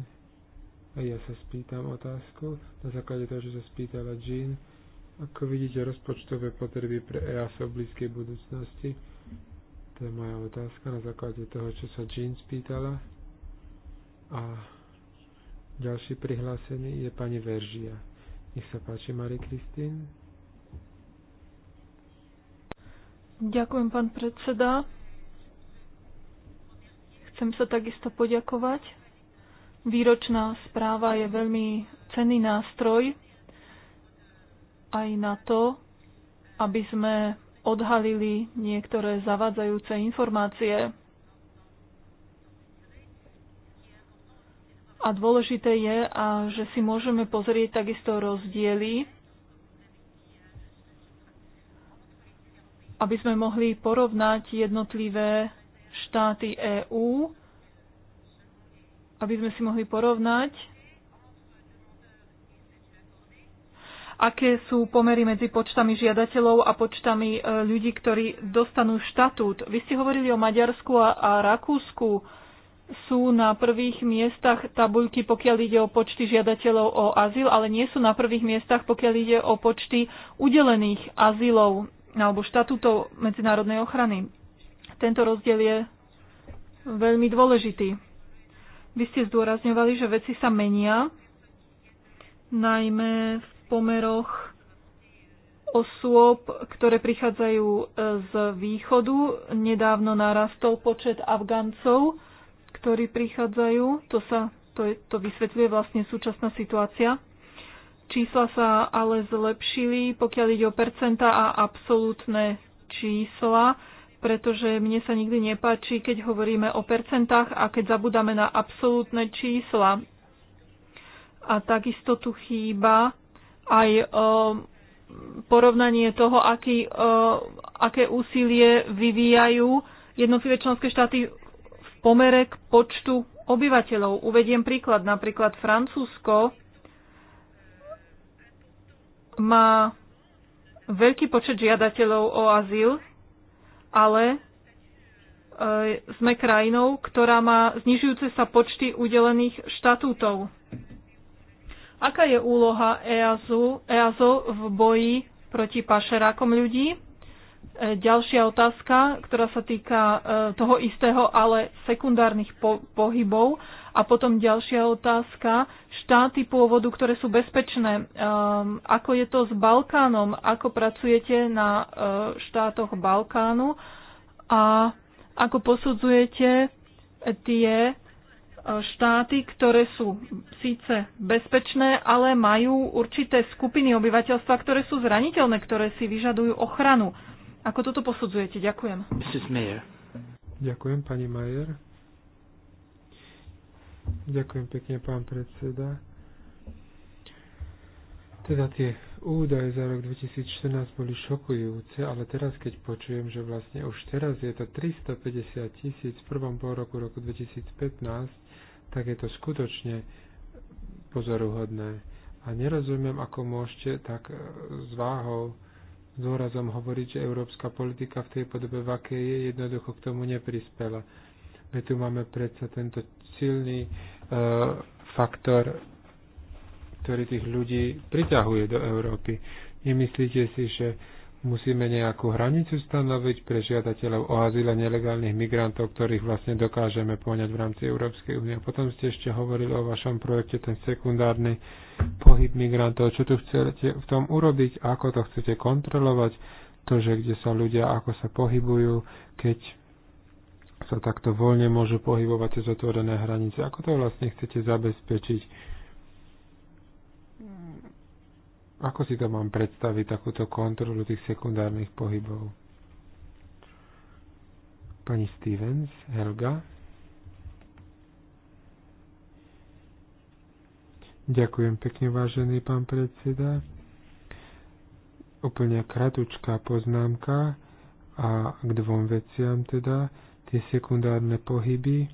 [SPEAKER 4] A ja sa spýtam otázku. Na základe toho, že sa spýtala Jean, ako vidíte rozpočtové potreby pre EASO v blízkej budúcnosti? To je moja otázka na základe toho, čo sa Jean spýtala. A ďalší prihlásený je pani Veržia. Nech sa páči, Marie Kristín.
[SPEAKER 5] Ďakujem, pán predseda. Chcem sa takisto poďakovať. Výročná správa je veľmi cenný nástroj aj na to, aby sme odhalili niektoré zavádzajúce informácie. A dôležité je, a že si môžeme pozrieť takisto rozdiely, aby sme mohli porovnať jednotlivé štáty EÚ, aby sme si mohli porovnať, aké sú pomery medzi počtami žiadateľov a počtami e, ľudí, ktorí dostanú štatút. Vy ste hovorili o Maďarsku a, a Rakúsku. Sú na prvých miestach tabuľky, pokiaľ ide o počty žiadateľov o azyl, ale nie sú na prvých miestach, pokiaľ ide o počty udelených azylov alebo štatútov medzinárodnej ochrany. Tento rozdiel je veľmi dôležitý. Vy ste zdôrazňovali, že veci sa menia, najmä v pomeroch osôb, ktoré prichádzajú e, z východu. Nedávno narastol počet Afgáncov, ktorí prichádzajú. To, sa, to, je, to vysvetľuje vlastne súčasná situácia. Čísla sa ale zlepšili, pokiaľ ide o percenta a absolútne čísla pretože mne sa nikdy nepáči, keď hovoríme o percentách a keď zabudáme na absolútne čísla. A takisto tu chýba aj eh, porovnanie toho, aký, eh, aké úsilie vyvíjajú jednotlivé členské štáty v pomere k počtu obyvateľov. Uvediem príklad. Napríklad Francúzsko má veľký počet žiadateľov o azyl ale e, sme krajinou, ktorá má znižujúce sa počty udelených štatútov. Aká je úloha EASO, EASO v boji proti pašerákom ľudí? E, ďalšia otázka, ktorá sa týka e, toho istého, ale sekundárnych po- pohybov. A potom ďalšia otázka, štáty pôvodu, ktoré sú bezpečné. Ehm, ako je to s Balkánom? Ako pracujete na eh, štátoch Balkánu? A ako posudzujete tie eh, štáty, ktoré sú síce bezpečné, ale majú určité skupiny obyvateľstva, ktoré sú zraniteľné, ktoré si vyžadujú ochranu. Ako toto posudzujete? Ďakujem.
[SPEAKER 4] Ďakujem, pani Majer. Ďakujem pekne, pán predseda. Teda tie údaje za rok 2014 boli šokujúce, ale teraz keď počujem, že vlastne už teraz je to 350 tisíc v prvom pol roku roku 2015, tak je to skutočne pozoruhodné. A nerozumiem, ako môžete tak e, s váhou, dôrazom hovoriť, že európska politika v tej podobe, v akej je, jednoducho k tomu neprispela. My tu máme predsa tento silný e, faktor, ktorý tých ľudí priťahuje do Európy. Nemyslíte si, že musíme nejakú hranicu stanoviť pre žiadateľov o azyl a nelegálnych migrantov, ktorých vlastne dokážeme poňať v rámci Európskej únie. Potom ste ešte hovorili o vašom projekte, ten sekundárny pohyb migrantov. Čo tu chcete v tom urobiť? Ako to chcete kontrolovať? To, že kde sa ľudia, ako sa pohybujú, keď sa takto voľne môžu pohybovať cez otvorené hranice. Ako to vlastne chcete zabezpečiť? Ako si to mám predstaviť, takúto kontrolu tých sekundárnych pohybov? Pani Stevens, Helga. Ďakujem pekne, vážený pán predseda. Úplne kratučká poznámka a k dvom veciam teda tie sekundárne pohyby.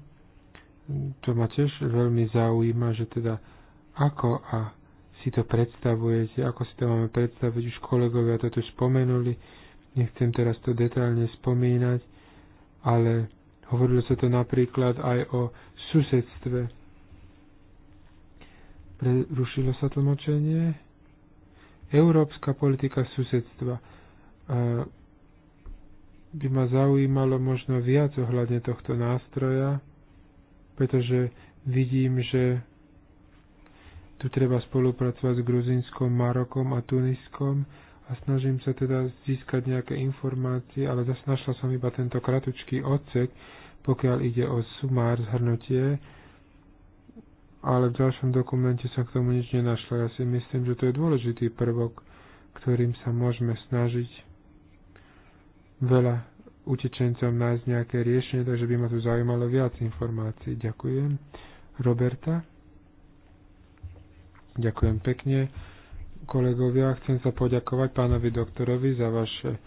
[SPEAKER 4] To ma tiež veľmi zaujíma, že teda ako a si to predstavujete, ako si to máme predstaviť, už kolegovia to tu spomenuli, nechcem teraz to detálne spomínať, ale hovorilo sa to napríklad aj o susedstve. Prerušilo sa to močenie? Európska politika susedstva. E, by ma zaujímalo možno viac ohľadne tohto nástroja, pretože vidím, že tu treba spolupracovať s Gruzinskom, Marokom a Tuniskom a snažím sa teda získať nejaké informácie, ale zase našla som iba tento kratučký odsek, pokiaľ ide o sumár zhrnutie, ale v ďalšom dokumente sa k tomu nič nenašla. Ja si myslím, že to je dôležitý prvok, ktorým sa môžeme snažiť veľa utečencom nájsť nejaké riešenie, takže by ma tu zaujímalo viac informácií. Ďakujem. Roberta? Ďakujem pekne. Kolegovia, chcem sa poďakovať pánovi doktorovi za vaše e,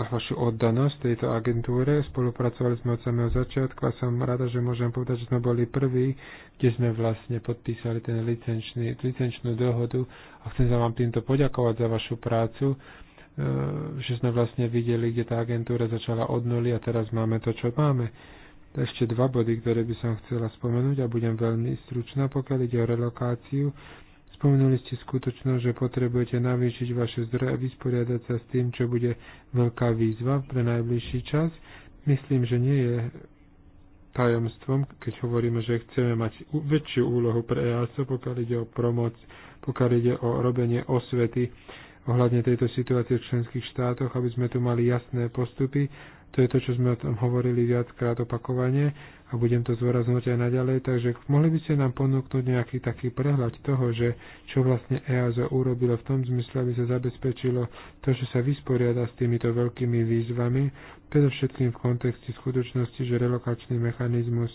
[SPEAKER 4] vašu oddanosť tejto agentúre. Spolupracovali sme od samého začiatku a som rada, že môžem povedať, že sme boli prví, kde sme vlastne podpísali ten licenčný, licenčnú dohodu a chcem sa vám týmto poďakovať za vašu prácu E, že sme vlastne videli, kde tá agentúra začala od nuly a teraz máme to, čo máme. Ešte dva body, ktoré by som chcela spomenúť a budem veľmi stručná, pokiaľ ide o relokáciu. Spomenuli ste skutočnosť, že potrebujete navýšiť vaše zdroje a vysporiadať sa s tým, čo bude veľká výzva pre najbližší čas. Myslím, že nie je tajomstvom, keď hovoríme, že chceme mať väčšiu úlohu pre EASO, pokiaľ ide o promoc, pokiaľ ide o robenie osvety ohľadne tejto situácie v členských štátoch, aby sme tu mali jasné postupy. To je to, čo sme o tom hovorili viackrát opakovane a budem to zvoraznovať aj naďalej. Takže mohli by ste nám ponúknuť nejaký taký prehľad toho, že čo vlastne EASO urobilo v tom zmysle, aby sa zabezpečilo to, že sa vysporiada s týmito veľkými výzvami, predovšetkým v kontexte skutočnosti, že relokačný mechanizmus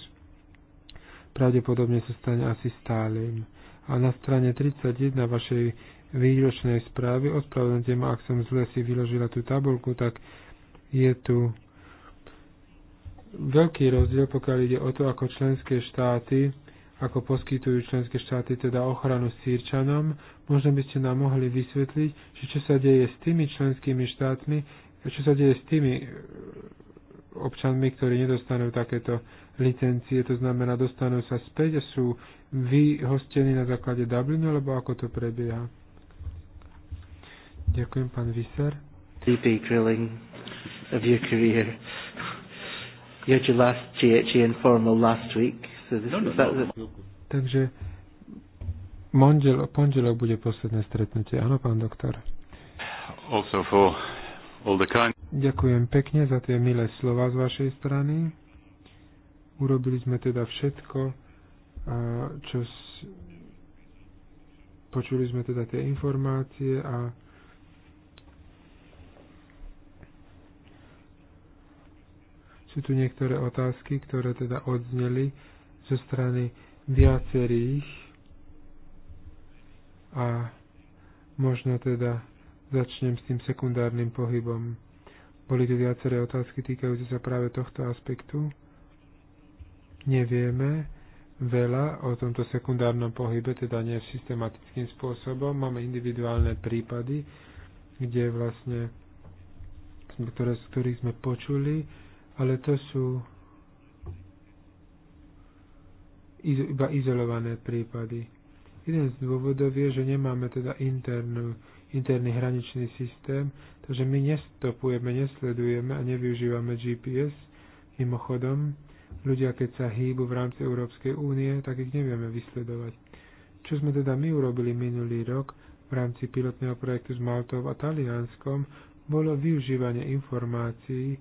[SPEAKER 4] pravdepodobne sa stane asi stálym. A na strane 31 vašej výročnej správy. Ospravedlňte ma, ak som zle si vyložila tú tabulku, tak je tu veľký rozdiel, pokiaľ ide o to, ako členské štáty, ako poskytujú členské štáty teda ochranu sírčanom. Možno by ste nám mohli vysvetliť, že čo sa deje s tými členskými štátmi, čo sa deje s tými e, občanmi, ktorí nedostanú takéto licencie, to znamená, dostanú sa späť a sú vyhostení na základe Dublinu, alebo ako to prebieha? Ďakujem, pán
[SPEAKER 1] Vyser. DB grilling of your career. You had your last GHA e informal last week. So this, no, no, no.
[SPEAKER 4] Takže mondel, pondelok bude posledné stretnutie. Áno, pán doktor.
[SPEAKER 1] Also for all the kind...
[SPEAKER 4] Ďakujem pekne za tie milé slova z vašej strany. Urobili sme teda všetko, čo s... počuli sme teda tie informácie a Sú tu niektoré otázky, ktoré teda odzneli zo strany viacerých a možno teda začnem s tým sekundárnym pohybom. Boli tu viaceré otázky týkajúce sa práve tohto aspektu. Nevieme veľa o tomto sekundárnom pohybe, teda nie systematickým spôsobom. Máme individuálne prípady, kde vlastne, ktoré, z ktorých sme počuli, ale to sú iba izolované prípady. Jeden z dôvodov je, že nemáme teda internú, interný hraničný systém, takže my nestopujeme, nesledujeme a nevyužívame GPS. Mimochodom, ľudia, keď sa hýbu v rámci Európskej únie, tak ich nevieme vysledovať. Čo sme teda my urobili minulý rok v rámci pilotného projektu s Maltou a Talianskom, bolo využívanie informácií,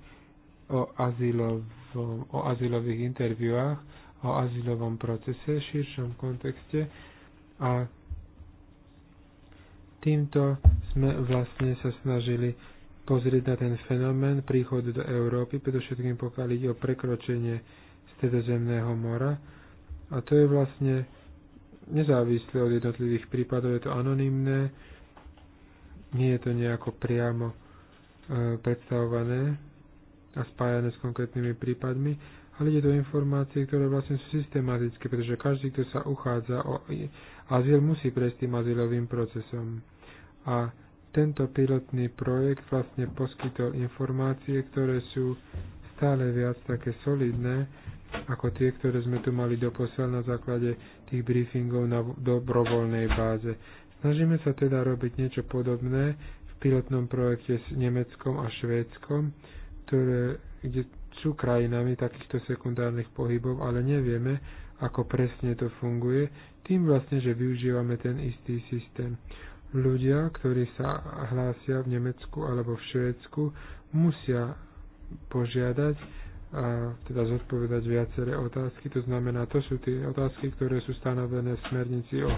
[SPEAKER 4] o, azylovom, o azylových interviuách, o azylovom procese v širšom kontexte a týmto sme vlastne sa snažili pozrieť na ten fenomén príchodu do Európy, predovšetkým pokiaľ ide o prekročenie Stredozemného mora. A to je vlastne nezávislé od jednotlivých prípadov, je to anonymné, nie je to nejako priamo e, predstavované a spájané s konkrétnymi prípadmi, ale ide do informácie, ktoré vlastne sú systematické, pretože každý, kto sa uchádza o azyl, musí prejsť tým azylovým procesom. A tento pilotný projekt vlastne poskytol informácie, ktoré sú stále viac také solidné, ako tie, ktoré sme tu mali doposiaľ na základe tých briefingov na dobrovoľnej báze. Snažíme sa teda robiť niečo podobné v pilotnom projekte s Nemeckom a Švédskom, ktoré, kde sú krajinami takýchto sekundárnych pohybov, ale nevieme, ako presne to funguje, tým vlastne, že využívame ten istý systém. Ľudia, ktorí sa hlásia v Nemecku alebo v Švédsku, musia požiadať, a teda zodpovedať viaceré otázky. To znamená, to sú tie otázky, ktoré sú stanovené v smernici o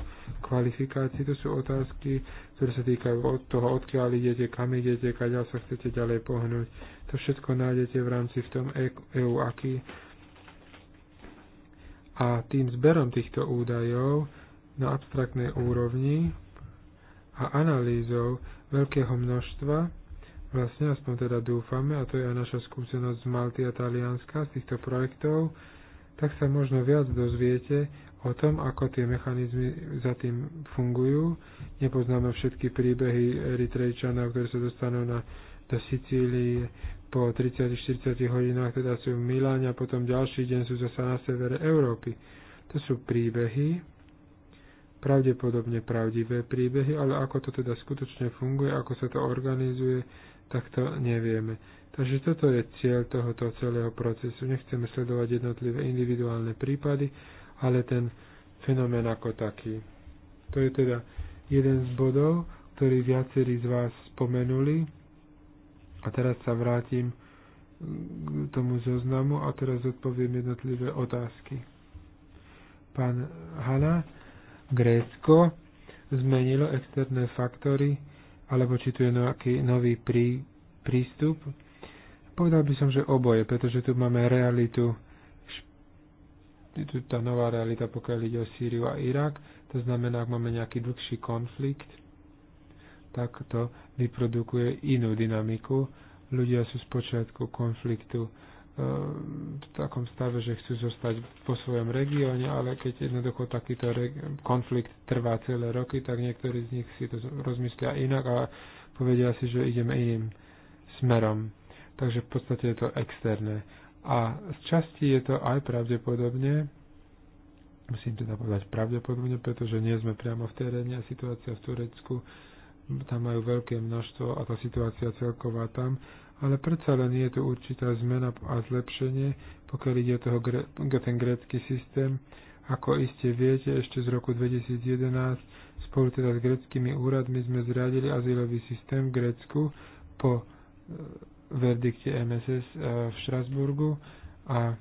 [SPEAKER 4] kvalifikácii. To sú otázky, ktoré sa týkajú od toho, odkiaľ idete, kam idete, kadeľ sa chcete ďalej pohnúť. To všetko nájdete v rámci v tom EU e aký. A tým zberom týchto údajov na abstraktnej úrovni a analýzou veľkého množstva vlastne, aspoň teda dúfame, a to je aj naša skúsenosť z Malty a Talianska, z týchto projektov, tak sa možno viac dozviete o tom, ako tie mechanizmy za tým fungujú. Nepoznáme všetky príbehy Eritrejčanov, ktorí sa dostanú na, do Sicílie po 30-40 hodinách, teda sú v Miláne a potom ďalší deň sú zase na severe Európy. To sú príbehy, pravdepodobne pravdivé príbehy, ale ako to teda skutočne funguje, ako sa to organizuje, tak to nevieme. Takže toto je cieľ tohoto celého procesu. Nechceme sledovať jednotlivé individuálne prípady, ale ten fenomén ako taký. To je teda jeden z bodov, ktorý viacerí z vás spomenuli. A teraz sa vrátim k tomu zoznamu a teraz odpoviem jednotlivé otázky. Pán Hanna, Grécko zmenilo externé faktory alebo či tu je nejaký nový prí, prístup. Povedal by som, že oboje, pretože tu máme realitu, tu tá nová realita, pokiaľ ide o Sýriu a Irak, to znamená, ak máme nejaký dlhší konflikt, tak to vyprodukuje inú dynamiku. Ľudia sú z počiatku konfliktu v takom stave, že chcú zostať po svojom regióne, ale keď jednoducho takýto konflikt trvá celé roky, tak niektorí z nich si to rozmyslia inak a povedia si, že ideme iným smerom. Takže v podstate je to externé. A z časti je to aj pravdepodobne, musím teda povedať pravdepodobne, pretože nie sme priamo v teréne a situácia v Turecku, tam majú veľké množstvo a tá situácia celková tam ale predsa len je to určitá zmena a zlepšenie, pokiaľ ide o toho, ten grécky systém. Ako iste viete, ešte z roku 2011 spolu teda s greckými úradmi sme zriadili azylový systém v Grécku po e, verdikte MSS e, v Štrasburgu a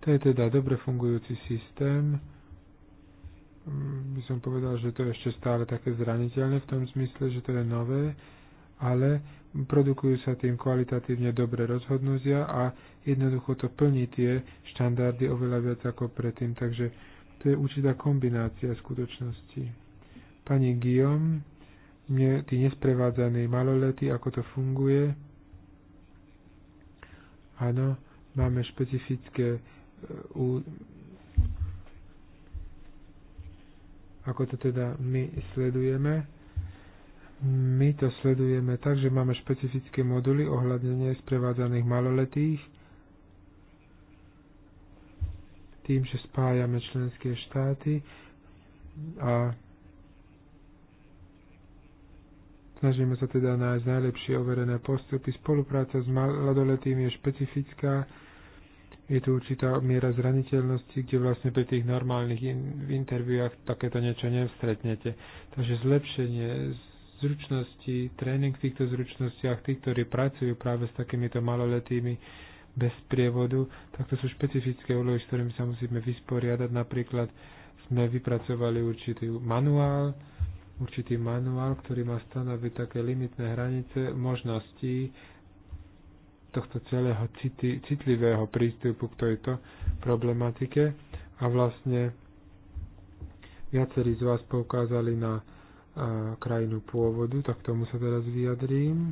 [SPEAKER 4] to je teda dobre fungujúci systém. Mm, by som povedal, že to je ešte stále také zraniteľné v tom zmysle, že to je nové, ale produkujú sa tým kvalitatívne dobré rozhodnutia a jednoducho to plní tie štandardy oveľa viac ako predtým. Takže to je určitá kombinácia skutočností. Pani Guillaume, mne tí nesprevádzaní malolety, ako to funguje. Áno, máme špecifické u, e, ako to teda my sledujeme my to sledujeme tak, že máme špecifické moduly ohľadne sprevádzaných maloletých, tým, že spájame členské štáty a snažíme sa teda nájsť najlepšie overené postupy. Spolupráca s mladoletými je špecifická, je tu určitá miera zraniteľnosti, kde vlastne pri tých normálnych in, interviách takéto niečo nevstretnete. Takže zlepšenie z zručnosti, tréning v týchto zručnostiach, tí, ktorí pracujú práve s takýmito maloletými bez prievodu, tak to sú špecifické úlohy, s ktorými sa musíme vysporiadať. Napríklad sme vypracovali určitý manuál, určitý manuál, ktorý má stanoviť také limitné hranice možností tohto celého citi- citlivého prístupu k tejto problematike. A vlastne viacerí z vás poukázali na krajinu pôvodu, tak k tomu sa teraz vyjadrím.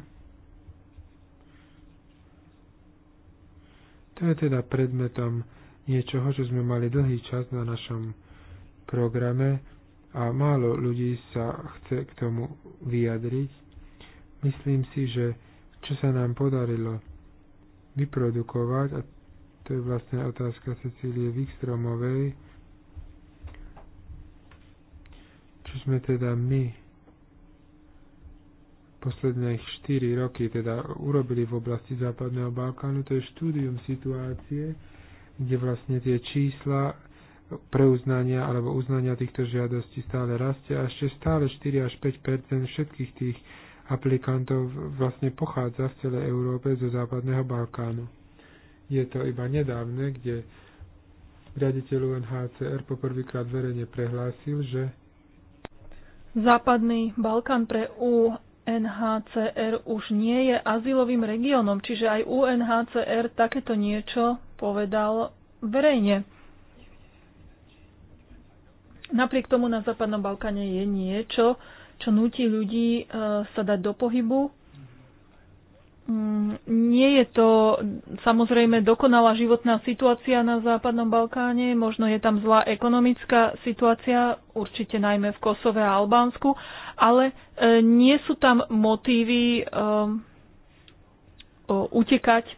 [SPEAKER 4] To je teda predmetom niečoho, čo sme mali dlhý čas na našom programe a málo ľudí sa chce k tomu vyjadriť. Myslím si, že čo sa nám podarilo vyprodukovať, a to je vlastne otázka Cecílie Wikstromovej, čo sme teda my posledných 4 roky teda urobili v oblasti Západného Balkánu, to je štúdium situácie, kde vlastne tie čísla preuznania alebo uznania týchto žiadostí stále rastie a ešte stále 4 až 5 všetkých tých aplikantov vlastne pochádza v celej Európe zo Západného Balkánu. Je to iba nedávne, kde riaditeľ UNHCR poprvýkrát verejne prehlásil, že
[SPEAKER 5] Západný Balkán pre UNHCR už nie je azylovým regiónom, čiže aj UNHCR takéto niečo povedal verejne. Napriek tomu na Západnom Balkáne je niečo, čo nutí ľudí e, sa dať do pohybu Mm, nie je to samozrejme dokonalá životná situácia na Západnom Balkáne, možno je tam zlá ekonomická situácia, určite najmä v Kosove a Albánsku, ale e, nie sú tam motívy um, utekať.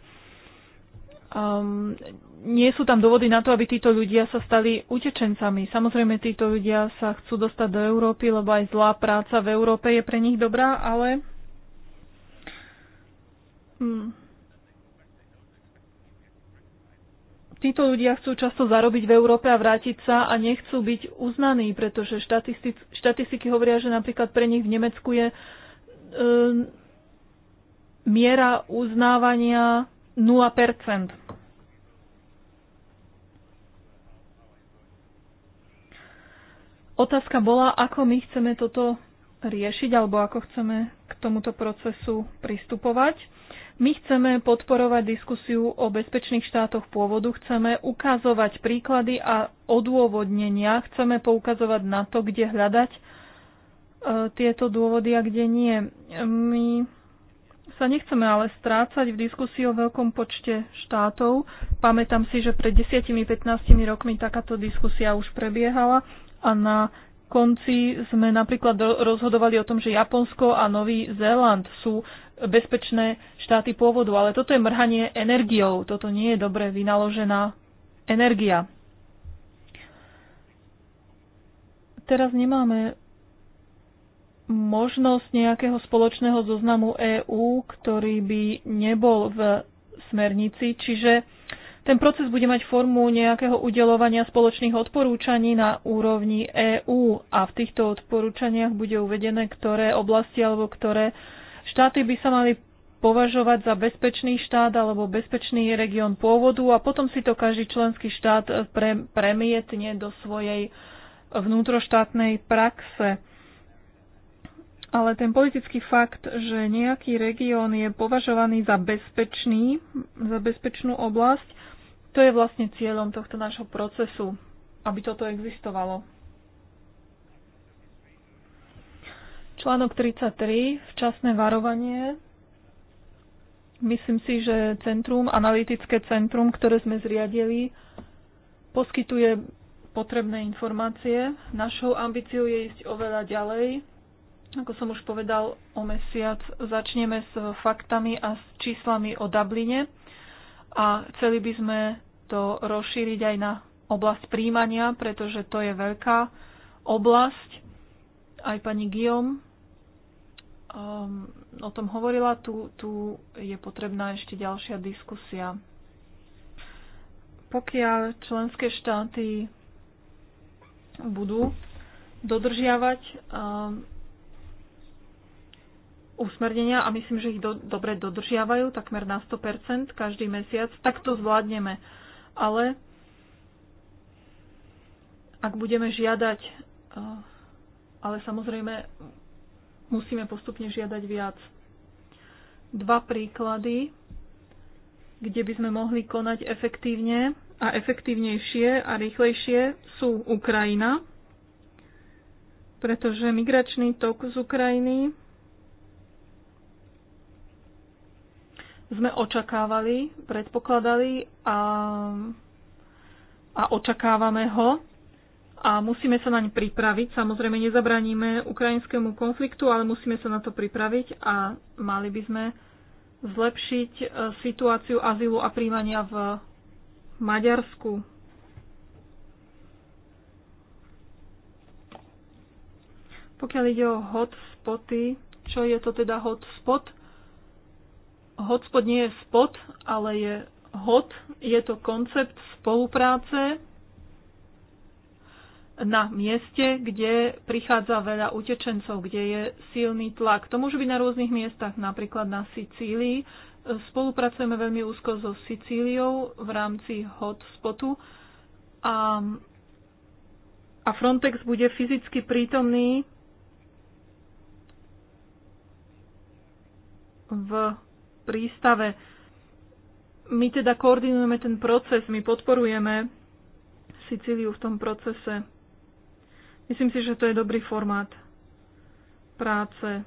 [SPEAKER 5] Um, nie sú tam dôvody na to, aby títo ľudia sa stali utečencami. Samozrejme, títo ľudia sa chcú dostať do Európy, lebo aj zlá práca v Európe je pre nich dobrá, ale Hm. títo ľudia chcú často zarobiť v Európe a vrátiť sa a nechcú byť uznaní, pretože štatistiky hovoria, že napríklad pre nich v Nemecku je e, miera uznávania 0%. Otázka bola, ako my chceme toto riešiť alebo ako chceme k tomuto procesu pristupovať. My chceme podporovať diskusiu o bezpečných štátoch pôvodu, chceme ukazovať príklady a odôvodnenia, chceme poukazovať na to, kde hľadať e, tieto dôvody a kde nie. My sa nechceme ale strácať v diskusii o veľkom počte štátov. Pamätám si, že pred 10-15 rokmi takáto diskusia už prebiehala a na konci sme napríklad rozhodovali o tom, že Japonsko a Nový Zéland sú bezpečné štáty pôvodu, ale toto je mrhanie energiou, toto nie je dobre vynaložená energia. Teraz nemáme možnosť nejakého spoločného zoznamu EÚ, ktorý by nebol v smernici, čiže ten proces bude mať formu nejakého udelovania spoločných odporúčaní na úrovni EÚ a v týchto odporúčaniach bude uvedené, ktoré oblasti alebo ktoré štáty by sa mali považovať za bezpečný štát alebo bezpečný región pôvodu a potom si to každý členský štát eh, pre, premietne do svojej vnútroštátnej praxe. Ale ten politický fakt, že nejaký región je považovaný za bezpečný, za bezpečnú oblasť, to je vlastne cieľom tohto nášho procesu, aby toto existovalo. Článok 33, včasné varovanie Myslím si, že centrum, analytické centrum, ktoré sme zriadili, poskytuje potrebné informácie. Našou ambíciou je ísť oveľa ďalej. Ako som už povedal, o mesiac začneme s faktami a s číslami o Dubline a chceli by sme to rozšíriť aj na oblasť príjmania, pretože to je veľká oblasť. Aj pani Guillaume um, o tom hovorila, tu, tu je potrebná ešte ďalšia diskusia. Pokiaľ členské štáty budú dodržiavať um, usmernenia a myslím, že ich do, dobre dodržiavajú, takmer na 100% každý mesiac, tak to zvládneme. Ale ak budeme žiadať, uh, ale samozrejme musíme postupne žiadať viac. Dva príklady, kde by sme mohli konať efektívne a efektívnejšie a rýchlejšie sú Ukrajina, pretože migračný tok z Ukrajiny sme očakávali, predpokladali a, a očakávame ho a musíme sa naň pripraviť. Samozrejme nezabraníme ukrajinskému konfliktu, ale musíme sa na to pripraviť a mali by sme zlepšiť e, situáciu azylu a príjmania v Maďarsku. Pokiaľ ide o hotspoty, čo je to teda hotspot? Hotspot nie je spot, ale je hot. Je to koncept spolupráce na mieste, kde prichádza veľa utečencov, kde je silný tlak. To môže byť na rôznych miestach, napríklad na Sicílii. Spolupracujeme veľmi úzko so Sicíliou v rámci hotspotu a, a Frontex bude fyzicky prítomný v prístave. My teda koordinujeme ten proces, my podporujeme Sicíliu v tom procese Myslím si, že to je dobrý formát práce.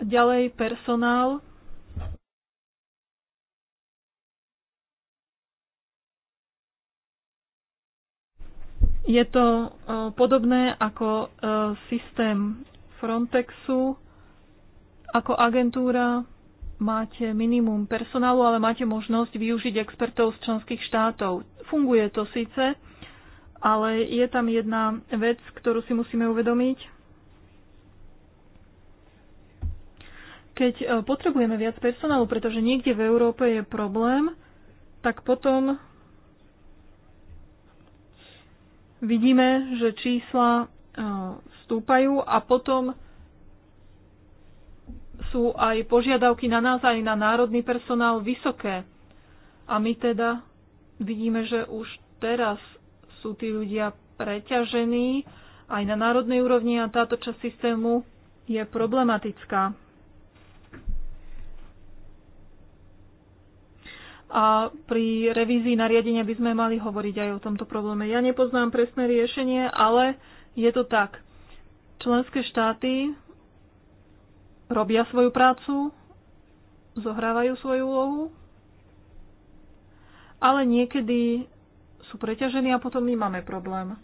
[SPEAKER 5] Ďalej personál. Je to e, podobné ako e, systém Frontexu. Ako agentúra máte minimum personálu, ale máte možnosť využiť expertov z členských štátov. Funguje to síce, ale je tam jedna vec, ktorú si musíme uvedomiť. Keď e, potrebujeme viac personálu, pretože niekde v Európe je problém, tak potom vidíme, že čísla e, stúpajú a potom sú aj požiadavky na nás, aj na národný personál vysoké. A my teda vidíme, že už teraz sú tí ľudia preťažení aj na národnej úrovni a táto časť systému je problematická. A pri revízii nariadenia by sme mali hovoriť aj o tomto probléme. Ja nepoznám presné riešenie, ale je to tak. Členské štáty robia svoju prácu, zohrávajú svoju úlohu, ale niekedy sú preťažení a potom my máme problém.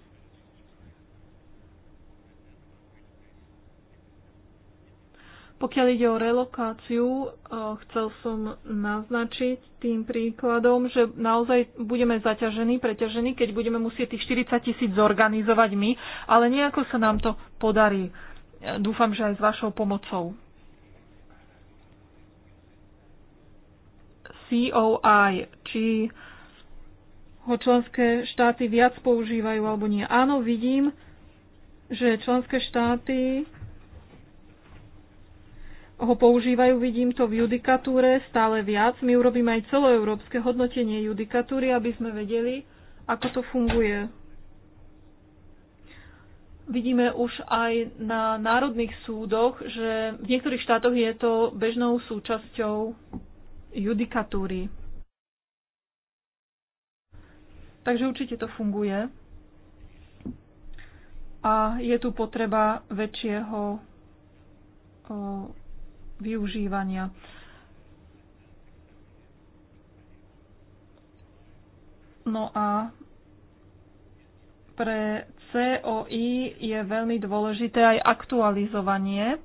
[SPEAKER 5] Pokiaľ ide o relokáciu, e, chcel som naznačiť tým príkladom, že naozaj budeme zaťažení, preťažení, keď budeme musieť tých 40 tisíc zorganizovať my, ale nejako sa nám to podarí. E, dúfam, že aj s vašou pomocou. COI, či ho členské štáty viac používajú alebo nie. Áno, vidím, že členské štáty ho používajú, vidím to v judikatúre stále viac. My urobíme aj celoeurópske hodnotenie judikatúry, aby sme vedeli, ako to funguje. Vidíme už aj na národných súdoch, že v niektorých štátoch je to bežnou súčasťou judikatúry. Takže určite to funguje. A je tu potreba väčšieho využívania. No a pre COI je veľmi dôležité aj aktualizovanie.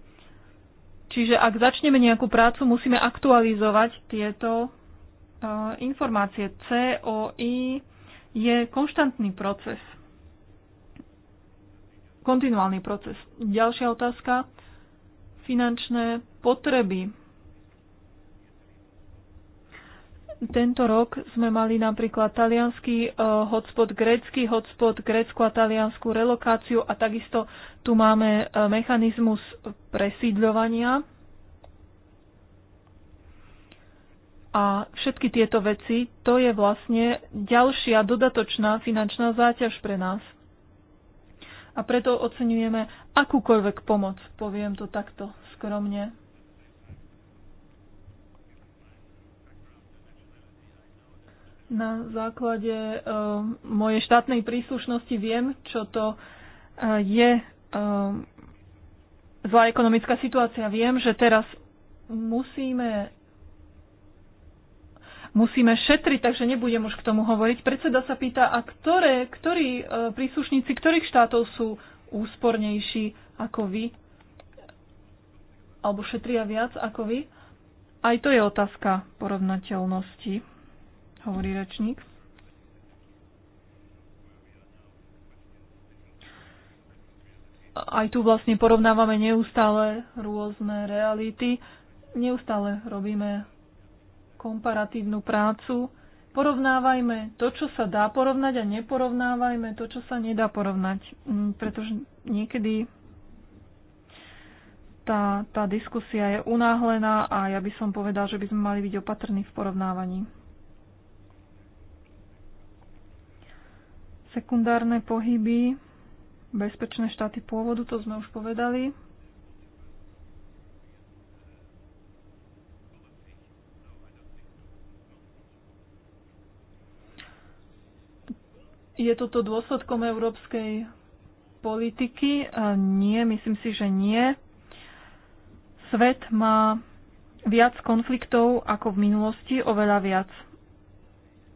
[SPEAKER 5] Čiže ak začneme nejakú prácu, musíme aktualizovať tieto informácie. COI je konštantný proces. Kontinuálny proces. Ďalšia otázka. Finančné potreby. Tento rok sme mali napríklad talianský eh, hotspot, grécky hotspot, grécku a taliansku relokáciu a takisto tu máme eh, mechanizmus presídľovania a všetky tieto veci, to je vlastne ďalšia dodatočná finančná záťaž pre nás. A preto oceňujeme akúkoľvek pomoc, poviem to takto skromne. Na základe uh, mojej štátnej príslušnosti viem, čo to uh, je uh, zlá ekonomická situácia. Viem, že teraz musíme musíme šetriť, takže nebudem už k tomu hovoriť. Predseda sa pýta, a ktoré, ktorí e, príslušníci ktorých štátov sú úspornejší ako vy? Alebo šetria viac ako vy? Aj to je otázka porovnateľnosti, hovorí rečník. Aj tu vlastne porovnávame neustále rôzne reality, neustále robíme komparatívnu prácu. Porovnávajme to, čo sa dá porovnať a neporovnávajme to, čo sa nedá porovnať. Mm, pretože niekedy tá, tá diskusia je unáhlená a ja by som povedal, že by sme mali byť opatrní v porovnávaní. Sekundárne pohyby, bezpečné štáty pôvodu, to sme už povedali. Je toto dôsledkom európskej politiky? Nie, myslím si, že nie. Svet má viac konfliktov ako v minulosti, oveľa viac.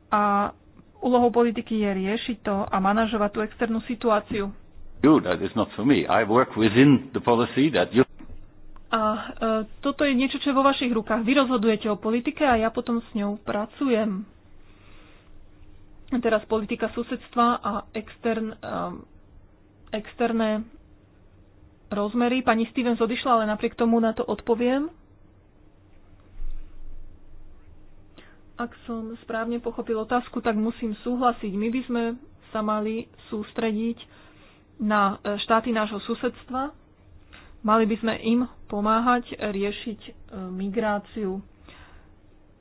[SPEAKER 5] A úlohou politiky je riešiť to a manažovať tú externú situáciu. A e, toto je niečo, čo je vo vašich rukách. Vy rozhodujete o politike a ja potom s ňou pracujem teraz politika susedstva a extern, um, externé rozmery. Pani Stevens odišla, ale napriek tomu na to odpoviem. Ak som správne pochopil otázku, tak musím súhlasiť. My by sme sa mali sústrediť na e, štáty nášho susedstva. Mali by sme im pomáhať riešiť e, migráciu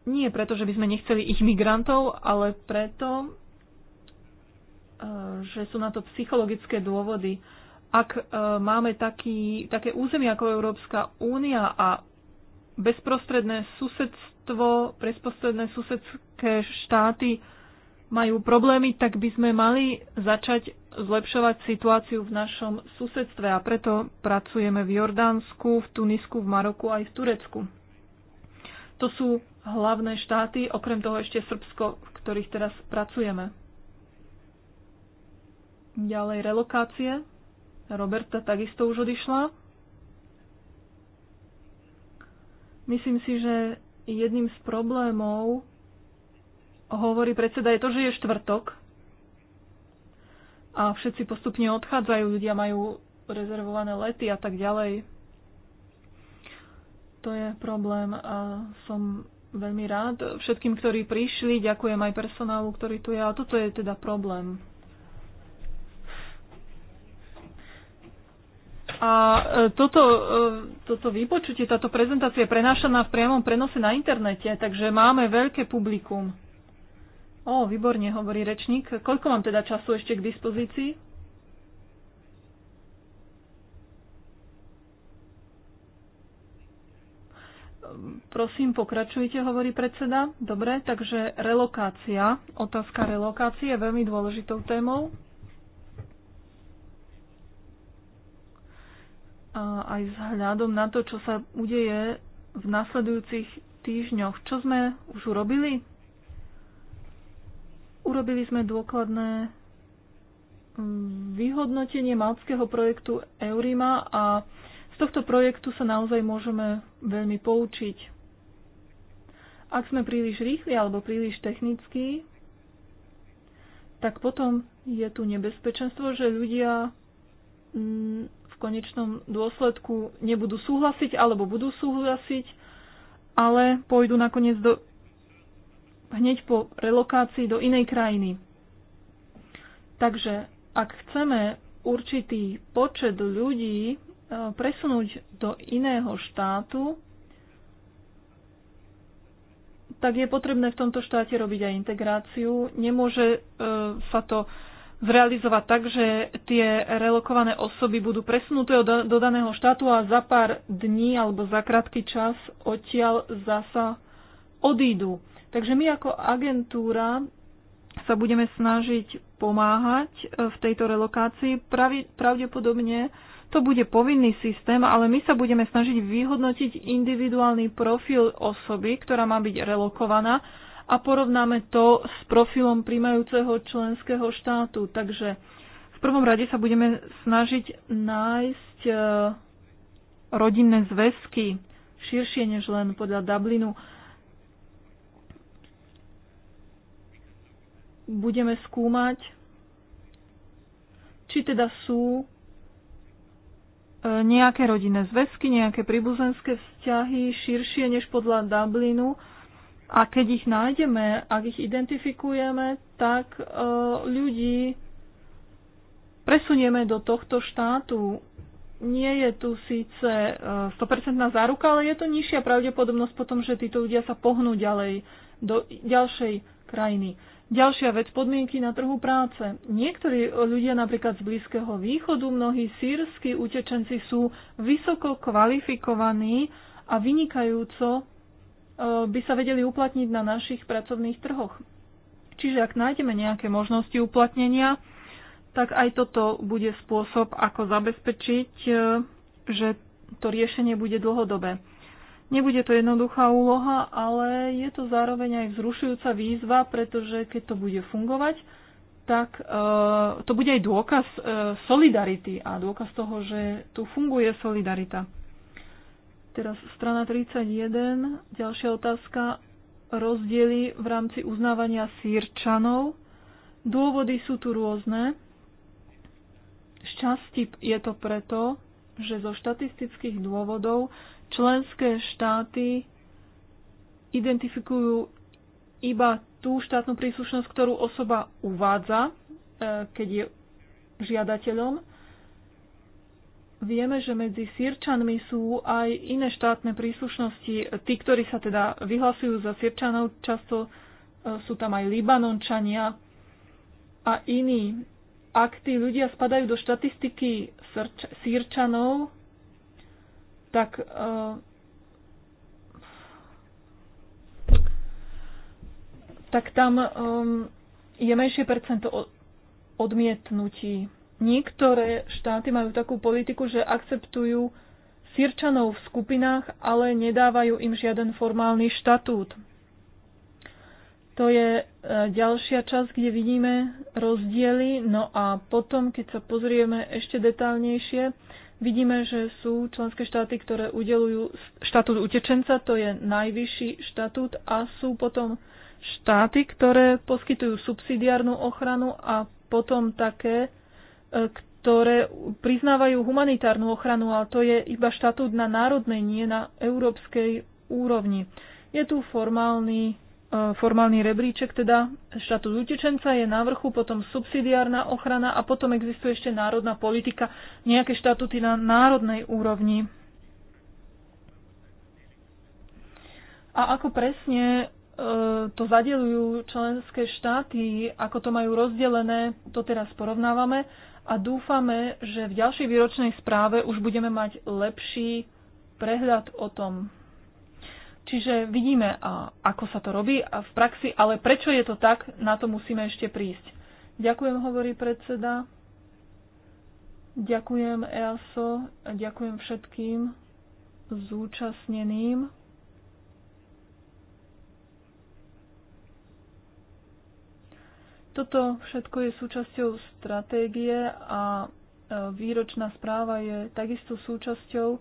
[SPEAKER 5] nie preto, že by sme nechceli ich migrantov, ale preto, eh, že sú na to psychologické dôvody. Ak eh, máme taký, také územie ako Európska únia a bezprostredné susedstvo, bezprostredné susedské štáty majú problémy, tak by sme mali začať zlepšovať situáciu v našom susedstve a preto pracujeme v Jordánsku, v Tunisku, v Maroku aj v Turecku. To sú hlavné štáty, okrem toho ešte Srbsko, v ktorých teraz pracujeme. Ďalej relokácie. Roberta takisto už odišla. Myslím si, že jedným z problémov, hovorí predseda, je to, že je štvrtok a všetci postupne odchádzajú, ľudia majú rezervované lety a tak ďalej to je problém a som veľmi rád všetkým, ktorí prišli. Ďakujem aj personálu, ktorý tu je. A toto je teda problém. A e, toto, e, toto vypočutie, táto prezentácia je prenášaná v priamom prenose na internete, takže máme veľké publikum. O, výborne, hovorí rečník. Koľko mám teda času ešte k dispozícii? Prosím, pokračujte, hovorí predseda. Dobre, takže relokácia, otázka relokácie je veľmi dôležitou témou. A aj vzhľadom na to, čo sa udeje v nasledujúcich týždňoch. Čo sme už urobili? Urobili sme dôkladné mm, vyhodnotenie malckého projektu Eurima a z tohto projektu sa naozaj môžeme veľmi poučiť. Ak sme príliš rýchli alebo príliš technickí, tak potom je tu nebezpečenstvo, že ľudia mm, v konečnom dôsledku nebudú súhlasiť alebo budú súhlasiť, ale pôjdu nakoniec do, hneď po relokácii do inej krajiny. Takže ak chceme určitý počet ľudí presunúť do iného štátu, tak je potrebné v tomto štáte robiť aj integráciu. Nemôže e, sa to zrealizovať tak, že tie relokované osoby budú presunuté do daného štátu a za pár dní alebo za krátky čas odtiaľ zasa odídu. Takže my ako agentúra sa budeme snažiť pomáhať e, v tejto relokácii. Pravdepodobne to bude povinný systém, ale my sa budeme snažiť vyhodnotiť individuálny profil osoby, ktorá má byť relokovaná a porovnáme to s profilom príjmajúceho členského štátu. Takže v prvom rade sa budeme snažiť nájsť e, rodinné zväzky širšie než len podľa Dublinu. Budeme skúmať, či teda sú E, nejaké rodinné zväzky, nejaké príbuzenské vzťahy širšie než podľa Dublinu. A keď ich nájdeme, ak ich identifikujeme, tak e, ľudí presunieme do tohto štátu. Nie je tu síce 100% e, záruka, ale je to nižšia pravdepodobnosť potom, že títo ľudia sa pohnú ďalej do ďalšej krajiny. Ďalšia vec, podmienky na trhu práce. Niektorí ľudia napríklad z Blízkeho východu, mnohí sírsky utečenci sú vysoko kvalifikovaní a vynikajúco e, by sa vedeli uplatniť na našich pracovných trhoch. Čiže ak nájdeme nejaké možnosti uplatnenia, tak aj toto bude spôsob, ako zabezpečiť, e, že to riešenie bude dlhodobé. Nebude to jednoduchá úloha, ale je to zároveň aj vzrušujúca výzva, pretože keď to bude fungovať, tak uh, to bude aj dôkaz uh, solidarity a dôkaz toho, že tu funguje solidarita. Teraz strana 31, ďalšia otázka. Rozdiely v rámci uznávania sírčanov. Dôvody sú tu rôzne. Šťastí je to preto, že zo štatistických dôvodov členské štáty identifikujú iba tú štátnu príslušnosť, ktorú osoba uvádza, e, keď je žiadateľom. Vieme, že medzi Sirčanmi sú aj iné štátne príslušnosti. Tí, ktorí sa teda vyhlasujú za Sirčanov, často e, sú tam aj Libanončania a iní. Ak tí ľudia spadajú do štatistiky Sirčanov, tak eh, tak tam eh, je menšie percento odmietnutí. Niektoré štáty majú takú politiku, že akceptujú sírčanov v skupinách, ale nedávajú im žiaden formálny štatút. To je eh, ďalšia časť, kde vidíme rozdiely. No a potom, keď sa pozrieme ešte detálnejšie, Vidíme, že sú členské štáty, ktoré udelujú štatút utečenca, to je najvyšší štatút, a sú potom štáty, ktoré poskytujú subsidiárnu ochranu a potom také, e, ktoré priznávajú humanitárnu ochranu, ale to je iba štatút na národnej, nie na európskej úrovni. Je tu formálny E, formálny rebríček, teda štátu utečenca je na vrchu, potom subsidiárna ochrana a potom existuje ešte národná politika, nejaké štatuty na národnej úrovni. A ako presne e, to zadelujú členské štáty, ako to majú rozdelené, to teraz porovnávame a dúfame, že v ďalšej výročnej správe už budeme mať lepší prehľad o tom. Čiže vidíme, ako sa to robí v praxi, ale prečo je to tak, na to musíme ešte prísť. Ďakujem, hovorí predseda. Ďakujem EASO, ďakujem všetkým zúčastneným. Toto všetko je súčasťou stratégie a e, výročná správa je takisto súčasťou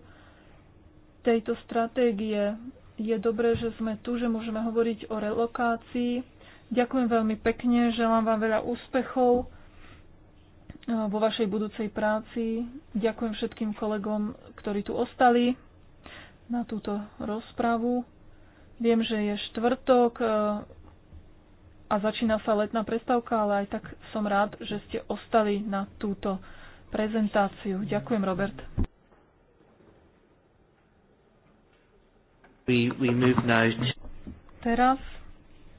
[SPEAKER 5] tejto stratégie je dobré, že sme tu, že môžeme hovoriť o relokácii. Ďakujem veľmi pekne, želám vám veľa úspechov eh, vo vašej budúcej práci. Ďakujem všetkým kolegom, ktorí tu ostali na túto rozpravu. Viem, že je štvrtok eh, a začína sa letná prestávka, ale aj tak som rád, že ste ostali na túto prezentáciu. Ďakujem, Robert.
[SPEAKER 1] We, we move now to...
[SPEAKER 5] Teraz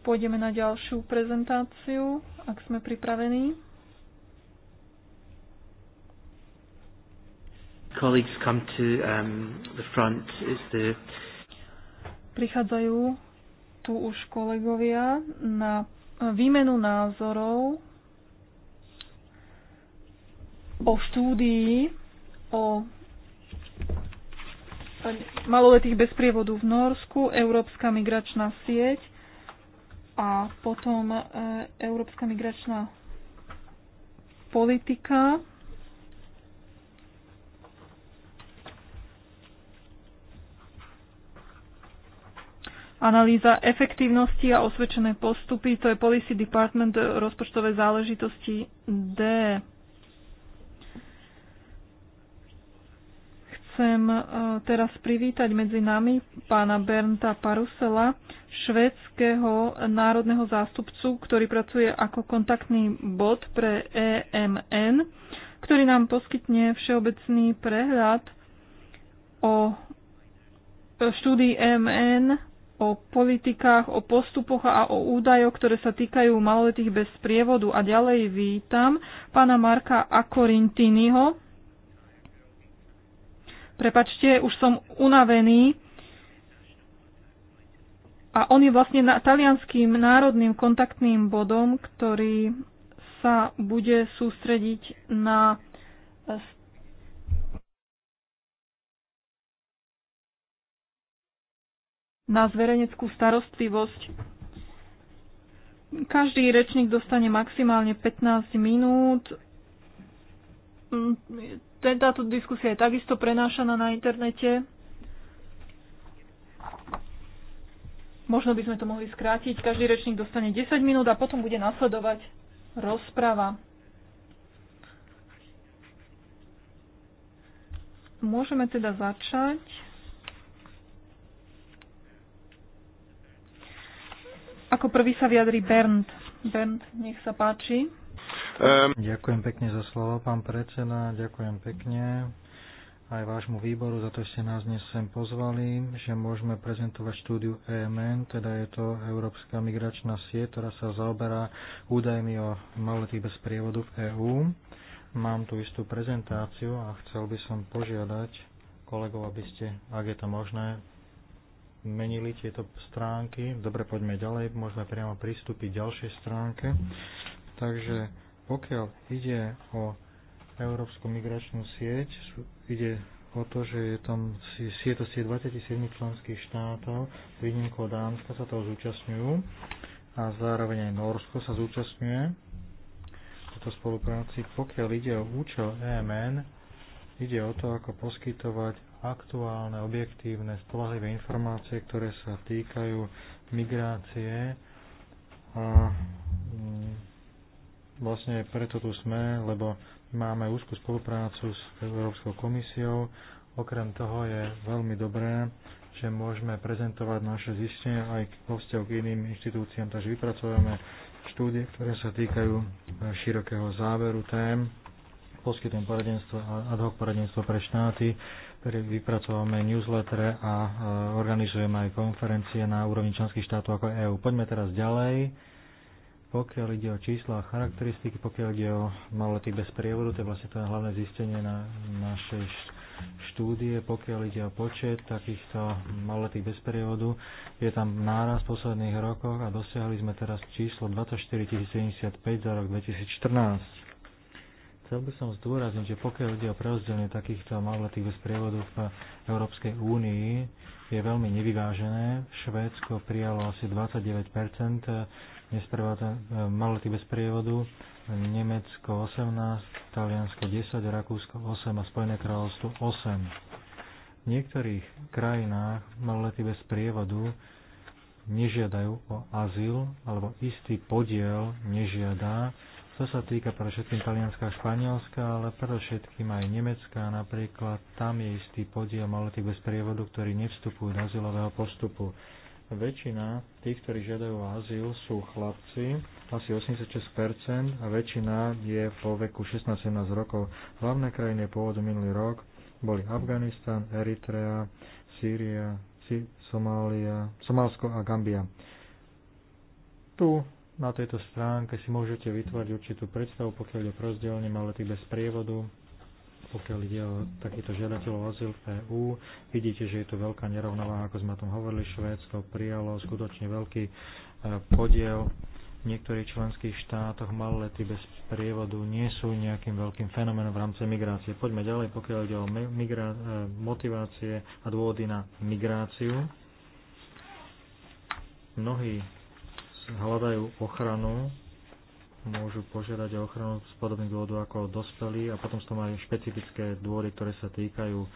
[SPEAKER 5] pôjdeme na ďalšiu prezentáciu, ak sme pripravení.
[SPEAKER 1] Colleagues come to um, the front. Is the...
[SPEAKER 5] Prichádzajú tu už kolegovia na výmenu názorov o štúdii o maloletých bez prievodu v Norsku, Európska migračná sieť a potom e, Európska migračná politika. Analýza efektívnosti a osvedčené postupy, to je Policy Department e, rozpočtové záležitosti D. Chcem e, teraz privítať medzi nami pána Bernta Parusela, Švedského národného zástupcu, ktorý pracuje ako kontaktný bod pre EMN, ktorý nám poskytne všeobecný prehľad o štúdii EMN, o politikách, o postupoch a o údajoch, ktoré sa týkajú maloletých bez prievodu. A ďalej vítam pána Marka Akorintiniho, Prepačte, už som unavený. A on je vlastne na talianským národným kontaktným bodom, ktorý sa bude sústrediť na na zverejneckú starostlivosť. Každý rečník dostane maximálne 15 minút. Mm, táto diskusia je takisto prenášaná na internete. Možno by sme to mohli skrátiť. Každý rečník dostane 10 minút a potom bude nasledovať rozprava. Môžeme teda začať. Ako prvý sa vyjadri Bernd. Bernd, nech sa páči.
[SPEAKER 2] Um... Ďakujem pekne za slovo, pán predseda. Ďakujem pekne aj vášmu výboru za to, že ste nás dnes sem pozvali, že môžeme prezentovať štúdiu EMN, teda je to Európska migračná sieť, ktorá sa zaoberá údajmi o maloletých bez prievodu v EÚ. Mám tu istú prezentáciu a chcel by som požiadať kolegov, aby ste, ak je to možné, menili tieto stránky. Dobre, poďme ďalej, môžeme priamo pristúpiť ďalšej stránke. Takže pokiaľ ide o Európsku migračnú sieť, ide o to, že je tam sietosti sieť 27 členských štátov, výnimko Dánska sa toho zúčastňujú a zároveň aj Norsko sa zúčastňuje v tejto spolupráci. Pokiaľ ide o účel EMN, ide o to, ako poskytovať aktuálne, objektívne, spolahlivé informácie, ktoré sa týkajú migrácie a mm, vlastne preto tu sme, lebo máme úzkú spoluprácu s Európskou komisiou. Okrem toho je veľmi dobré, že môžeme prezentovať naše zistenia aj vo vzťahu k iným inštitúciám, takže vypracujeme štúdie, ktoré sa týkajú e, širokého záveru tém, poskytujem poradenstvo, ad hoc poradenstvo pre štáty, vypracovávame newsletter a e, organizujeme aj konferencie na úrovni členských štátov ako EÚ. Poďme teraz ďalej. Pokiaľ ide o čísla a charakteristiky, pokiaľ ide o maloletých bez prievodu, to je vlastne to hlavné zistenie na našej štúdie, pokiaľ ide o počet takýchto maloletých bez prievodu, je tam náraz v posledných rokoch a dosiahli sme teraz číslo 24 075 za rok 2014. Chcel by som zdôrazniť, že pokiaľ ide o preozdelenie takýchto maloletých bez prievodu v Európskej únii, je veľmi nevyvážené. Švédsko prijalo asi 29 nesprevádza e, malety bez prievodu, Nemecko 18, Taliansko 10, Rakúsko 8 a Spojené kráľovstvo 8. V niektorých krajinách malety bez prievodu nežiadajú o azyl alebo istý podiel nežiadá. To sa týka pre všetkým Talianska a Španielska, ale pre všetkým aj Nemecka napríklad. Tam je istý podiel maletých bez prievodu, ktorí nevstupujú do azylového postupu väčšina tých, ktorí žiadajú o azyl, sú chlapci, asi 86%, a väčšina je po veku 16-17 rokov. Hlavné krajiny pôvodu minulý rok boli Afganistan, Eritrea, Sýria, Somália, Somálsko a Gambia. Tu na tejto stránke si môžete vytvoriť určitú predstavu, pokiaľ je ale tých bez prievodu, pokiaľ ide o takýto žiadateľov azyl v EÚ. Vidíte, že je tu veľká nerovnováha, ako sme o tom hovorili. Švédsko prijalo skutočne veľký e, podiel. V niektorých členských štátoch lety bez prievodu nie sú nejakým veľkým fenoménom v rámci migrácie. Poďme ďalej, pokiaľ ide o e, motivácie a dôvody na migráciu. Mnohí hľadajú ochranu môžu požiadať o ochranu z podobných dôvodov ako dospelí a potom sú tam aj špecifické dôvody, ktoré sa týkajú e,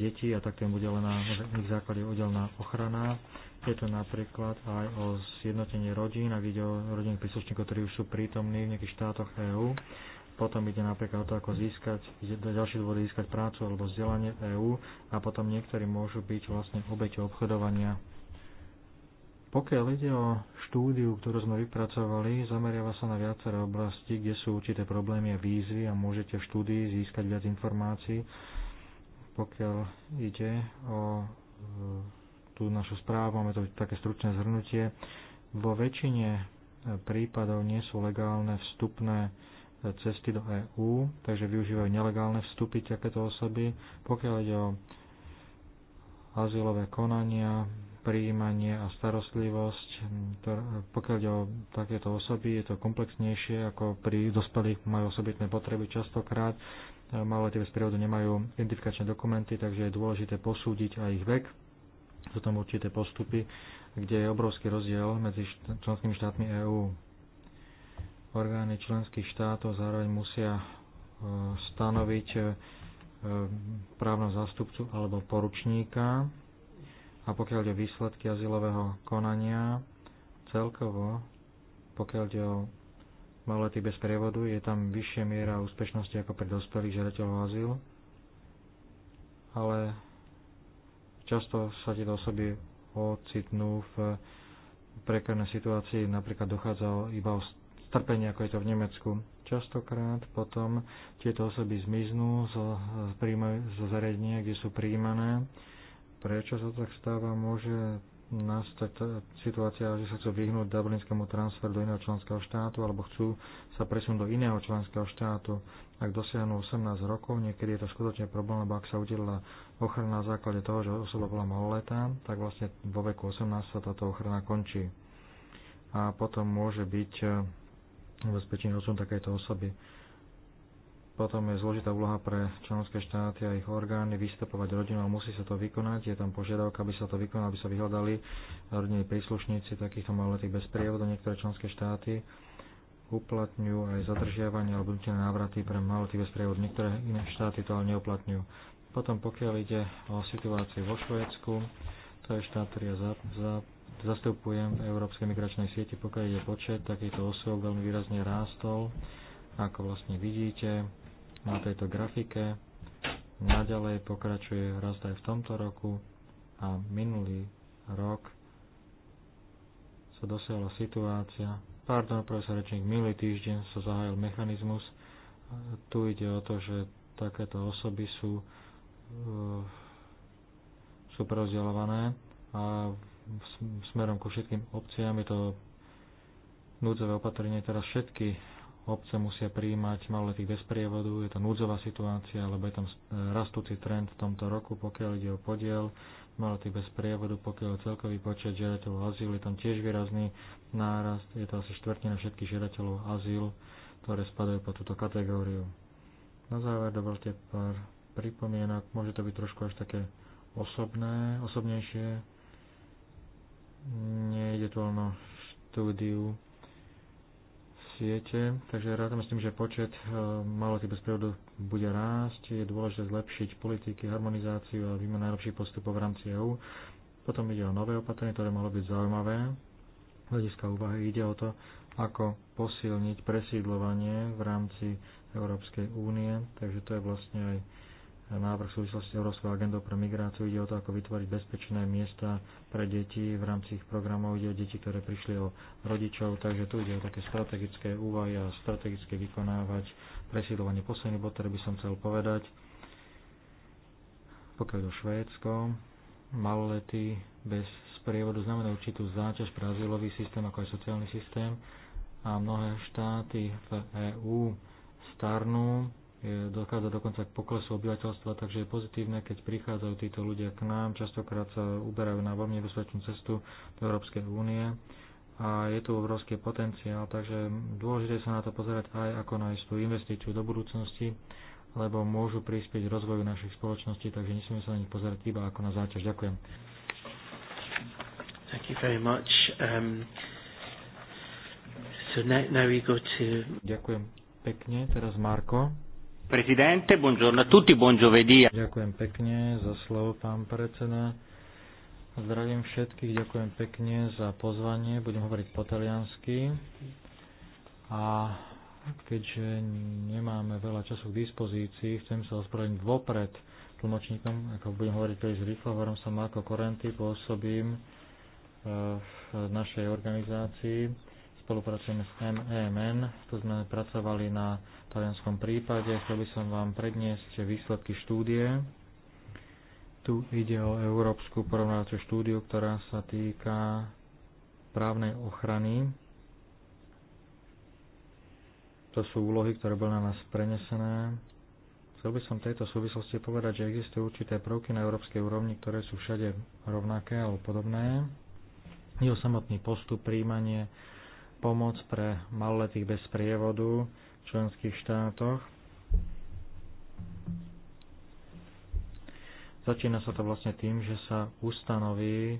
[SPEAKER 2] detí a taktiež bude len na ich základe udelená ochrana. Je to napríklad aj o zjednotenie rodín, ak ide o rodinných príslušníkov, ktorí už sú prítomní v nejakých štátoch EÚ. Potom ide napríklad o to, ako získať, ďalšie dôvody získať prácu alebo vzdelanie EÚ a potom niektorí môžu byť vlastne obeťou obchodovania pokiaľ ide o štúdiu, ktorú sme vypracovali, zameriava sa na viaceré oblasti, kde sú určité problémy a výzvy a môžete v štúdii získať viac informácií, pokiaľ ide o e, tú našu správu, máme to také stručné zhrnutie. Vo väčšine e, prípadov nie sú legálne vstupné e, cesty do EÚ, takže využívajú nelegálne vstupy takéto osoby. Pokiaľ ide o azylové konania, príjmanie a starostlivosť. Pokiaľ ide o takéto osoby, je to komplexnejšie ako pri dospelých, majú osobitné potreby častokrát. tie bez prievodu nemajú identifikačné dokumenty, takže je dôležité posúdiť aj ich vek. Sú tam určité postupy, kde je obrovský rozdiel medzi členskými štátmi EÚ. Orgány členských štátov zároveň musia e, stanoviť e, e, právnom zástupcu alebo poručníka a pokiaľ ide výsledky azylového konania, celkovo, pokiaľ ide o malety bez prievodu, je tam vyššia miera úspešnosti ako pre dospelých žiadateľov o azyl, ale často sa tieto osoby ocitnú v prekernej situácii, napríklad dochádza iba o strpenie, ako je to v Nemecku. Častokrát potom tieto osoby zmiznú zo, zo zariadenia, kde sú príjmané prečo sa tak stáva, môže nastať tá situácia, že sa chcú vyhnúť dublinskému transferu do iného členského štátu alebo chcú sa presunúť do iného členského štátu. Ak dosiahnu 18 rokov, niekedy je to skutočne problém, lebo ak sa udelila ochrana na základe toho, že osoba bola maloletá, tak vlastne vo veku 18 sa táto ochrana končí. A potom môže byť eh, ubezpečenie odsún takejto osoby. Potom je zložitá úloha pre členské štáty a ich orgány vystupovať rodinu a musí sa to vykonať. Je tam požiadavka, aby sa to vykonalo, aby sa vyhľadali rodinní príslušníci takýchto maloletých bez prievodu. Niektoré členské štáty uplatňujú aj zadržiavanie alebo nutné návraty pre maloletých bez prievodu. Niektoré iné štáty to ale neuplatňujú. Potom pokiaľ ide o situáciu vo Švédsku, to je štát, ktorý ja za, za, zastupujem v Európskej migračnej sieti, pokiaľ ide počet takýchto osôb veľmi výrazne rástol, ako vlastne vidíte na tejto grafike. Naďalej pokračuje rast aj v tomto roku a minulý rok sa dosiahla situácia, pardon, profesor rečník, minulý týždeň sa zahájil mechanizmus. Tu ide o to, že takéto osoby sú, e, sú prerozdeľované a smerom ku všetkým obciám je to núdzové opatrenie teraz všetky obce musia prijímať maloletých bez prievodu, je to núdzová situácia, lebo je tam e, rastúci trend v tomto roku, pokiaľ ide o podiel maloletých bez prievodu, pokiaľ celkový počet žiadateľov azyl, je tam tiež výrazný nárast, je to asi štvrtina všetkých žiadateľov azyl, ktoré spadajú pod túto kategóriu. Na záver dovolte pár pripomienok, môže to byť trošku až také osobné, osobnejšie. Nejde tu len o štúdiu siete, takže rád myslím, že počet e, malých bez bezprevodov bude rásť. Je dôležité zlepšiť politiky, harmonizáciu a výmenu najlepších postupov v rámci EÚ. Potom ide o nové opatrenie, ktoré malo byť zaujímavé. Z hľadiska úvahy ide o to, ako posilniť presídlovanie v rámci Európskej únie, takže to je vlastne aj návrh v súvislosti s Európskou agendou pre migráciu. Ide o to, ako vytvoriť bezpečné miesta pre deti v rámci ich programov. Ide o deti, ktoré prišli o rodičov, takže tu ide o také strategické úvahy a strategické vykonávať presídlovanie. Posledný bod, ktorý by som chcel povedať, pokiaľ do Švédsko, malolety bez sprievodu znamená určitú záťaž pre azylový systém, ako aj sociálny systém a mnohé štáty v EÚ starnú dochádza dokonca k poklesu obyvateľstva, takže je pozitívne, keď prichádzajú títo ľudia k nám, častokrát sa uberajú na veľmi nebezpečnú cestu do Európskej únie a je tu obrovský potenciál, takže dôležité sa na to pozerať aj ako na istú investíciu do budúcnosti, lebo môžu prispieť rozvoju našich spoločností, takže nesmieme sa na nich pozerať iba ako na záťaž. Ďakujem. Thank you very much. Um, so now, now we go to... Ďakujem pekne. Teraz Marko.
[SPEAKER 1] Presidente, buongiorno a tutti, buon giovedì.
[SPEAKER 2] Ďakujem pekne za slovo, pán predseda. Zdravím všetkých, ďakujem pekne za pozvanie. Budem hovoriť po taliansky. A keďže nemáme veľa času k dispozícii, chcem sa ospravedlniť vopred tlmočníkom, ako budem hovoriť z rýchlo. Hovorím sa Marko Korenty, pôsobím eh, v našej organizácii spolupracujeme s MEMN, e tu sme pracovali na talianskom prípade. Chcel by som vám predniesť výsledky štúdie. Tu ide o európsku porovnávaciu štúdiu, ktorá sa týka právnej ochrany. To sú úlohy, ktoré boli na nás prenesené. Chcel by som v tejto súvislosti povedať, že existujú určité prvky na európskej úrovni, ktoré sú všade rovnaké alebo podobné. Je o samotný postup, príjmanie, pomoc pre maloletých bez prievodu v členských štátoch. Začína sa to vlastne tým, že sa ustanoví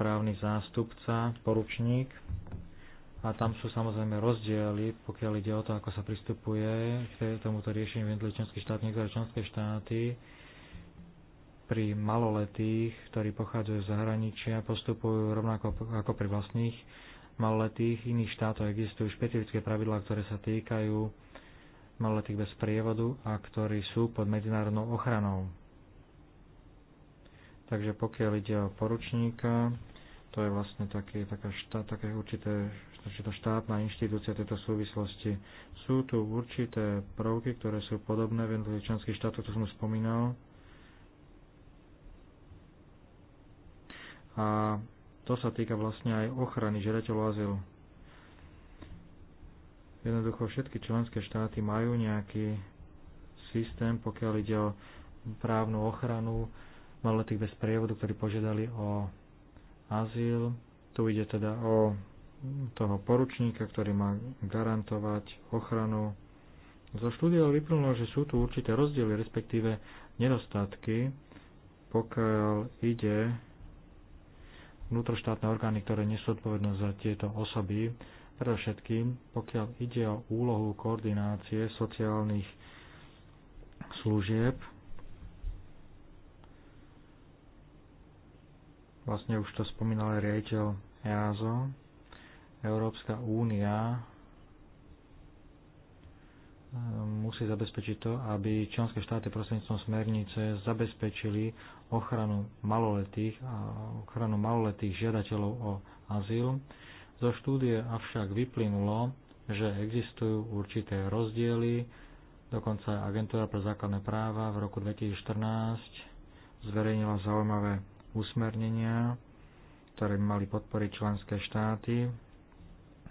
[SPEAKER 2] právny zástupca, poručník a tam sú samozrejme rozdiely, pokiaľ ide o to, ako sa pristupuje k tomuto riešeniu v jednotlivých členských štátoch. Niektoré členské štáty pri maloletých, ktorí pochádzajú z zahraničia, postupujú rovnako ako pri vlastných maloletých iných štátov existujú špecifické pravidlá, ktoré sa týkajú maloletých bez prievodu a ktorí sú pod medzinárodnou ochranou. Takže pokiaľ ide o poručníka, to je vlastne také, taká štá, také určité, určitá štátna inštitúcia tejto súvislosti. Sú tu určité prvky, ktoré sú podobné v jednotlivých členských štátoch, to som spomínal. A to sa týka vlastne aj ochrany žiadateľov azylu. Jednoducho všetky členské štáty majú nejaký systém, pokiaľ ide o právnu ochranu maloletých bez prievodu, ktorí požiadali o azyl. Tu ide teda o toho poručníka, ktorý má garantovať ochranu. Zo štúdia vyplnulo, že sú tu určité rozdiely, respektíve nedostatky, pokiaľ ide vnútroštátne orgány, ktoré nesú odpovednosť za tieto osoby. Predovšetkým, pokiaľ ide o úlohu koordinácie sociálnych služieb, vlastne už to spomínal aj riaditeľ EASO, Európska únia musí zabezpečiť to, aby členské štáty prostredníctvom smernice zabezpečili ochranu maloletých a ochranu maloletých žiadateľov o azyl. Zo štúdie avšak vyplynulo, že existujú určité rozdiely, dokonca Agentúra pre základné práva v roku 2014 zverejnila zaujímavé usmernenia, ktoré by mali podporiť členské štáty,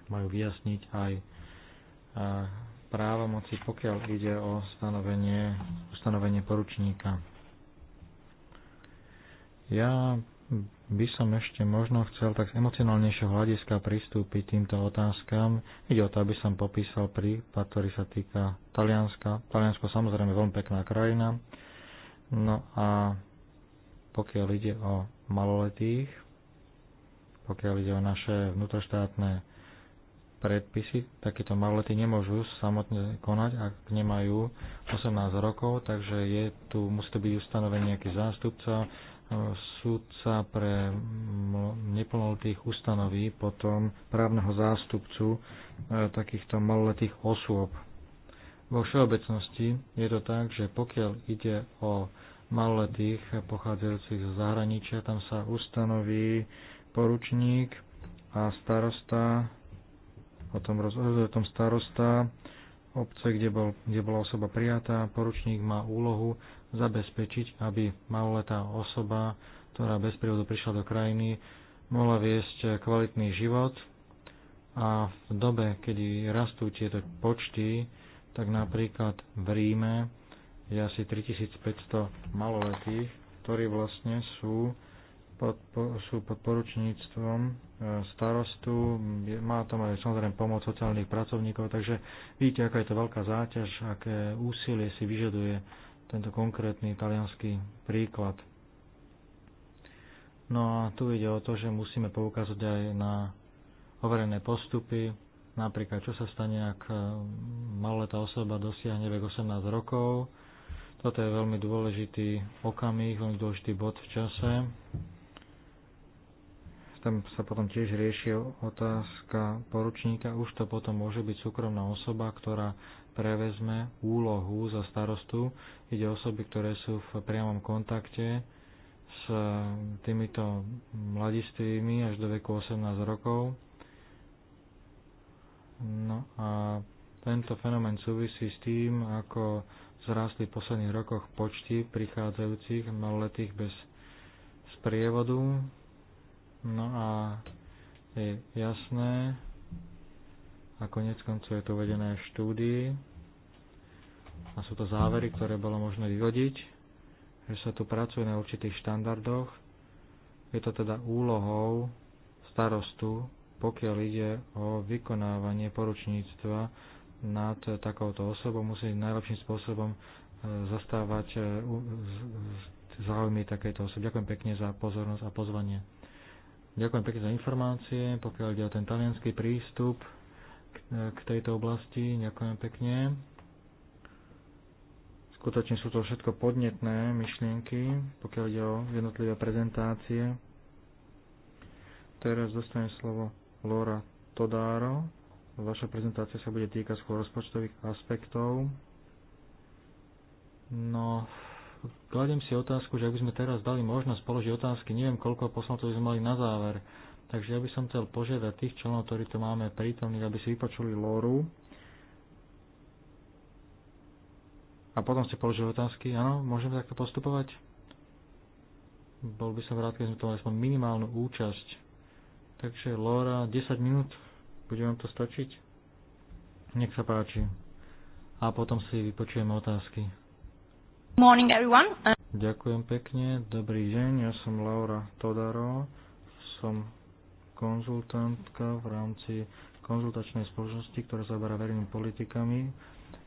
[SPEAKER 2] majú vyjasniť aj eh, právomoci, pokiaľ ide o stanovenie, ustanovenie poručníka. Ja by som ešte možno chcel tak z emocionálnejšieho hľadiska pristúpiť týmto otázkam. Ide o to, aby som popísal prípad, ktorý sa týka Talianska. Taliansko samozrejme veľmi pekná krajina. No a pokiaľ ide o maloletých, pokiaľ ide o naše vnútroštátne predpisy, takéto maloletí nemôžu samotne konať, ak nemajú 18 rokov, takže je tu, musí to byť ustanovený nejaký zástupca, e, súdca pre neplnoletých ustanoví potom právneho zástupcu e, takýchto maloletých osôb. Vo všeobecnosti je to tak, že pokiaľ ide o maloletých pochádzajúcich zo zahraničia, tam sa ustanoví poručník a starosta o tom rozhoduje o tom starosta obce, kde, bol, kde bola osoba prijatá. Poručník má úlohu zabezpečiť, aby maloletá osoba, ktorá bez prívodu prišla do krajiny, mohla viesť kvalitný život a v dobe, kedy rastú tieto počty, tak napríklad v Ríme je asi 3500 maloletých, ktorí vlastne sú podpo- sú pod poručníctvom e, starostu, má tam aj samozrejme pomoc sociálnych pracovníkov, takže vidíte, aká je to veľká záťaž, aké úsilie si vyžaduje tento konkrétny talianský príklad. No a tu ide o to, že musíme poukázať aj na overené postupy, napríklad čo sa stane, ak e, maloletá osoba dosiahne vek 18 rokov. Toto je veľmi dôležitý okamih, veľmi dôležitý bod v čase tam sa potom tiež rieši otázka poručníka, už to potom môže byť súkromná osoba, ktorá prevezme úlohu za starostu. Ide osoby, ktoré sú v priamom kontakte s eh, týmito mladistvými až do veku 18 rokov. No a tento fenomén súvisí s tým, ako zrástli v posledných rokoch počty prichádzajúcich maloletých bez sprievodu, No a je jasné, a konec koncov je to uvedené v štúdii, a sú to závery, ktoré bolo možné vyvodiť, že sa tu pracuje na určitých štandardoch. Je to teda úlohou starostu, pokiaľ ide o vykonávanie poručníctva nad takouto osobou, musí najlepším spôsobom e, zastávať e, záujmy takéto osoby. Ďakujem pekne za pozornosť a pozvanie. Ďakujem pekne za informácie, pokiaľ ide o ten talianský prístup k tejto oblasti. Ďakujem pekne. Skutočne sú to všetko podnetné myšlienky, pokiaľ ide o jednotlivé prezentácie. Teraz dostanem slovo Lora Todaro. Vaša prezentácia sa bude týkať skôr rozpočtových aspektov. No, v kladiem si otázku, že ak by sme teraz dali možnosť položiť otázky, neviem koľko poslancov by sme mali na záver. Takže ja by som chcel požiadať tých členov, ktorí tu máme prítomných, aby si vypočuli Lóru. A potom ste položili otázky. Áno, môžeme takto postupovať? Bol by som rád, keď sme to mali aspoň minimálnu účasť. Takže Lóra, 10 minút. Bude vám to stačiť? Nech sa páči. A potom si vypočujeme otázky.
[SPEAKER 5] Morning, everyone.
[SPEAKER 2] Ďakujem pekne. Dobrý deň, ja som Laura Todaro. Som konzultantka v rámci konzultačnej spoločnosti, ktorá zabera verejnými politikami.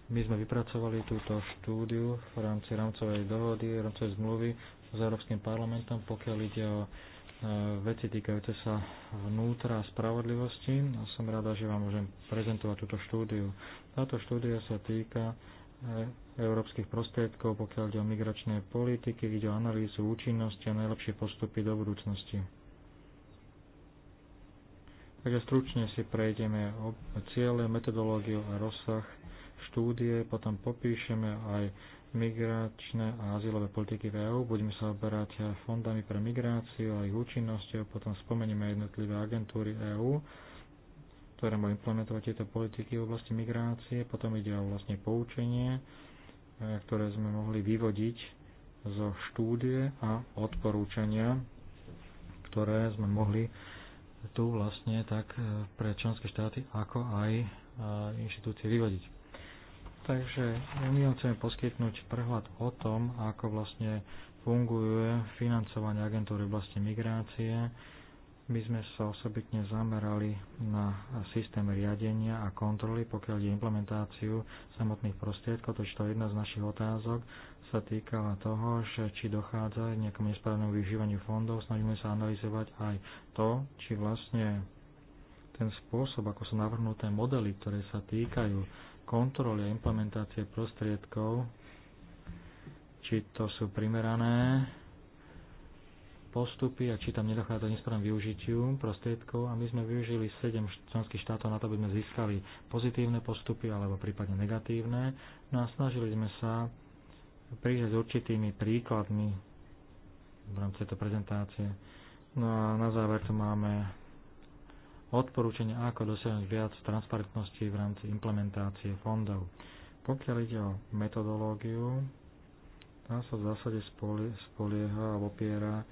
[SPEAKER 2] My sme vypracovali túto štúdiu v rámci rámcovej dohody, rámcovej zmluvy s Európskym parlamentom, pokiaľ ide o e, veci týkajúce sa vnútra a spravodlivosti. A som rada, že vám môžem prezentovať túto štúdiu. Táto štúdia sa týka európskych prostriedkov, pokiaľ ide o migračné politiky, ide o analýzu účinnosti a najlepšie postupy do budúcnosti. Takže stručne si prejdeme o ciele, metodológiu a rozsah štúdie, potom popíšeme aj migračné a azylové politiky v EÚ. Budeme sa oberať fondami pre migráciu a ich účinnosťou, potom spomenieme jednotlivé agentúry EÚ ktoré má implementovať tieto politiky v oblasti migrácie. Potom ide o vlastne poučenie, e, ktoré sme mohli vyvodiť zo štúdie a odporúčania, ktoré sme mohli tu vlastne tak e, pre členské štáty, ako aj e, inštitúcie vyvodiť. Takže my vám chceme poskytnúť prehľad o tom, ako vlastne funguje financovanie agentúry v oblasti migrácie, my sme sa osobitne zamerali na systém riadenia a kontroly, pokiaľ je implementáciu samotných prostriedkov, je to jedna z našich otázok sa týkala toho, že či dochádza k nejakom nesprávnemu využívaniu fondov. Snažíme sa analyzovať aj to, či vlastne ten spôsob, ako sú navrhnuté modely, ktoré sa týkajú kontroly a implementácie prostriedkov, či to sú primerané postupy a či tam nedochádza k nesprávnym využitiu prostriedkov a my sme využili 7 členských štátov na to, aby sme získali pozitívne postupy alebo prípadne negatívne. No a snažili sme sa prísť s určitými príkladmi v rámci tejto prezentácie. No a na záver tu máme odporúčanie, ako dosiahnuť viac transparentnosti v rámci implementácie fondov. Pokiaľ ide o metodológiu, tá sa v zásade spolieha a opiera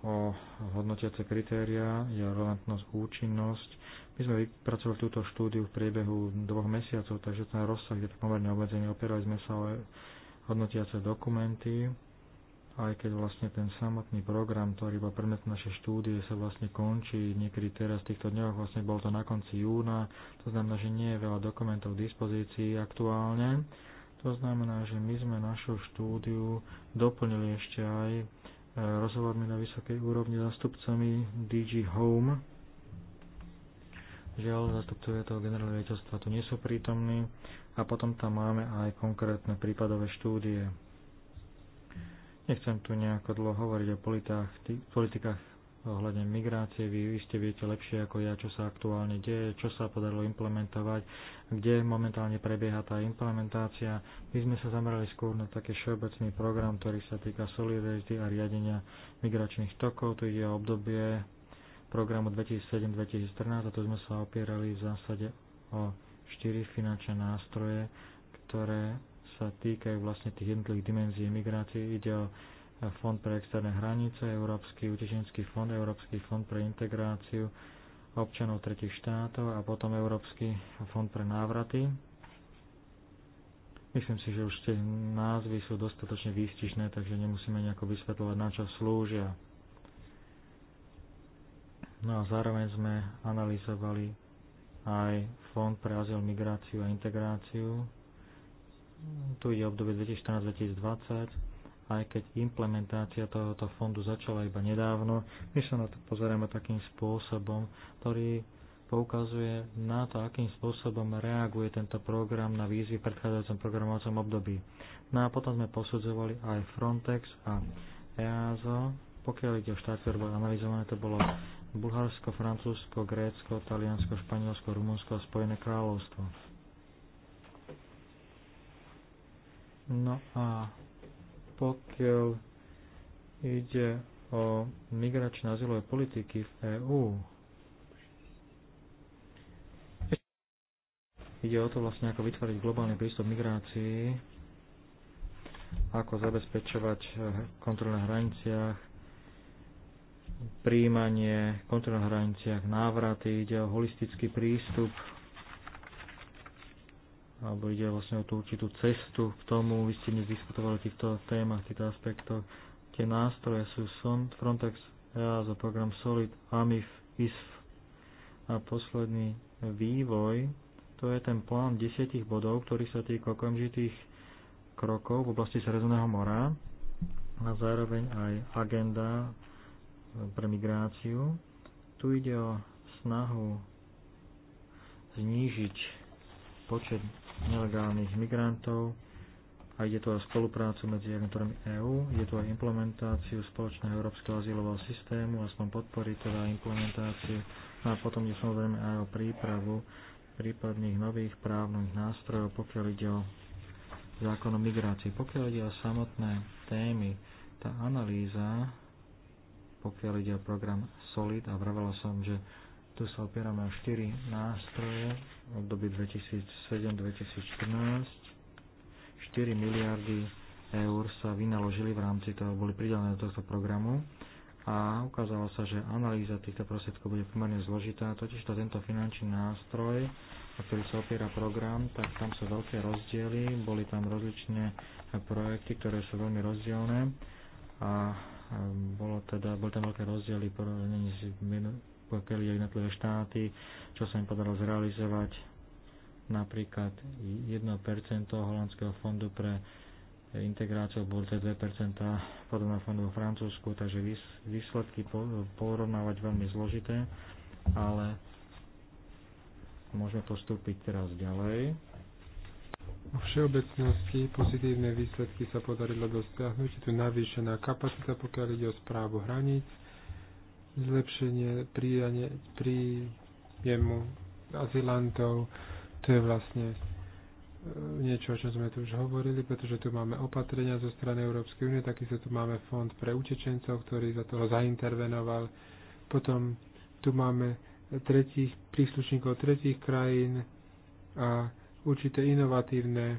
[SPEAKER 2] o hodnotiace kritéria, je relevantnosť, účinnosť. My sme vypracovali túto štúdiu v priebehu dvoch mesiacov, takže ten rozsah je pomerne obmedzený. Opierali sme sa o hodnotiace dokumenty, aj keď vlastne ten samotný program, ktorý bol predmet našej štúdie, sa vlastne končí niekedy teraz v týchto dňoch, vlastne bol to na konci júna, to znamená, že nie je veľa dokumentov v dispozícii aktuálne. To znamená, že my sme našu štúdiu doplnili ešte aj E, rozhovormi na vysokej úrovni zastupcami DG Home. Žiaľ, zastupcovia toho generálneho riaditeľstva tu nie sú prítomní a potom tam máme aj konkrétne prípadové štúdie. Nechcem tu nejako dlho hovoriť o politikách ohľadne migrácie. Vy ste viete lepšie ako ja, čo sa aktuálne deje, čo sa podarilo implementovať, kde momentálne prebieha tá implementácia. My sme sa zamerali skôr na taký všeobecný program, ktorý sa týka solidarity a riadenia migračných tokov. Tu ide o obdobie programu 2007-2014 a tu sme sa opierali v zásade o štyri finančné nástroje, ktoré sa týkajú vlastne tých jednotlivých dimenzií migrácie. Ide o Fond pre externé hranice, Európsky utečenský fond, Európsky fond pre integráciu občanov tretich štátov a potom Európsky fond pre návraty. Myslím si, že už tie názvy sú dostatočne výstižné, takže nemusíme nejako vysvetľovať, na čo slúžia. No a zároveň sme analyzovali aj Fond pre azyl, migráciu a integráciu. Tu je obdobie 2014-2020 aj keď implementácia tohoto fondu začala iba nedávno, my sa na to pozeráme takým spôsobom, ktorý poukazuje na to, akým spôsobom reaguje tento program na výzvy v predchádzajúcom programovacom období. No a potom sme posudzovali aj Frontex a EASO. Pokiaľ ide o štáty, ktoré boli analyzované, to bolo Bulharsko, Francúzsko, Grécko, Taliansko, Španielsko, Rumunsko a Spojené kráľovstvo. No a pokiaľ ide o migračné azylové politiky v EÚ. Ide o to vlastne, ako vytvoriť globálny prístup migrácii, ako zabezpečovať kontrol na hraniciach, príjmanie, kontrol na hraniciach, návraty, ide o holistický prístup alebo ide vlastne o tú určitú cestu k tomu, vy ste dnes diskutovali o týchto témach, týchto aspektoch. Tie nástroje sú SON, Frontex, EASO, program SOLID, AMIF, ISF a posledný vývoj, to je ten plán desiatich bodov, ktorý sa týka okamžitých krokov v oblasti Sredozemného mora a zároveň aj agenda pre migráciu. Tu ide o snahu znížiť počet nelegálnych migrantov a ide tu aj spoluprácu medzi agentúrami EÚ, je tu aj implementáciu spoločného európskeho azylového systému, aspoň podporí teda implementáciu no a potom je samozrejme aj o prípravu prípadných nových právnych nástrojov, pokiaľ ide o zákon o migrácii. Pokiaľ ide o samotné témy, tá analýza, pokiaľ ide o program SOLID, a vravala som, že tu sa opierame o 4 nástroje v období 2007-2014. 4 miliardy eur sa vynaložili v rámci toho, boli pridelené do tohto programu a ukázalo sa, že analýza týchto prostriedkov bude pomerne zložitá, totiž to tento finančný nástroj, o ktorý sa opiera program, tak tam sú veľké rozdiely, boli tam rozličné projekty, ktoré sú veľmi rozdielne a ehm, bolo teda, boli tam veľké rozdiely pokiaľ je jednotlivé štáty, čo sa im podarilo zrealizovať, napríklad 1% holandského fondu pre integráciu, bol to 2% podobná fondu vo Francúzsku, takže výsledky porovnávať veľmi zložité, ale môžeme postúpiť teraz ďalej. V všeobecnosti pozitívne
[SPEAKER 4] výsledky sa podarilo dosiahnuť. Je tu navýšená kapacita, pokiaľ ide o správu hraníc zlepšenie príjanie, príjemu azylantov. To je vlastne e, niečo, o čom sme tu už hovorili, pretože tu máme opatrenia zo strany Európskej únie, takisto tu máme fond pre utečencov, ktorý za toho zaintervenoval. Potom tu máme tretích, príslušníkov tretích krajín a určité inovatívne e,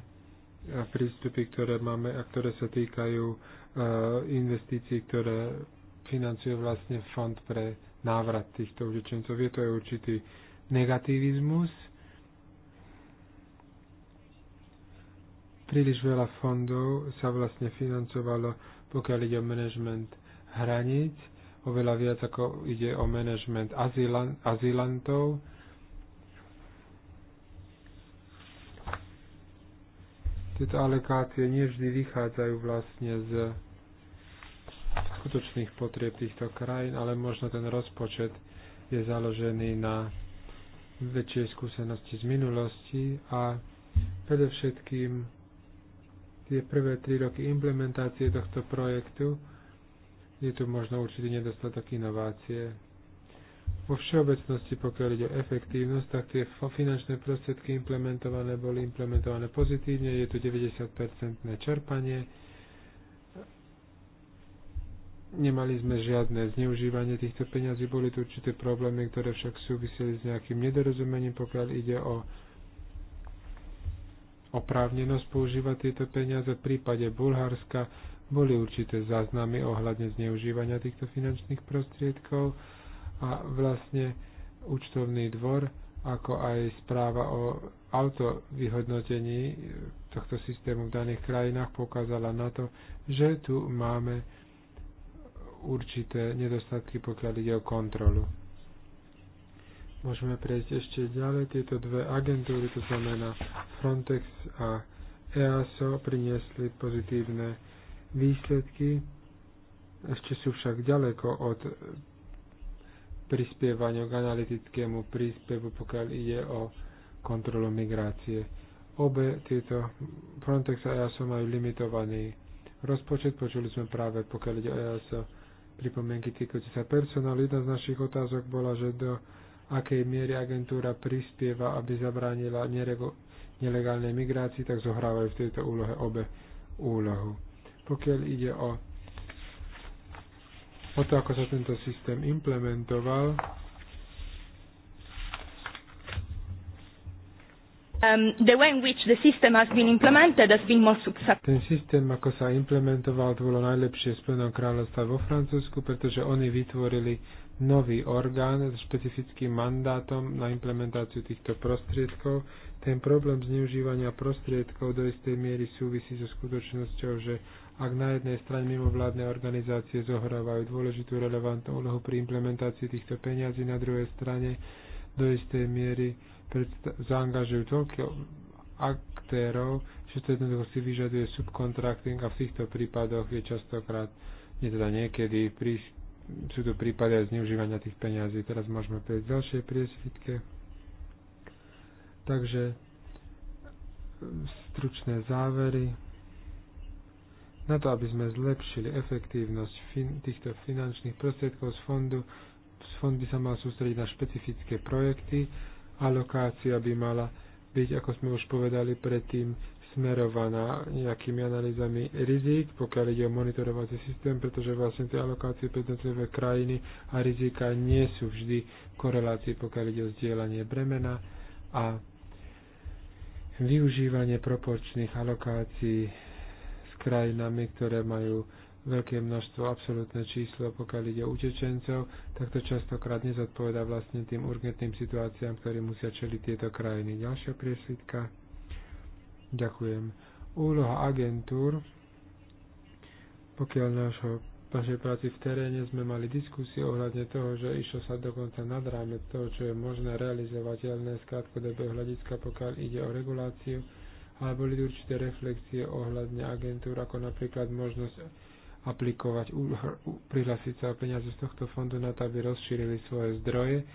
[SPEAKER 4] prístupy, ktoré máme a ktoré sa týkajú e, investícií, ktoré financuje vlastne fond pre návrat týchto utečencov. Je to aj určitý negativizmus. Príliš veľa fondov sa vlastne financovalo, pokiaľ ide o management hraníc, oveľa viac ako ide o management azilantov. Tieto alokácie nevždy vždy vychádzajú vlastne z skutočných potrieb týchto krajín, ale možno ten rozpočet je založený na väčšej skúsenosti z minulosti a predovšetkým tie prvé tri roky implementácie tohto projektu je tu možno určitý nedostatok inovácie. Vo všeobecnosti, pokiaľ ide o efektívnosť, tak tie finančné prostriedky implementované boli implementované pozitívne, je tu 90% čerpanie, Nemali sme žiadne zneužívanie týchto peňazí, boli tu určité problémy, ktoré však súviseli s nejakým nedorozumením, pokiaľ ide o oprávnenosť používať tieto peniaze. V prípade Bulharska boli určité záznamy ohľadne zneužívania týchto finančných prostriedkov a vlastne účtovný dvor, ako aj správa o autovyhodnotení tohto systému v daných krajinách pokázala na to, že tu máme určité nedostatky, pokiaľ ide o kontrolu. Môžeme prejsť ešte ďalej. Tieto dve agentúry, to znamená Frontex a EASO, priniesli pozitívne výsledky. Ešte sú však ďaleko od prispievania k analytickému príspevu, pokiaľ ide o kontrolu migrácie. Obe tieto Frontex a EASO majú limitovaný rozpočet. Počuli sme práve, pokiaľ ide o EASO, pripomienky týkajúce sa personálu. Jedna z našich otázok bola, že do akej miery agentúra prispieva, aby zabránila nelegálnej migrácii, tak zohrávajú v tejto úlohe obe úlohu. Pokiaľ ide o, o to, ako sa tento systém implementoval,
[SPEAKER 3] Um, the way in which the system has been implemented has been most
[SPEAKER 4] Ten systém, ako sa implementoval, to bolo najlepšie splnom kráľovstva vo Francúzsku, pretože oni vytvorili nový orgán s špecifickým mandátom na implementáciu týchto prostriedkov. Ten problém zneužívania prostriedkov do istej miery súvisí so skutočnosťou, že ak na jednej strane mimovládne organizácie zohrávajú dôležitú relevantnú úlohu pri implementácii týchto peňazí, na druhej strane do istej miery zaangažujú toľko aktérov, že to jednoducho si vyžaduje subkontrakting a v týchto prípadoch je častokrát, nie teda niekedy, prí, sú tu prípady aj zneužívania tých peňazí. Teraz môžeme prejsť ďalšej priesvitke. Takže stručné závery. Na to, aby sme zlepšili efektívnosť fin- týchto finančných prostriedkov z fondu, fond by sa mal sústrediť na špecifické projekty, alokácia by mala byť, ako sme už povedali predtým, smerovaná nejakými analýzami rizik, pokiaľ ide o monitorovací systém, pretože vlastne tie alokácie pre jednotlivé krajiny a rizika nie sú vždy v korelácii, pokiaľ ide o zdieľanie bremena a využívanie proporčných alokácií s krajinami, ktoré majú veľké množstvo, absolútne číslo, pokiaľ ide o utečencov, tak to častokrát nezodpoveda vlastne tým urgentným situáciám, ktoré musia čeliť tieto krajiny. Ďalšia priesvitka. Ďakujem. Úloha agentúr, pokiaľ nášho našej práci v teréne sme mali diskusie ohľadne toho, že išlo sa dokonca nad rámec toho, čo je možné realizovateľné z krátkodobého hľadiska, pokiaľ ide o reguláciu, ale boli určité reflexie ohľadne agentúr, ako napríklad možnosť aplikovať, prihlásiť sa o peniaze z tohto fondu na to, aby rozšírili svoje zdroje.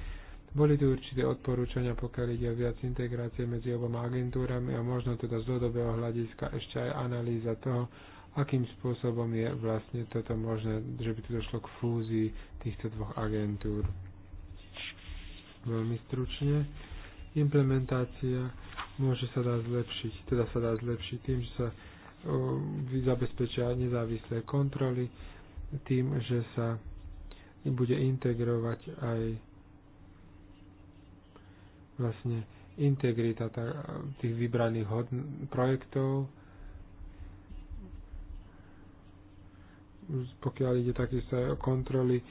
[SPEAKER 4] Boli tu určité odporúčania, pokiaľ ide o viac integrácie medzi oboma agentúrami a možno teda z dlhodobého hľadiska ešte aj analýza toho, akým spôsobom je vlastne toto možné, že by tu došlo k fúzii týchto dvoch agentúr. Veľmi stručne. Implementácia môže sa dá zlepšiť, teda sa dá zlepšiť tým, že sa E, zabezpečia nezávislé kontroly tým, že sa bude integrovať aj vlastne integrita tých vybraných projektov. Pokiaľ ide takisto aj o kontroly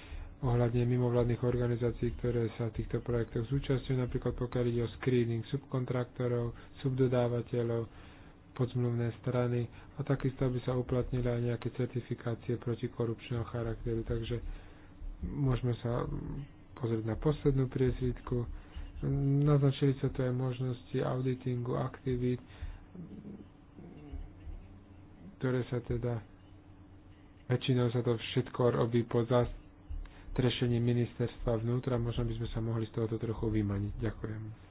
[SPEAKER 4] ohľadne mimovládnych organizácií, ktoré sa v týchto projektoch zúčastňujú, napríklad pokiaľ ide o screening subkontraktorov, subdodávateľov, podzmluvné strany a takisto, by sa uplatnili aj nejaké certifikácie protikorupčného charakteru. Takže môžeme sa pozrieť na poslednú priesvitku. Naznačili sa to aj možnosti auditingu aktivít, ktoré sa teda väčšinou sa to všetko robí pod zastrešením ministerstva vnútra. Možno by sme sa mohli z tohoto trochu vymaniť. Ďakujem.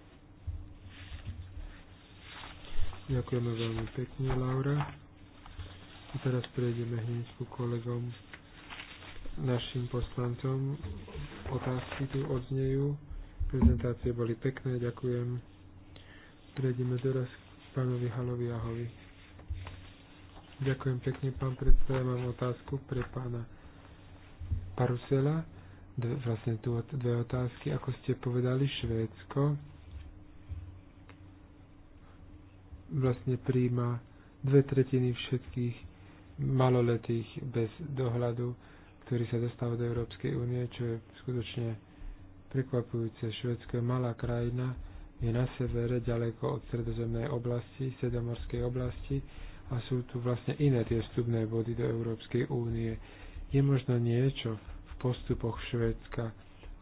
[SPEAKER 4] Ďakujeme veľmi pekne, Laura. A teraz prejdeme hneď ku kolegom, našim poslancom. Otázky tu odznejú. Prezentácie boli pekné, ďakujem. Prejdeme teraz k pánovi Halovi Ahovi. Ďakujem pekne, pán predseda. Mám otázku pre pána Parusela. Dve, vlastne tu dve otázky. Ako ste povedali, Švédsko vlastne príjma dve tretiny všetkých maloletých bez dohľadu, ktorí sa dostávajú do Európskej únie, čo je skutočne prekvapujúce. Švedsko je malá krajina, je na severe, ďaleko od stredozemnej oblasti, sedomorskej oblasti a sú tu vlastne iné tie vstupné body do Európskej únie. Je možno niečo v postupoch Švédska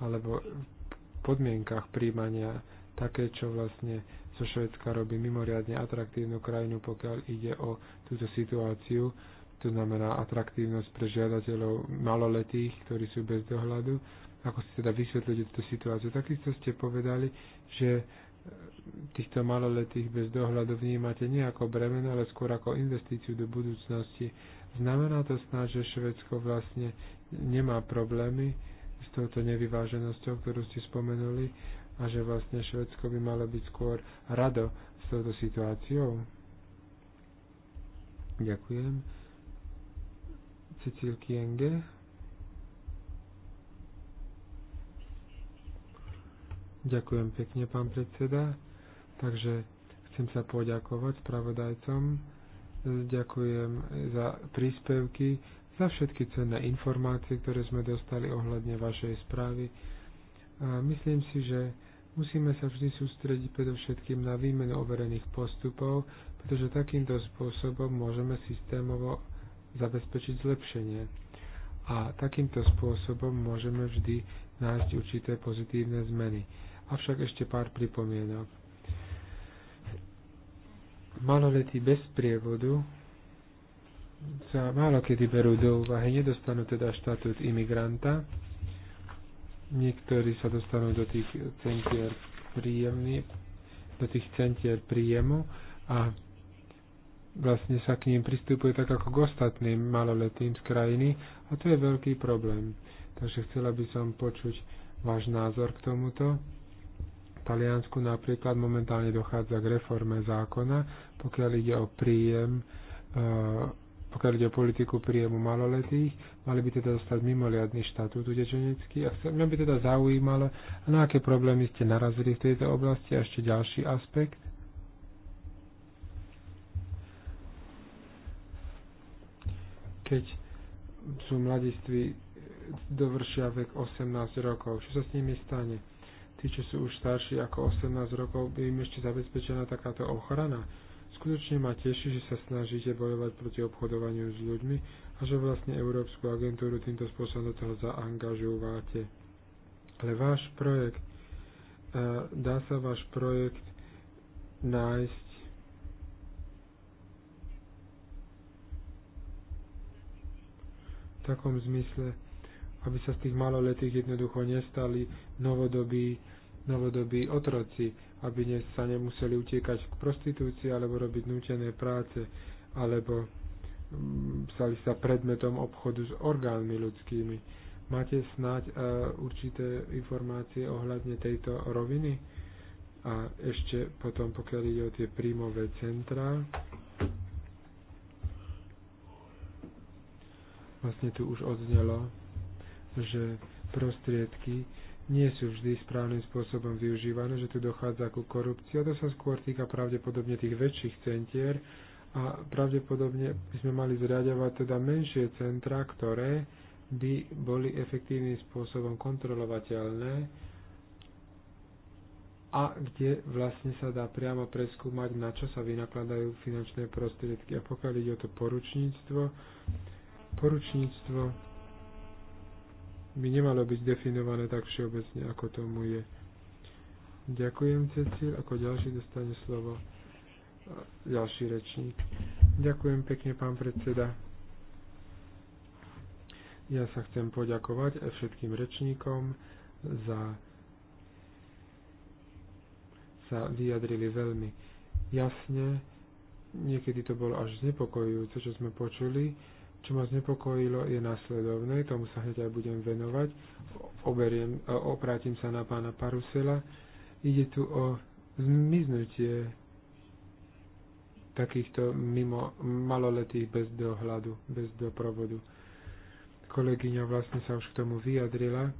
[SPEAKER 4] alebo v podmienkach príjmania také, čo vlastne zo Švedska robí mimoriadne atraktívnu krajinu, pokiaľ ide o túto situáciu. To znamená atraktívnosť pre žiadateľov maloletých, ktorí sú bez dohľadu. Ako si teda vysvetľujete túto situáciu? Takisto ste povedali, že týchto maloletých bez dohľadu vnímate nie ako bremeno, ale skôr ako investíciu do budúcnosti. Znamená to snáď, že Švedsko vlastne nemá problémy s touto nevyváženosťou, ktorú ste spomenuli, a že vlastne Švedsko by malo byť skôr rado s touto situáciou? Ďakujem. Cecil Kienge. Ďakujem pekne, pán predseda. Takže chcem sa poďakovať spravodajcom. Ďakujem za príspevky, za všetky cenné informácie, ktoré sme dostali ohľadne vašej správy. A myslím si, že Musíme sa vždy sústrediť predovšetkým na výmenu overených postupov, pretože takýmto spôsobom môžeme systémovo zabezpečiť zlepšenie. A takýmto spôsobom môžeme vždy nájsť určité pozitívne zmeny. Avšak ešte pár pripomienok. Maloletí bez prievodu sa málo kedy berú do úvahy, nedostanú teda štatút imigranta, niektorí sa dostanú do tých centier príjemný, do tých centier príjemu a vlastne sa k ním pristupuje tak ako k ostatným maloletým z krajiny a to je veľký problém. Takže chcela by som počuť váš názor k tomuto. V Taliansku napríklad momentálne dochádza k reforme zákona, pokiaľ ide o príjem e, pokiaľ ide o politiku príjemu maloletých, mali by teda dostať mimoriadný štatút utečenecký. A chcem, mňa by teda zaujímalo, na aké problémy ste narazili v tejto oblasti a ešte ďalší aspekt. Keď sú mladiství e, dovršia vek 18 rokov, čo sa s nimi stane? Tí, čo sú už starší ako 18 rokov, by im ešte zabezpečená takáto ochrana Skutočne ma teší, že sa snažíte bojovať proti obchodovaniu s ľuďmi a že vlastne Európsku agentúru týmto spôsobom do toho zaangažujete. Ale váš projekt, e, dá sa váš projekt nájsť v takom zmysle, aby sa z tých maloletých jednoducho nestali novodobí, novodobí otroci, aby sa nemuseli utiekať k prostitúcii alebo robiť nútené práce, alebo mm, stali sa predmetom obchodu s orgánmi ľudskými. Máte snáď e, určité informácie ohľadne tejto roviny? A ešte potom, pokiaľ ide o tie príjmové centrá, vlastne tu už odznelo, že prostriedky nie sú vždy správnym spôsobom využívané, že tu dochádza ku korupcii. A to sa skôr týka pravdepodobne tých väčších centier a pravdepodobne by sme mali zriadovať teda menšie centra, ktoré by boli efektívnym spôsobom kontrolovateľné a kde vlastne sa dá priamo preskúmať, na čo sa vynakladajú finančné prostriedky. A pokiaľ ide o to poručníctvo, poručníctvo by nemalo byť definované tak všeobecne, ako tomu je. Ďakujem, Cecil. Ako ďalší dostane slovo ďalší rečník. Ďakujem pekne, pán predseda. Ja sa chcem poďakovať aj všetkým rečníkom za sa vyjadrili veľmi jasne. Niekedy to bolo až znepokojujúce, čo sme počuli čo ma znepokojilo je nasledovné, tomu sa hneď aj budem venovať. Oberiem, e, oprátim sa na pána Parusela. Ide tu o zmiznutie takýchto mimo maloletých bez dohľadu, bez doprovodu. Kolegyňa vlastne sa už k tomu vyjadrila.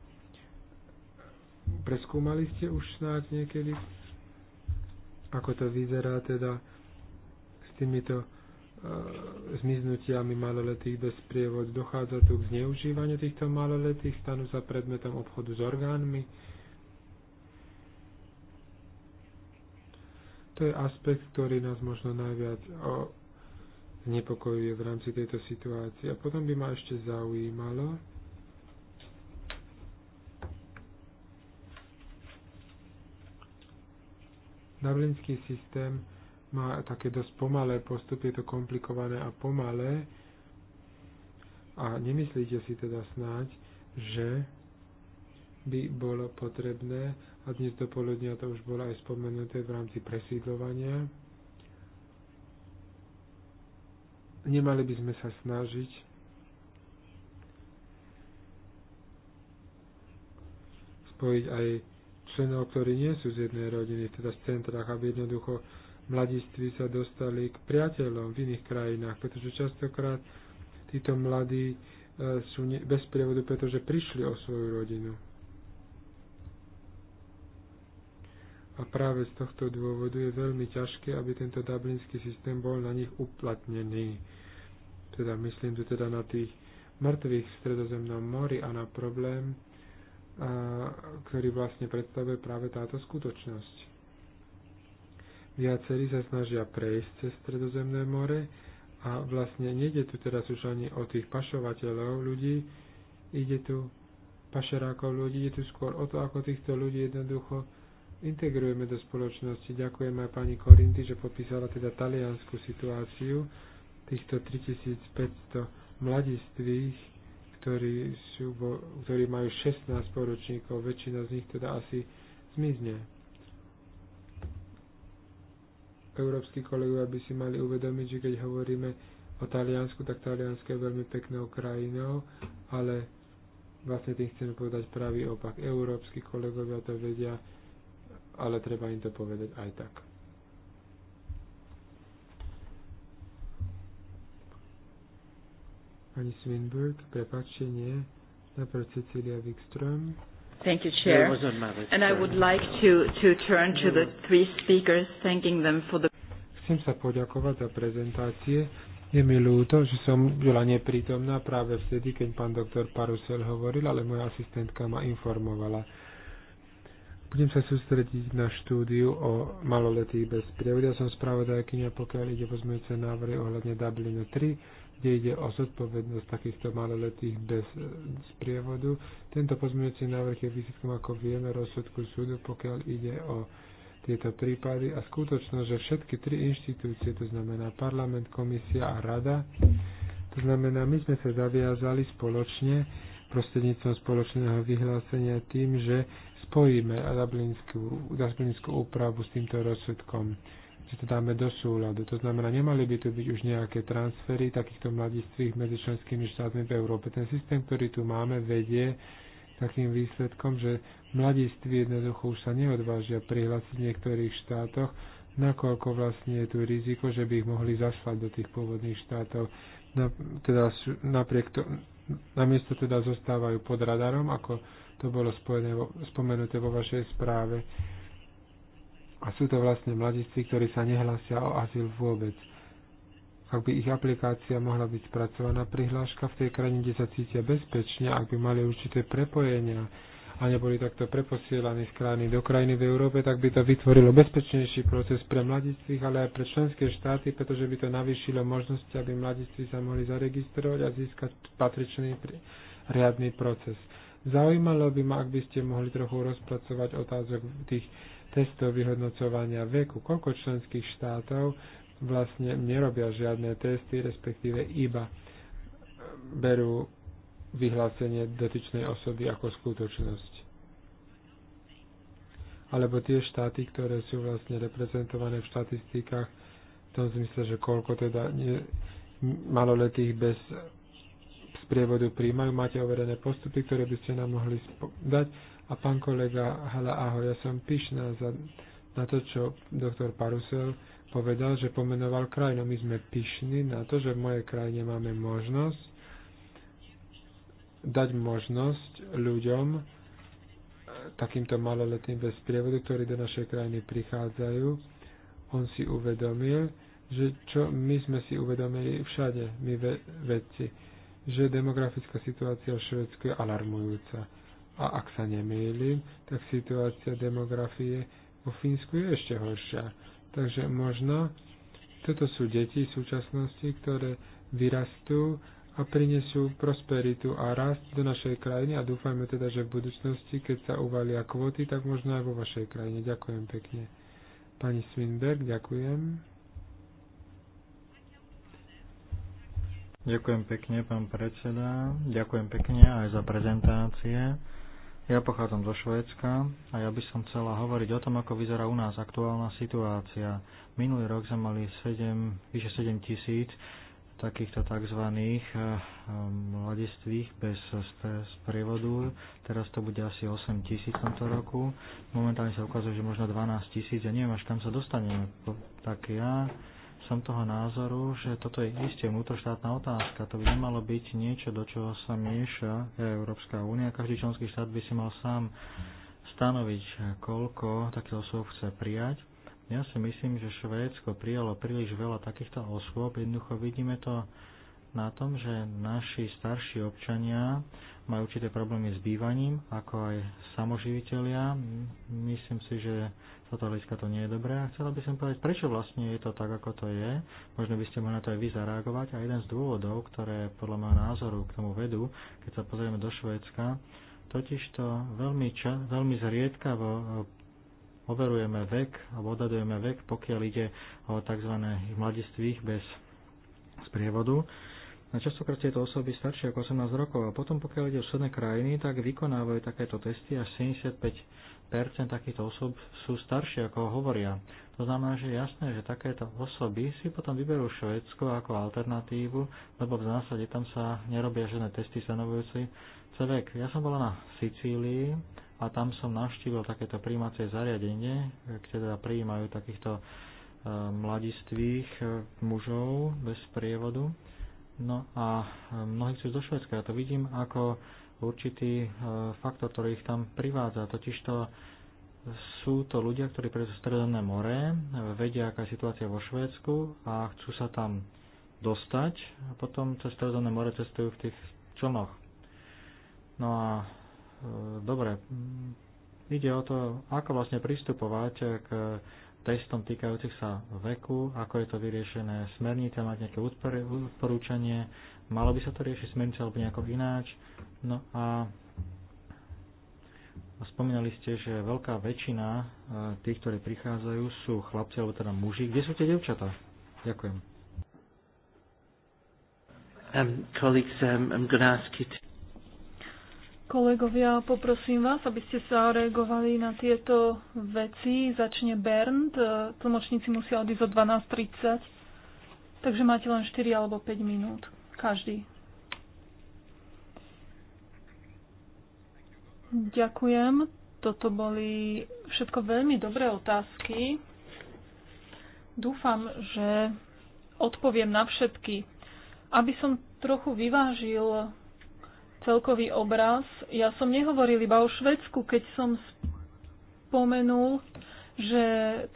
[SPEAKER 4] Preskúmali ste už snáď niekedy, ako to vyzerá teda s týmito E, zmiznutiami maloletých bez prievod. Dochádza tu k zneužívaniu týchto maloletých, stanú sa predmetom obchodu s orgánmi. To je aspekt, ktorý nás možno najviac znepokojuje v rámci tejto situácie. A potom by ma ešte zaujímalo, Dublinský systém má také dosť pomalé postupy, je to komplikované a pomalé. A nemyslíte si teda snáď, že by bolo potrebné, a dnes do poludnia to už bolo aj spomenuté v rámci presídlovania, nemali by sme sa snažiť spojiť aj členov, ktorí nie sú z jednej rodiny, teda z centrách, aby jednoducho mladiství sa dostali k priateľom v iných krajinách, pretože častokrát títo mladí e, sú bez prievodu, pretože prišli o svoju rodinu. A práve z tohto dôvodu je veľmi ťažké, aby tento dublinský systém bol na nich uplatnený. Teda myslím tu teda na tých mŕtvych v stredozemnom mori a na problém, a, ktorý vlastne predstavuje práve táto skutočnosť. Viacerí sa snažia prejsť cez Stredozemné more a vlastne nejde tu teraz už ani o tých pašovateľov ľudí, ide tu pašerákov ľudí, ide tu skôr o to, ako týchto ľudí jednoducho integrujeme do spoločnosti. Ďakujem aj pani Korinty, že popísala teda taliansku situáciu týchto 3500 mladistvých, ktorí, sú, ktorí majú 16 poročníkov, väčšina z nich teda asi zmizne európsky kolegovia by si mali uvedomiť, že keď hovoríme o Taliansku, tak Taliansko je veľmi peknou krajinou, ale vlastne tým chceme povedať pravý opak. Európsky kolegovia to vedia, ale treba im to povedať aj tak. Pani Swinburg, prepačte, nie. Najprv Cecilia Wikström. Thank you, Chair.
[SPEAKER 3] And I would like to, to turn to the no. three speakers,
[SPEAKER 4] thanking them for the... Chcem sa poďakovať za prezentácie. Je mi ľúto, že som bola neprítomná práve vtedy, keď pán doktor Parusel hovoril, ale moja asistentka ma informovala. Budem sa sústrediť na štúdiu o maloletých bez prievodu. Ja som spravodajkynia, pokiaľ ide pozmeňujúce návrhy ohľadne Dublinu 3 kde vlastne ide o zodpovednosť takýchto maloletých bez sprievodu. E, Tento pozmeňujúci návrh je výsledkom, ako vieme, rozsudku súdu, pokiaľ ide o tieto prípady a skutočnosť, že všetky tri inštitúcie, to znamená parlament, komisia a rada, to znamená, my sme sa zaviazali spoločne prostredníctvom spoločného vyhlásenia tým, že spojíme Dublinskú úpravu s týmto rozsudkom si to dáme do súľadu. To znamená, nemali by tu byť už nejaké transfery takýchto mladistvých medzi členskými štátmi v Európe. Ten systém, ktorý tu máme, vedie takým výsledkom, že mladiství jednoducho už sa neodvážia prihlásiť v niektorých štátoch, nakoľko vlastne je tu riziko, že by ich mohli zaslať do tých pôvodných štátov. Na, teda napriek to, namiesto teda zostávajú pod radarom, ako to bolo spojené, spomenuté vo vašej správe. A sú to vlastne mladiství, ktorí sa nehlásia o azyl vôbec. Ak by ich aplikácia mohla byť spracovaná prihláška v tej krajine, kde sa cítia bezpečne, ak by mali určité prepojenia a neboli takto preposielaní z krajiny do krajiny v Európe, tak by to vytvorilo bezpečnejší proces pre mladistvých, ale aj pre členské štáty, pretože by to navýšilo možnosti, aby mladiství sa mohli zaregistrovať a získať patričný riadny proces. Zaujímalo by ma, ak by ste mohli trochu rozpracovať otázok tých testov vyhodnocovania veku. Koľko členských štátov vlastne nerobia žiadne testy, respektíve iba e, berú vyhlásenie dotyčnej osoby ako skutočnosť. Alebo tie štáty, ktoré sú vlastne reprezentované v štatistikách v tom zmysle, že koľko teda nie, maloletých bez sprievodu príjmajú, máte overené postupy, ktoré by ste nám mohli dať a pán kolega Hala, ahoj, ja som pyšná za, na to, čo doktor Parusel povedal, že pomenoval krajinu. No, my sme pyšní na to, že v mojej krajine máme možnosť dať možnosť ľuďom, eh, takýmto maloletým bez prievodu, ktorí do našej krajiny prichádzajú, on si uvedomil, že čo my sme si uvedomili všade, my ve, vedci, že demografická situácia v Švedsku je alarmujúca a ak sa nemýlim, tak situácia demografie vo Fínsku je ešte horšia. Takže možno toto sú deti v súčasnosti, ktoré vyrastú a prinesú prosperitu a rast do našej krajiny a dúfajme teda, že v budúcnosti, keď sa uvalia kvóty, tak možno aj vo vašej krajine. Ďakujem pekne. Pani
[SPEAKER 2] Svinberg, ďakujem. Ďakujem pekne, pán predseda. Ďakujem pekne aj za prezentácie. Ja pochádzam zo Švédska a ja by som chcela hovoriť o tom, ako vyzerá u nás aktuálna situácia. Minulý rok sme mali 7, vyše 7 tisíc takýchto tzv. Eh, eh, mladistvých bez sprievodu. Teraz to bude asi 8 tisíc v tomto roku. Momentálne sa ukazuje, že možno 12 tisíc. Ja neviem, až kam sa dostaneme. Tak ja som toho názoru, že toto je isté vnútroštátna otázka. To by nemalo byť niečo, do čoho sa mieša Európska únia. Každý členský štát by si mal sám stanoviť, koľko takých osôb chce prijať. Ja si myslím, že Švédsko prijalo príliš veľa takýchto osôb. Jednoducho vidíme to na tom, že naši starší občania majú určité problémy s bývaním, ako aj samoživitelia. Myslím si, že toto hľadiska to nie je dobré. A chcela by som povedať, prečo vlastne je to tak, ako to je. Možno by ste mohli na to aj vy zareagovať. A jeden z dôvodov, ktoré podľa môjho názoru k tomu vedú, keď sa pozrieme do Švédska, to veľmi, ča, veľmi zriedkavo overujeme vek alebo odhadujeme vek, pokiaľ ide o tzv. mladistvých bez sprievodu. Na častokrát tieto osoby staršie ako 18 rokov a potom pokiaľ ide o súdne krajiny, tak vykonávajú takéto testy až 75 takýchto osôb sú staršie, ako hovoria. To znamená, že je jasné, že takéto osoby si potom vyberú Švédsko ako alternatívu, lebo v zásade tam sa nerobia žiadne testy stanovujúci vek. Ja som bola na Sicílii a tam som navštívil takéto príjmacie zariadenie, kde teda prijímajú takýchto e, mladistvých e, mužov bez prievodu. No a e, mnohí chcú do Švedska. Ja to vidím ako určitý e, faktor, ktorý ich tam privádza. Totižto sú to ľudia, ktorí prejdú Stredné more, vedia, aká je situácia vo Švédsku a chcú sa tam dostať a potom cez Stredné more cestujú v tých člnoch. No a e, dobre, ide o to, ako vlastne pristupovať k testom týkajúcich sa veku, ako je to vyriešené smernice, mať nejaké odporúčanie, malo by sa to riešiť smernice alebo nejako ináč, No a spomínali ste, že veľká väčšina e, tých, ktorí prichádzajú, sú chlapci alebo
[SPEAKER 1] teda muži. Kde sú tie devčatá? Ďakujem. Um, colleagues, um, I'm gonna ask it.
[SPEAKER 5] Kolegovia, poprosím vás, aby ste sa reagovali na tieto veci. Začne Bernd, e, tlmočníci musia odísť o 12.30, takže máte len 4 alebo 5 minút, každý. Ďakujem. Toto boli všetko veľmi dobré otázky. Dúfam, že odpoviem na všetky. Aby som trochu vyvážil celkový obraz, ja som nehovoril iba o Švedsku, keď som spomenul, že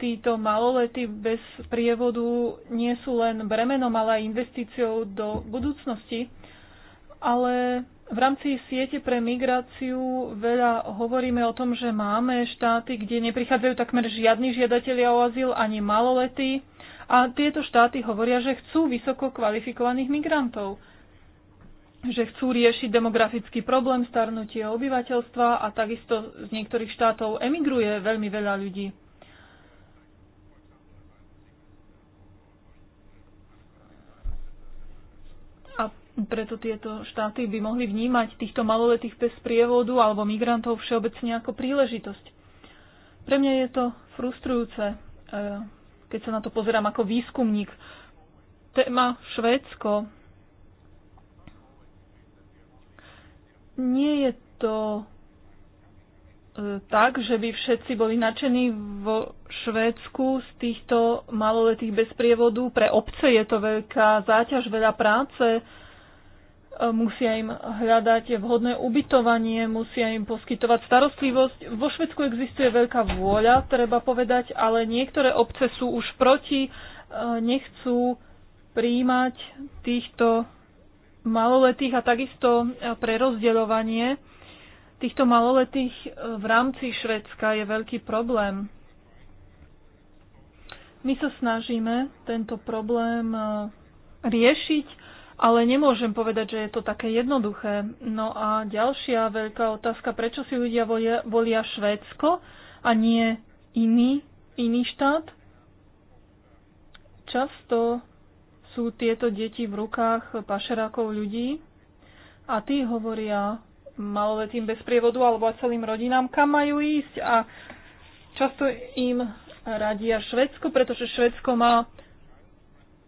[SPEAKER 5] títo maloletí bez prievodu nie sú len bremenom, ale aj investíciou do budúcnosti. Ale v rámci siete pre migráciu veľa hovoríme o tom, že máme štáty, kde neprichádzajú takmer žiadni žiadatelia o azyl ani maloletí a tieto štáty hovoria, že chcú vysoko kvalifikovaných migrantov, že chcú riešiť demografický problém, starnutie obyvateľstva a takisto z niektorých štátov emigruje veľmi veľa ľudí. Preto tieto štáty by mohli vnímať týchto maloletých bez prievodu alebo migrantov všeobecne ako príležitosť. Pre mňa je to frustrujúce, e, keď sa na to pozerám ako výskumník. Téma Švédsko nie je to e, tak, že by všetci boli nadšení vo Švédsku z týchto maloletých bez prievodu. Pre obce je to veľká záťaž, veľa práce musia im hľadať vhodné ubytovanie, musia im poskytovať starostlivosť. Vo Švedsku existuje veľká vôľa, treba povedať, ale niektoré obce sú už proti, e, nechcú príjmať týchto maloletých a takisto e, prerozdeľovanie týchto maloletých e, v rámci Švedska je veľký problém. My sa snažíme tento problém riešiť ale nemôžem povedať, že je to také jednoduché. No a ďalšia veľká otázka, prečo si ľudia volia, volia Švédsko a nie iný, iný štát? Často sú tieto deti v rukách pašerákov ľudí a tí hovoria maloletým bez prievodu alebo aj celým rodinám, kam majú ísť a často im radia Švedsko, pretože Švedsko má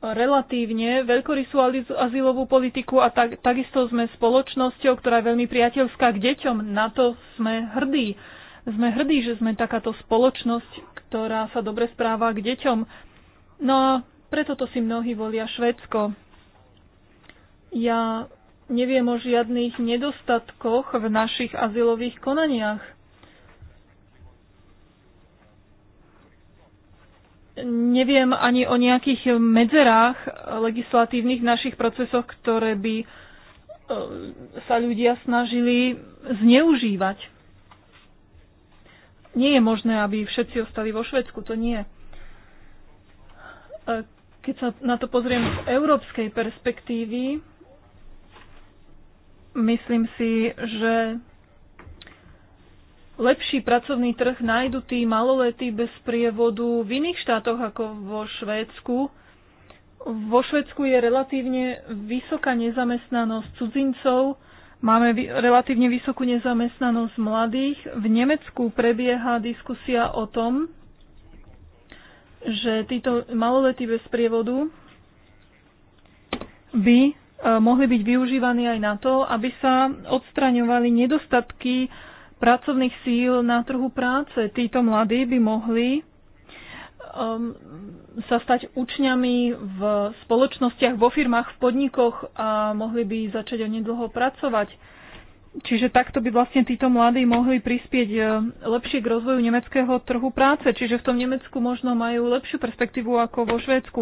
[SPEAKER 5] relatívne veľkorysú azylovú politiku a tak, takisto sme spoločnosťou, ktorá je veľmi priateľská k deťom. Na to sme hrdí. Sme hrdí, že sme takáto spoločnosť, ktorá sa dobre správa k deťom. No a preto to si mnohí volia Švedsko. Ja neviem o žiadnych nedostatkoch v našich azylových konaniach. neviem ani o nejakých medzerách legislatívnych našich procesoch, ktoré by e, sa ľudia snažili zneužívať. Nie je možné, aby všetci ostali vo Švedsku, to nie. E, keď sa na to pozriem z európskej perspektívy, myslím si, že lepší pracovný trh nájdu tí maloletí bez prievodu v iných štátoch ako vo Švédsku. Vo Švedsku je relatívne vysoká nezamestnanosť cudzincov, máme relatívne vysokú nezamestnanosť mladých. V Nemecku prebieha diskusia o tom, že títo maloletí bez prievodu by e, mohli byť využívaní aj na to, aby sa odstraňovali nedostatky pracovných síl na trhu práce. Títo mladí by mohli um, sa stať učňami v spoločnostiach, vo firmách, v podnikoch a mohli by začať onedlho pracovať. Čiže takto by vlastne títo mladí mohli prispieť e, lepšie k rozvoju nemeckého trhu práce. Čiže v tom Nemecku možno majú lepšiu perspektívu ako vo Švédsku.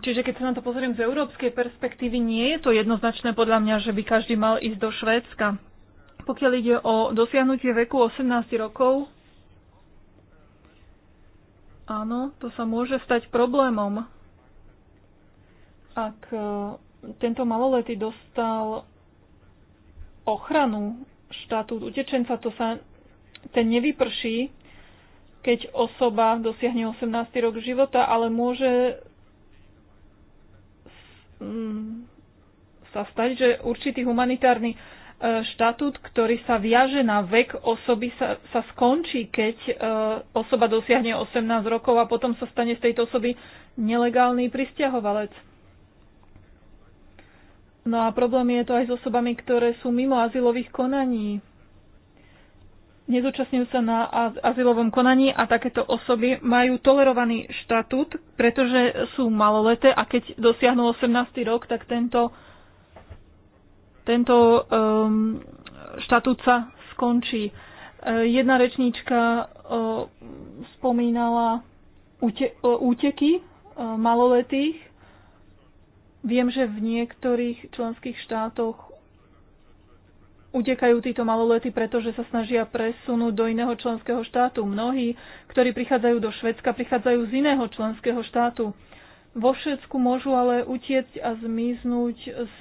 [SPEAKER 5] Čiže keď sa na to pozriem z európskej perspektívy, nie je to jednoznačné podľa mňa, že by každý mal ísť do Švédska. Pokiaľ ide o dosiahnutie veku 18 rokov, áno, to sa môže stať problémom, ak e, tento maloletý dostal ochranu štatút utečenca, to sa ten nevyprší, keď osoba dosiahne 18. rok života, ale môže mm, sa stať, že určitý humanitárny E, štatút, ktorý sa viaže na vek osoby, sa, sa skončí, keď e, osoba dosiahne 18 rokov a potom sa stane z tejto osoby nelegálny pristahovalec. No a problém je to aj s osobami, ktoré sú mimo azylových konaní. Nezúčastňujú sa na azylovom konaní a takéto osoby majú tolerovaný štatút, pretože sú maloleté a keď dosiahnu 18. rok, tak tento tento um, štatút sa skončí. E, jedna rečníčka e, spomínala e, úteky maloletých. Viem, že v niektorých členských štátoch utekajú títo maloletí, pretože sa snažia presunúť do iného členského štátu. Mnohí, ktorí prichádzajú do Švedska, prichádzajú z iného členského štátu. Vo Švedsku môžu ale utiecť a zmiznúť z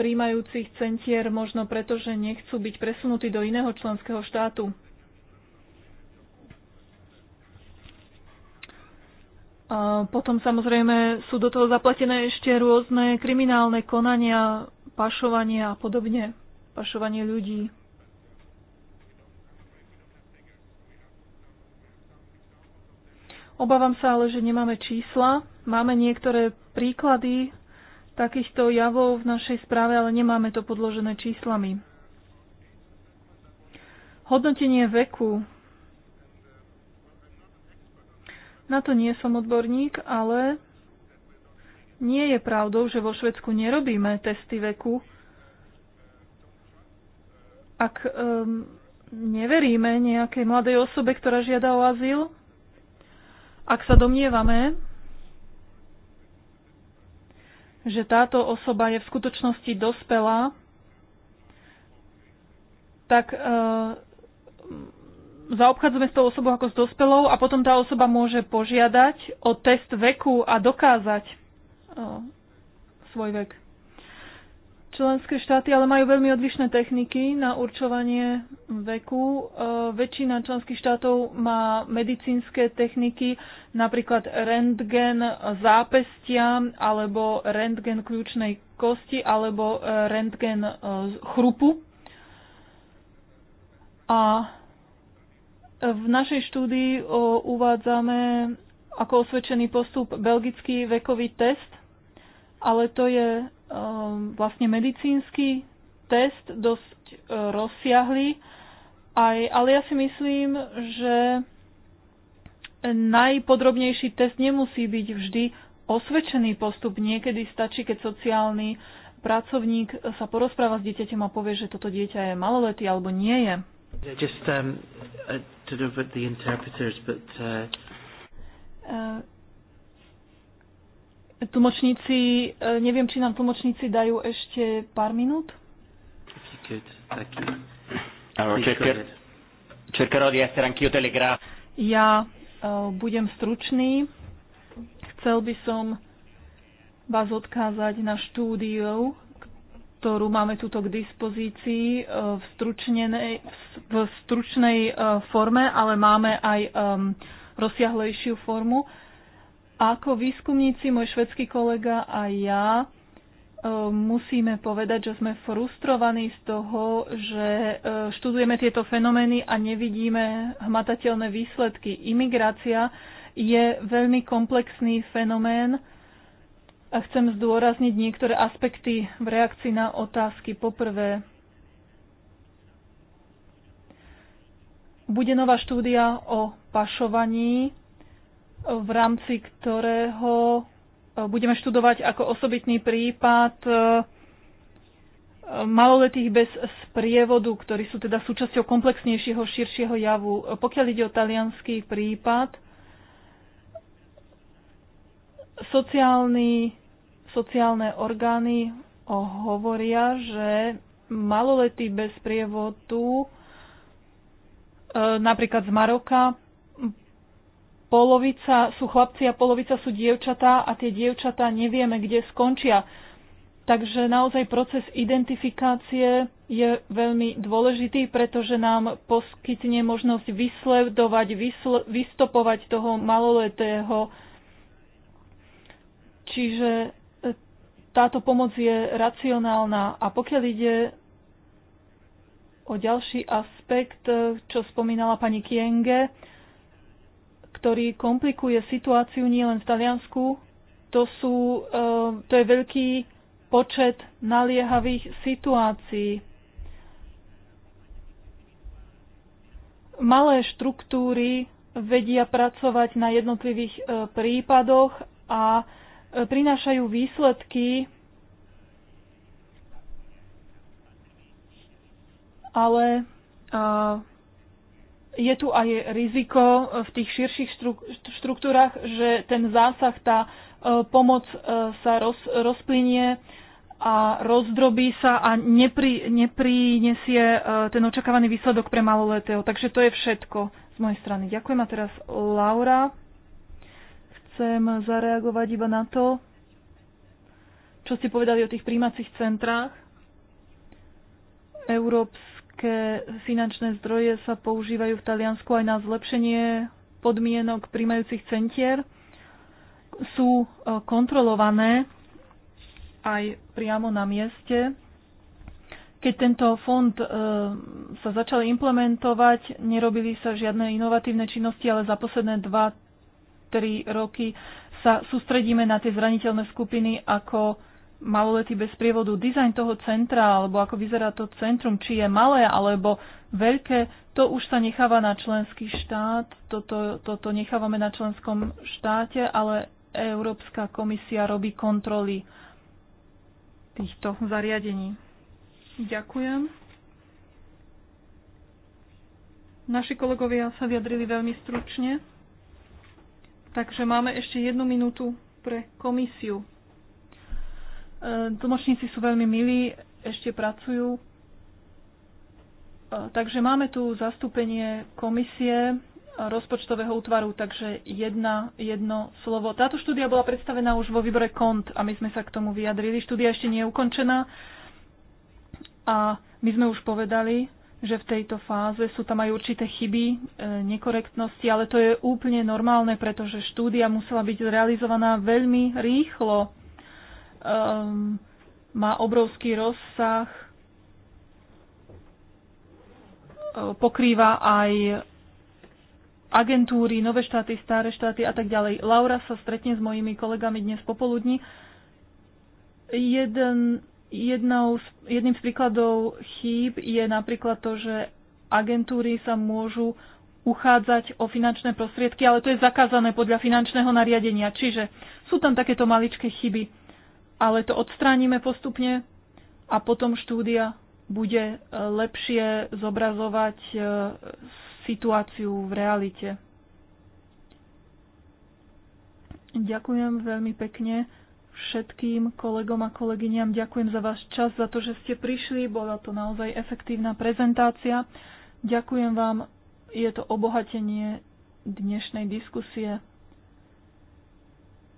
[SPEAKER 5] príjmajúcich centier možno preto, že nechcú byť presunutí do iného členského štátu. A potom samozrejme sú do toho zaplatené ešte rôzne kriminálne konania, pašovanie a podobne, pašovanie ľudí. Obávam sa ale, že nemáme čísla Máme niektoré príklady takýchto javov v našej správe, ale nemáme to podložené číslami. Hodnotenie veku. Na to nie som odborník, ale nie je pravdou, že vo Švedsku nerobíme testy veku. Ak um, neveríme nejakej mladej osobe, ktorá žiada o azyl, ak sa domnievame, že táto osoba je v skutočnosti dospelá, tak e, zaobchádzame s tou osobou ako s dospelou a potom tá osoba môže požiadať o test veku a dokázať e, svoj vek. Členské štáty ale majú veľmi odlišné techniky na určovanie veku. E, väčšina členských štátov má medicínske techniky, napríklad rentgen zápestia alebo rentgen kľúčnej kosti alebo e, rentgen e, chrupu. A v našej štúdii e, uvádzame ako osvedčený postup belgický vekový test, ale to je Ehm, vlastne medicínsky test dosť e, rozsiahly, aj, ale ja si myslím, že najpodrobnejší test nemusí byť vždy osvedčený postup. Niekedy stačí, keď sociálny pracovník sa porozpráva s dieťaťom a povie, že toto dieťa je maloletý alebo nie je.
[SPEAKER 1] Just, um, uh, the but, uh...
[SPEAKER 5] uh Tlmočníci, e, neviem, či nám tlmočníci dajú ešte pár minút. Ja e, budem stručný. Chcel by som vás odkázať na štúdiu, ktorú máme tuto k dispozícii e, v, v stručnej forme, ale máme aj rozsiahlejšiu formu. Ako výskumníci, môj švedský kolega a ja e, musíme povedať, že sme frustrovaní z toho, že e, študujeme tieto fenomény a nevidíme hmatateľné výsledky. Imigrácia je veľmi komplexný fenomén a chcem zdôrazniť niektoré aspekty v reakcii na otázky. Poprvé, bude nová štúdia o pašovaní v rámci ktorého e, budeme študovať ako osobitný prípad e, maloletých bez sprievodu, ktorí sú teda súčasťou komplexnejšieho, širšieho javu. E, pokiaľ ide o talianský prípad, sociálny, sociálne orgány hovoria, že maloletí bez sprievodu, napríklad z Maroka polovica sú chlapci a polovica sú dievčatá a tie dievčatá nevieme, kde skončia. Takže naozaj proces identifikácie je veľmi dôležitý, pretože nám poskytne možnosť vysledovať, vysl- vystopovať toho maloletého. Čiže e, táto pomoc je racionálna. A pokiaľ ide o ďalší aspekt, e, čo spomínala pani Kienge, ktorý komplikuje situáciu nielen v Taliansku. To, sú, e, to je veľký počet naliehavých situácií. Malé štruktúry vedia pracovať na jednotlivých e, prípadoch a e, prinášajú výsledky, ale je tu aj riziko v tých širších štruktúrach, že ten zásah, tá e, pomoc e, sa roz, rozplynie a rozdrobí sa a nepri, neprinesie e, ten očakávaný výsledok pre maloletého. Takže to je všetko z mojej strany. Ďakujem a teraz Laura. Chcem zareagovať iba na to, čo ste povedali o tých príjmacích centrách. Európs aké finančné zdroje sa používajú v Taliansku aj na zlepšenie podmienok príjmajúcich centier. Sú e, kontrolované aj priamo na mieste. Keď tento fond e, sa začal implementovať, nerobili sa žiadne inovatívne činnosti, ale za posledné 2-3 roky sa sústredíme na tie zraniteľné skupiny ako maloletí bez prievodu, dizajn toho centra, alebo ako vyzerá to centrum, či je malé alebo veľké, to už sa necháva na členský štát, toto, toto nechávame na členskom štáte, ale Európska komisia robí kontroly týchto zariadení. Ďakujem. Naši kolegovia sa vyjadrili veľmi stručne, takže máme ešte jednu minútu pre komisiu. E, tlmočníci sú veľmi milí, ešte pracujú. E, takže máme tu zastúpenie komisie rozpočtového útvaru, takže jedna, jedno slovo. Táto štúdia bola predstavená už vo výbore KONT a my sme sa k tomu vyjadrili. Štúdia ešte nie je ukončená a my sme už povedali, že v tejto fáze sú tam aj určité chyby, e, nekorektnosti, ale to je úplne normálne, pretože štúdia musela byť realizovaná veľmi rýchlo um, má obrovský rozsah, e, pokrýva aj agentúry, nové štáty, staré štáty a tak ďalej. Laura sa stretne s mojimi kolegami dnes popoludní. Jeden, jednou, jedným z príkladov chýb je napríklad to, že agentúry sa môžu uchádzať o finančné prostriedky, ale to je zakázané podľa finančného nariadenia. Čiže sú tam takéto maličké chyby ale to odstránime postupne a potom štúdia bude e, lepšie zobrazovať e, situáciu v realite. Ďakujem veľmi pekne všetkým kolegom a kolegyňam. Ďakujem za váš čas, za to, že ste prišli. Bola to naozaj efektívna prezentácia. Ďakujem vám. Je to obohatenie dnešnej diskusie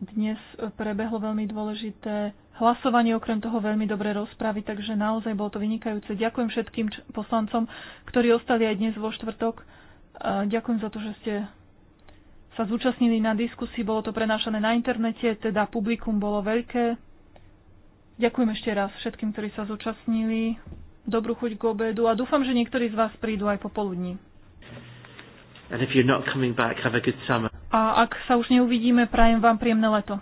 [SPEAKER 5] dnes prebehlo veľmi dôležité hlasovanie, okrem toho veľmi dobré rozpravy, takže naozaj bolo to vynikajúce. Ďakujem všetkým poslancom, ktorí ostali aj dnes vo štvrtok. Ďakujem za to, že ste sa zúčastnili na diskusii, bolo to prenášané na internete, teda publikum bolo veľké. Ďakujem ešte raz všetkým, ktorí sa zúčastnili. Dobrú chuť k obedu a dúfam, že niektorí z vás prídu aj popoludní.
[SPEAKER 1] And if you're not coming back, have a good summer
[SPEAKER 5] a ak sa už neuvidíme, prajem vám príjemné leto.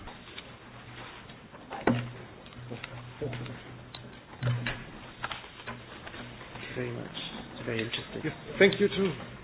[SPEAKER 6] Very much. very interesting. Yes, thank you too.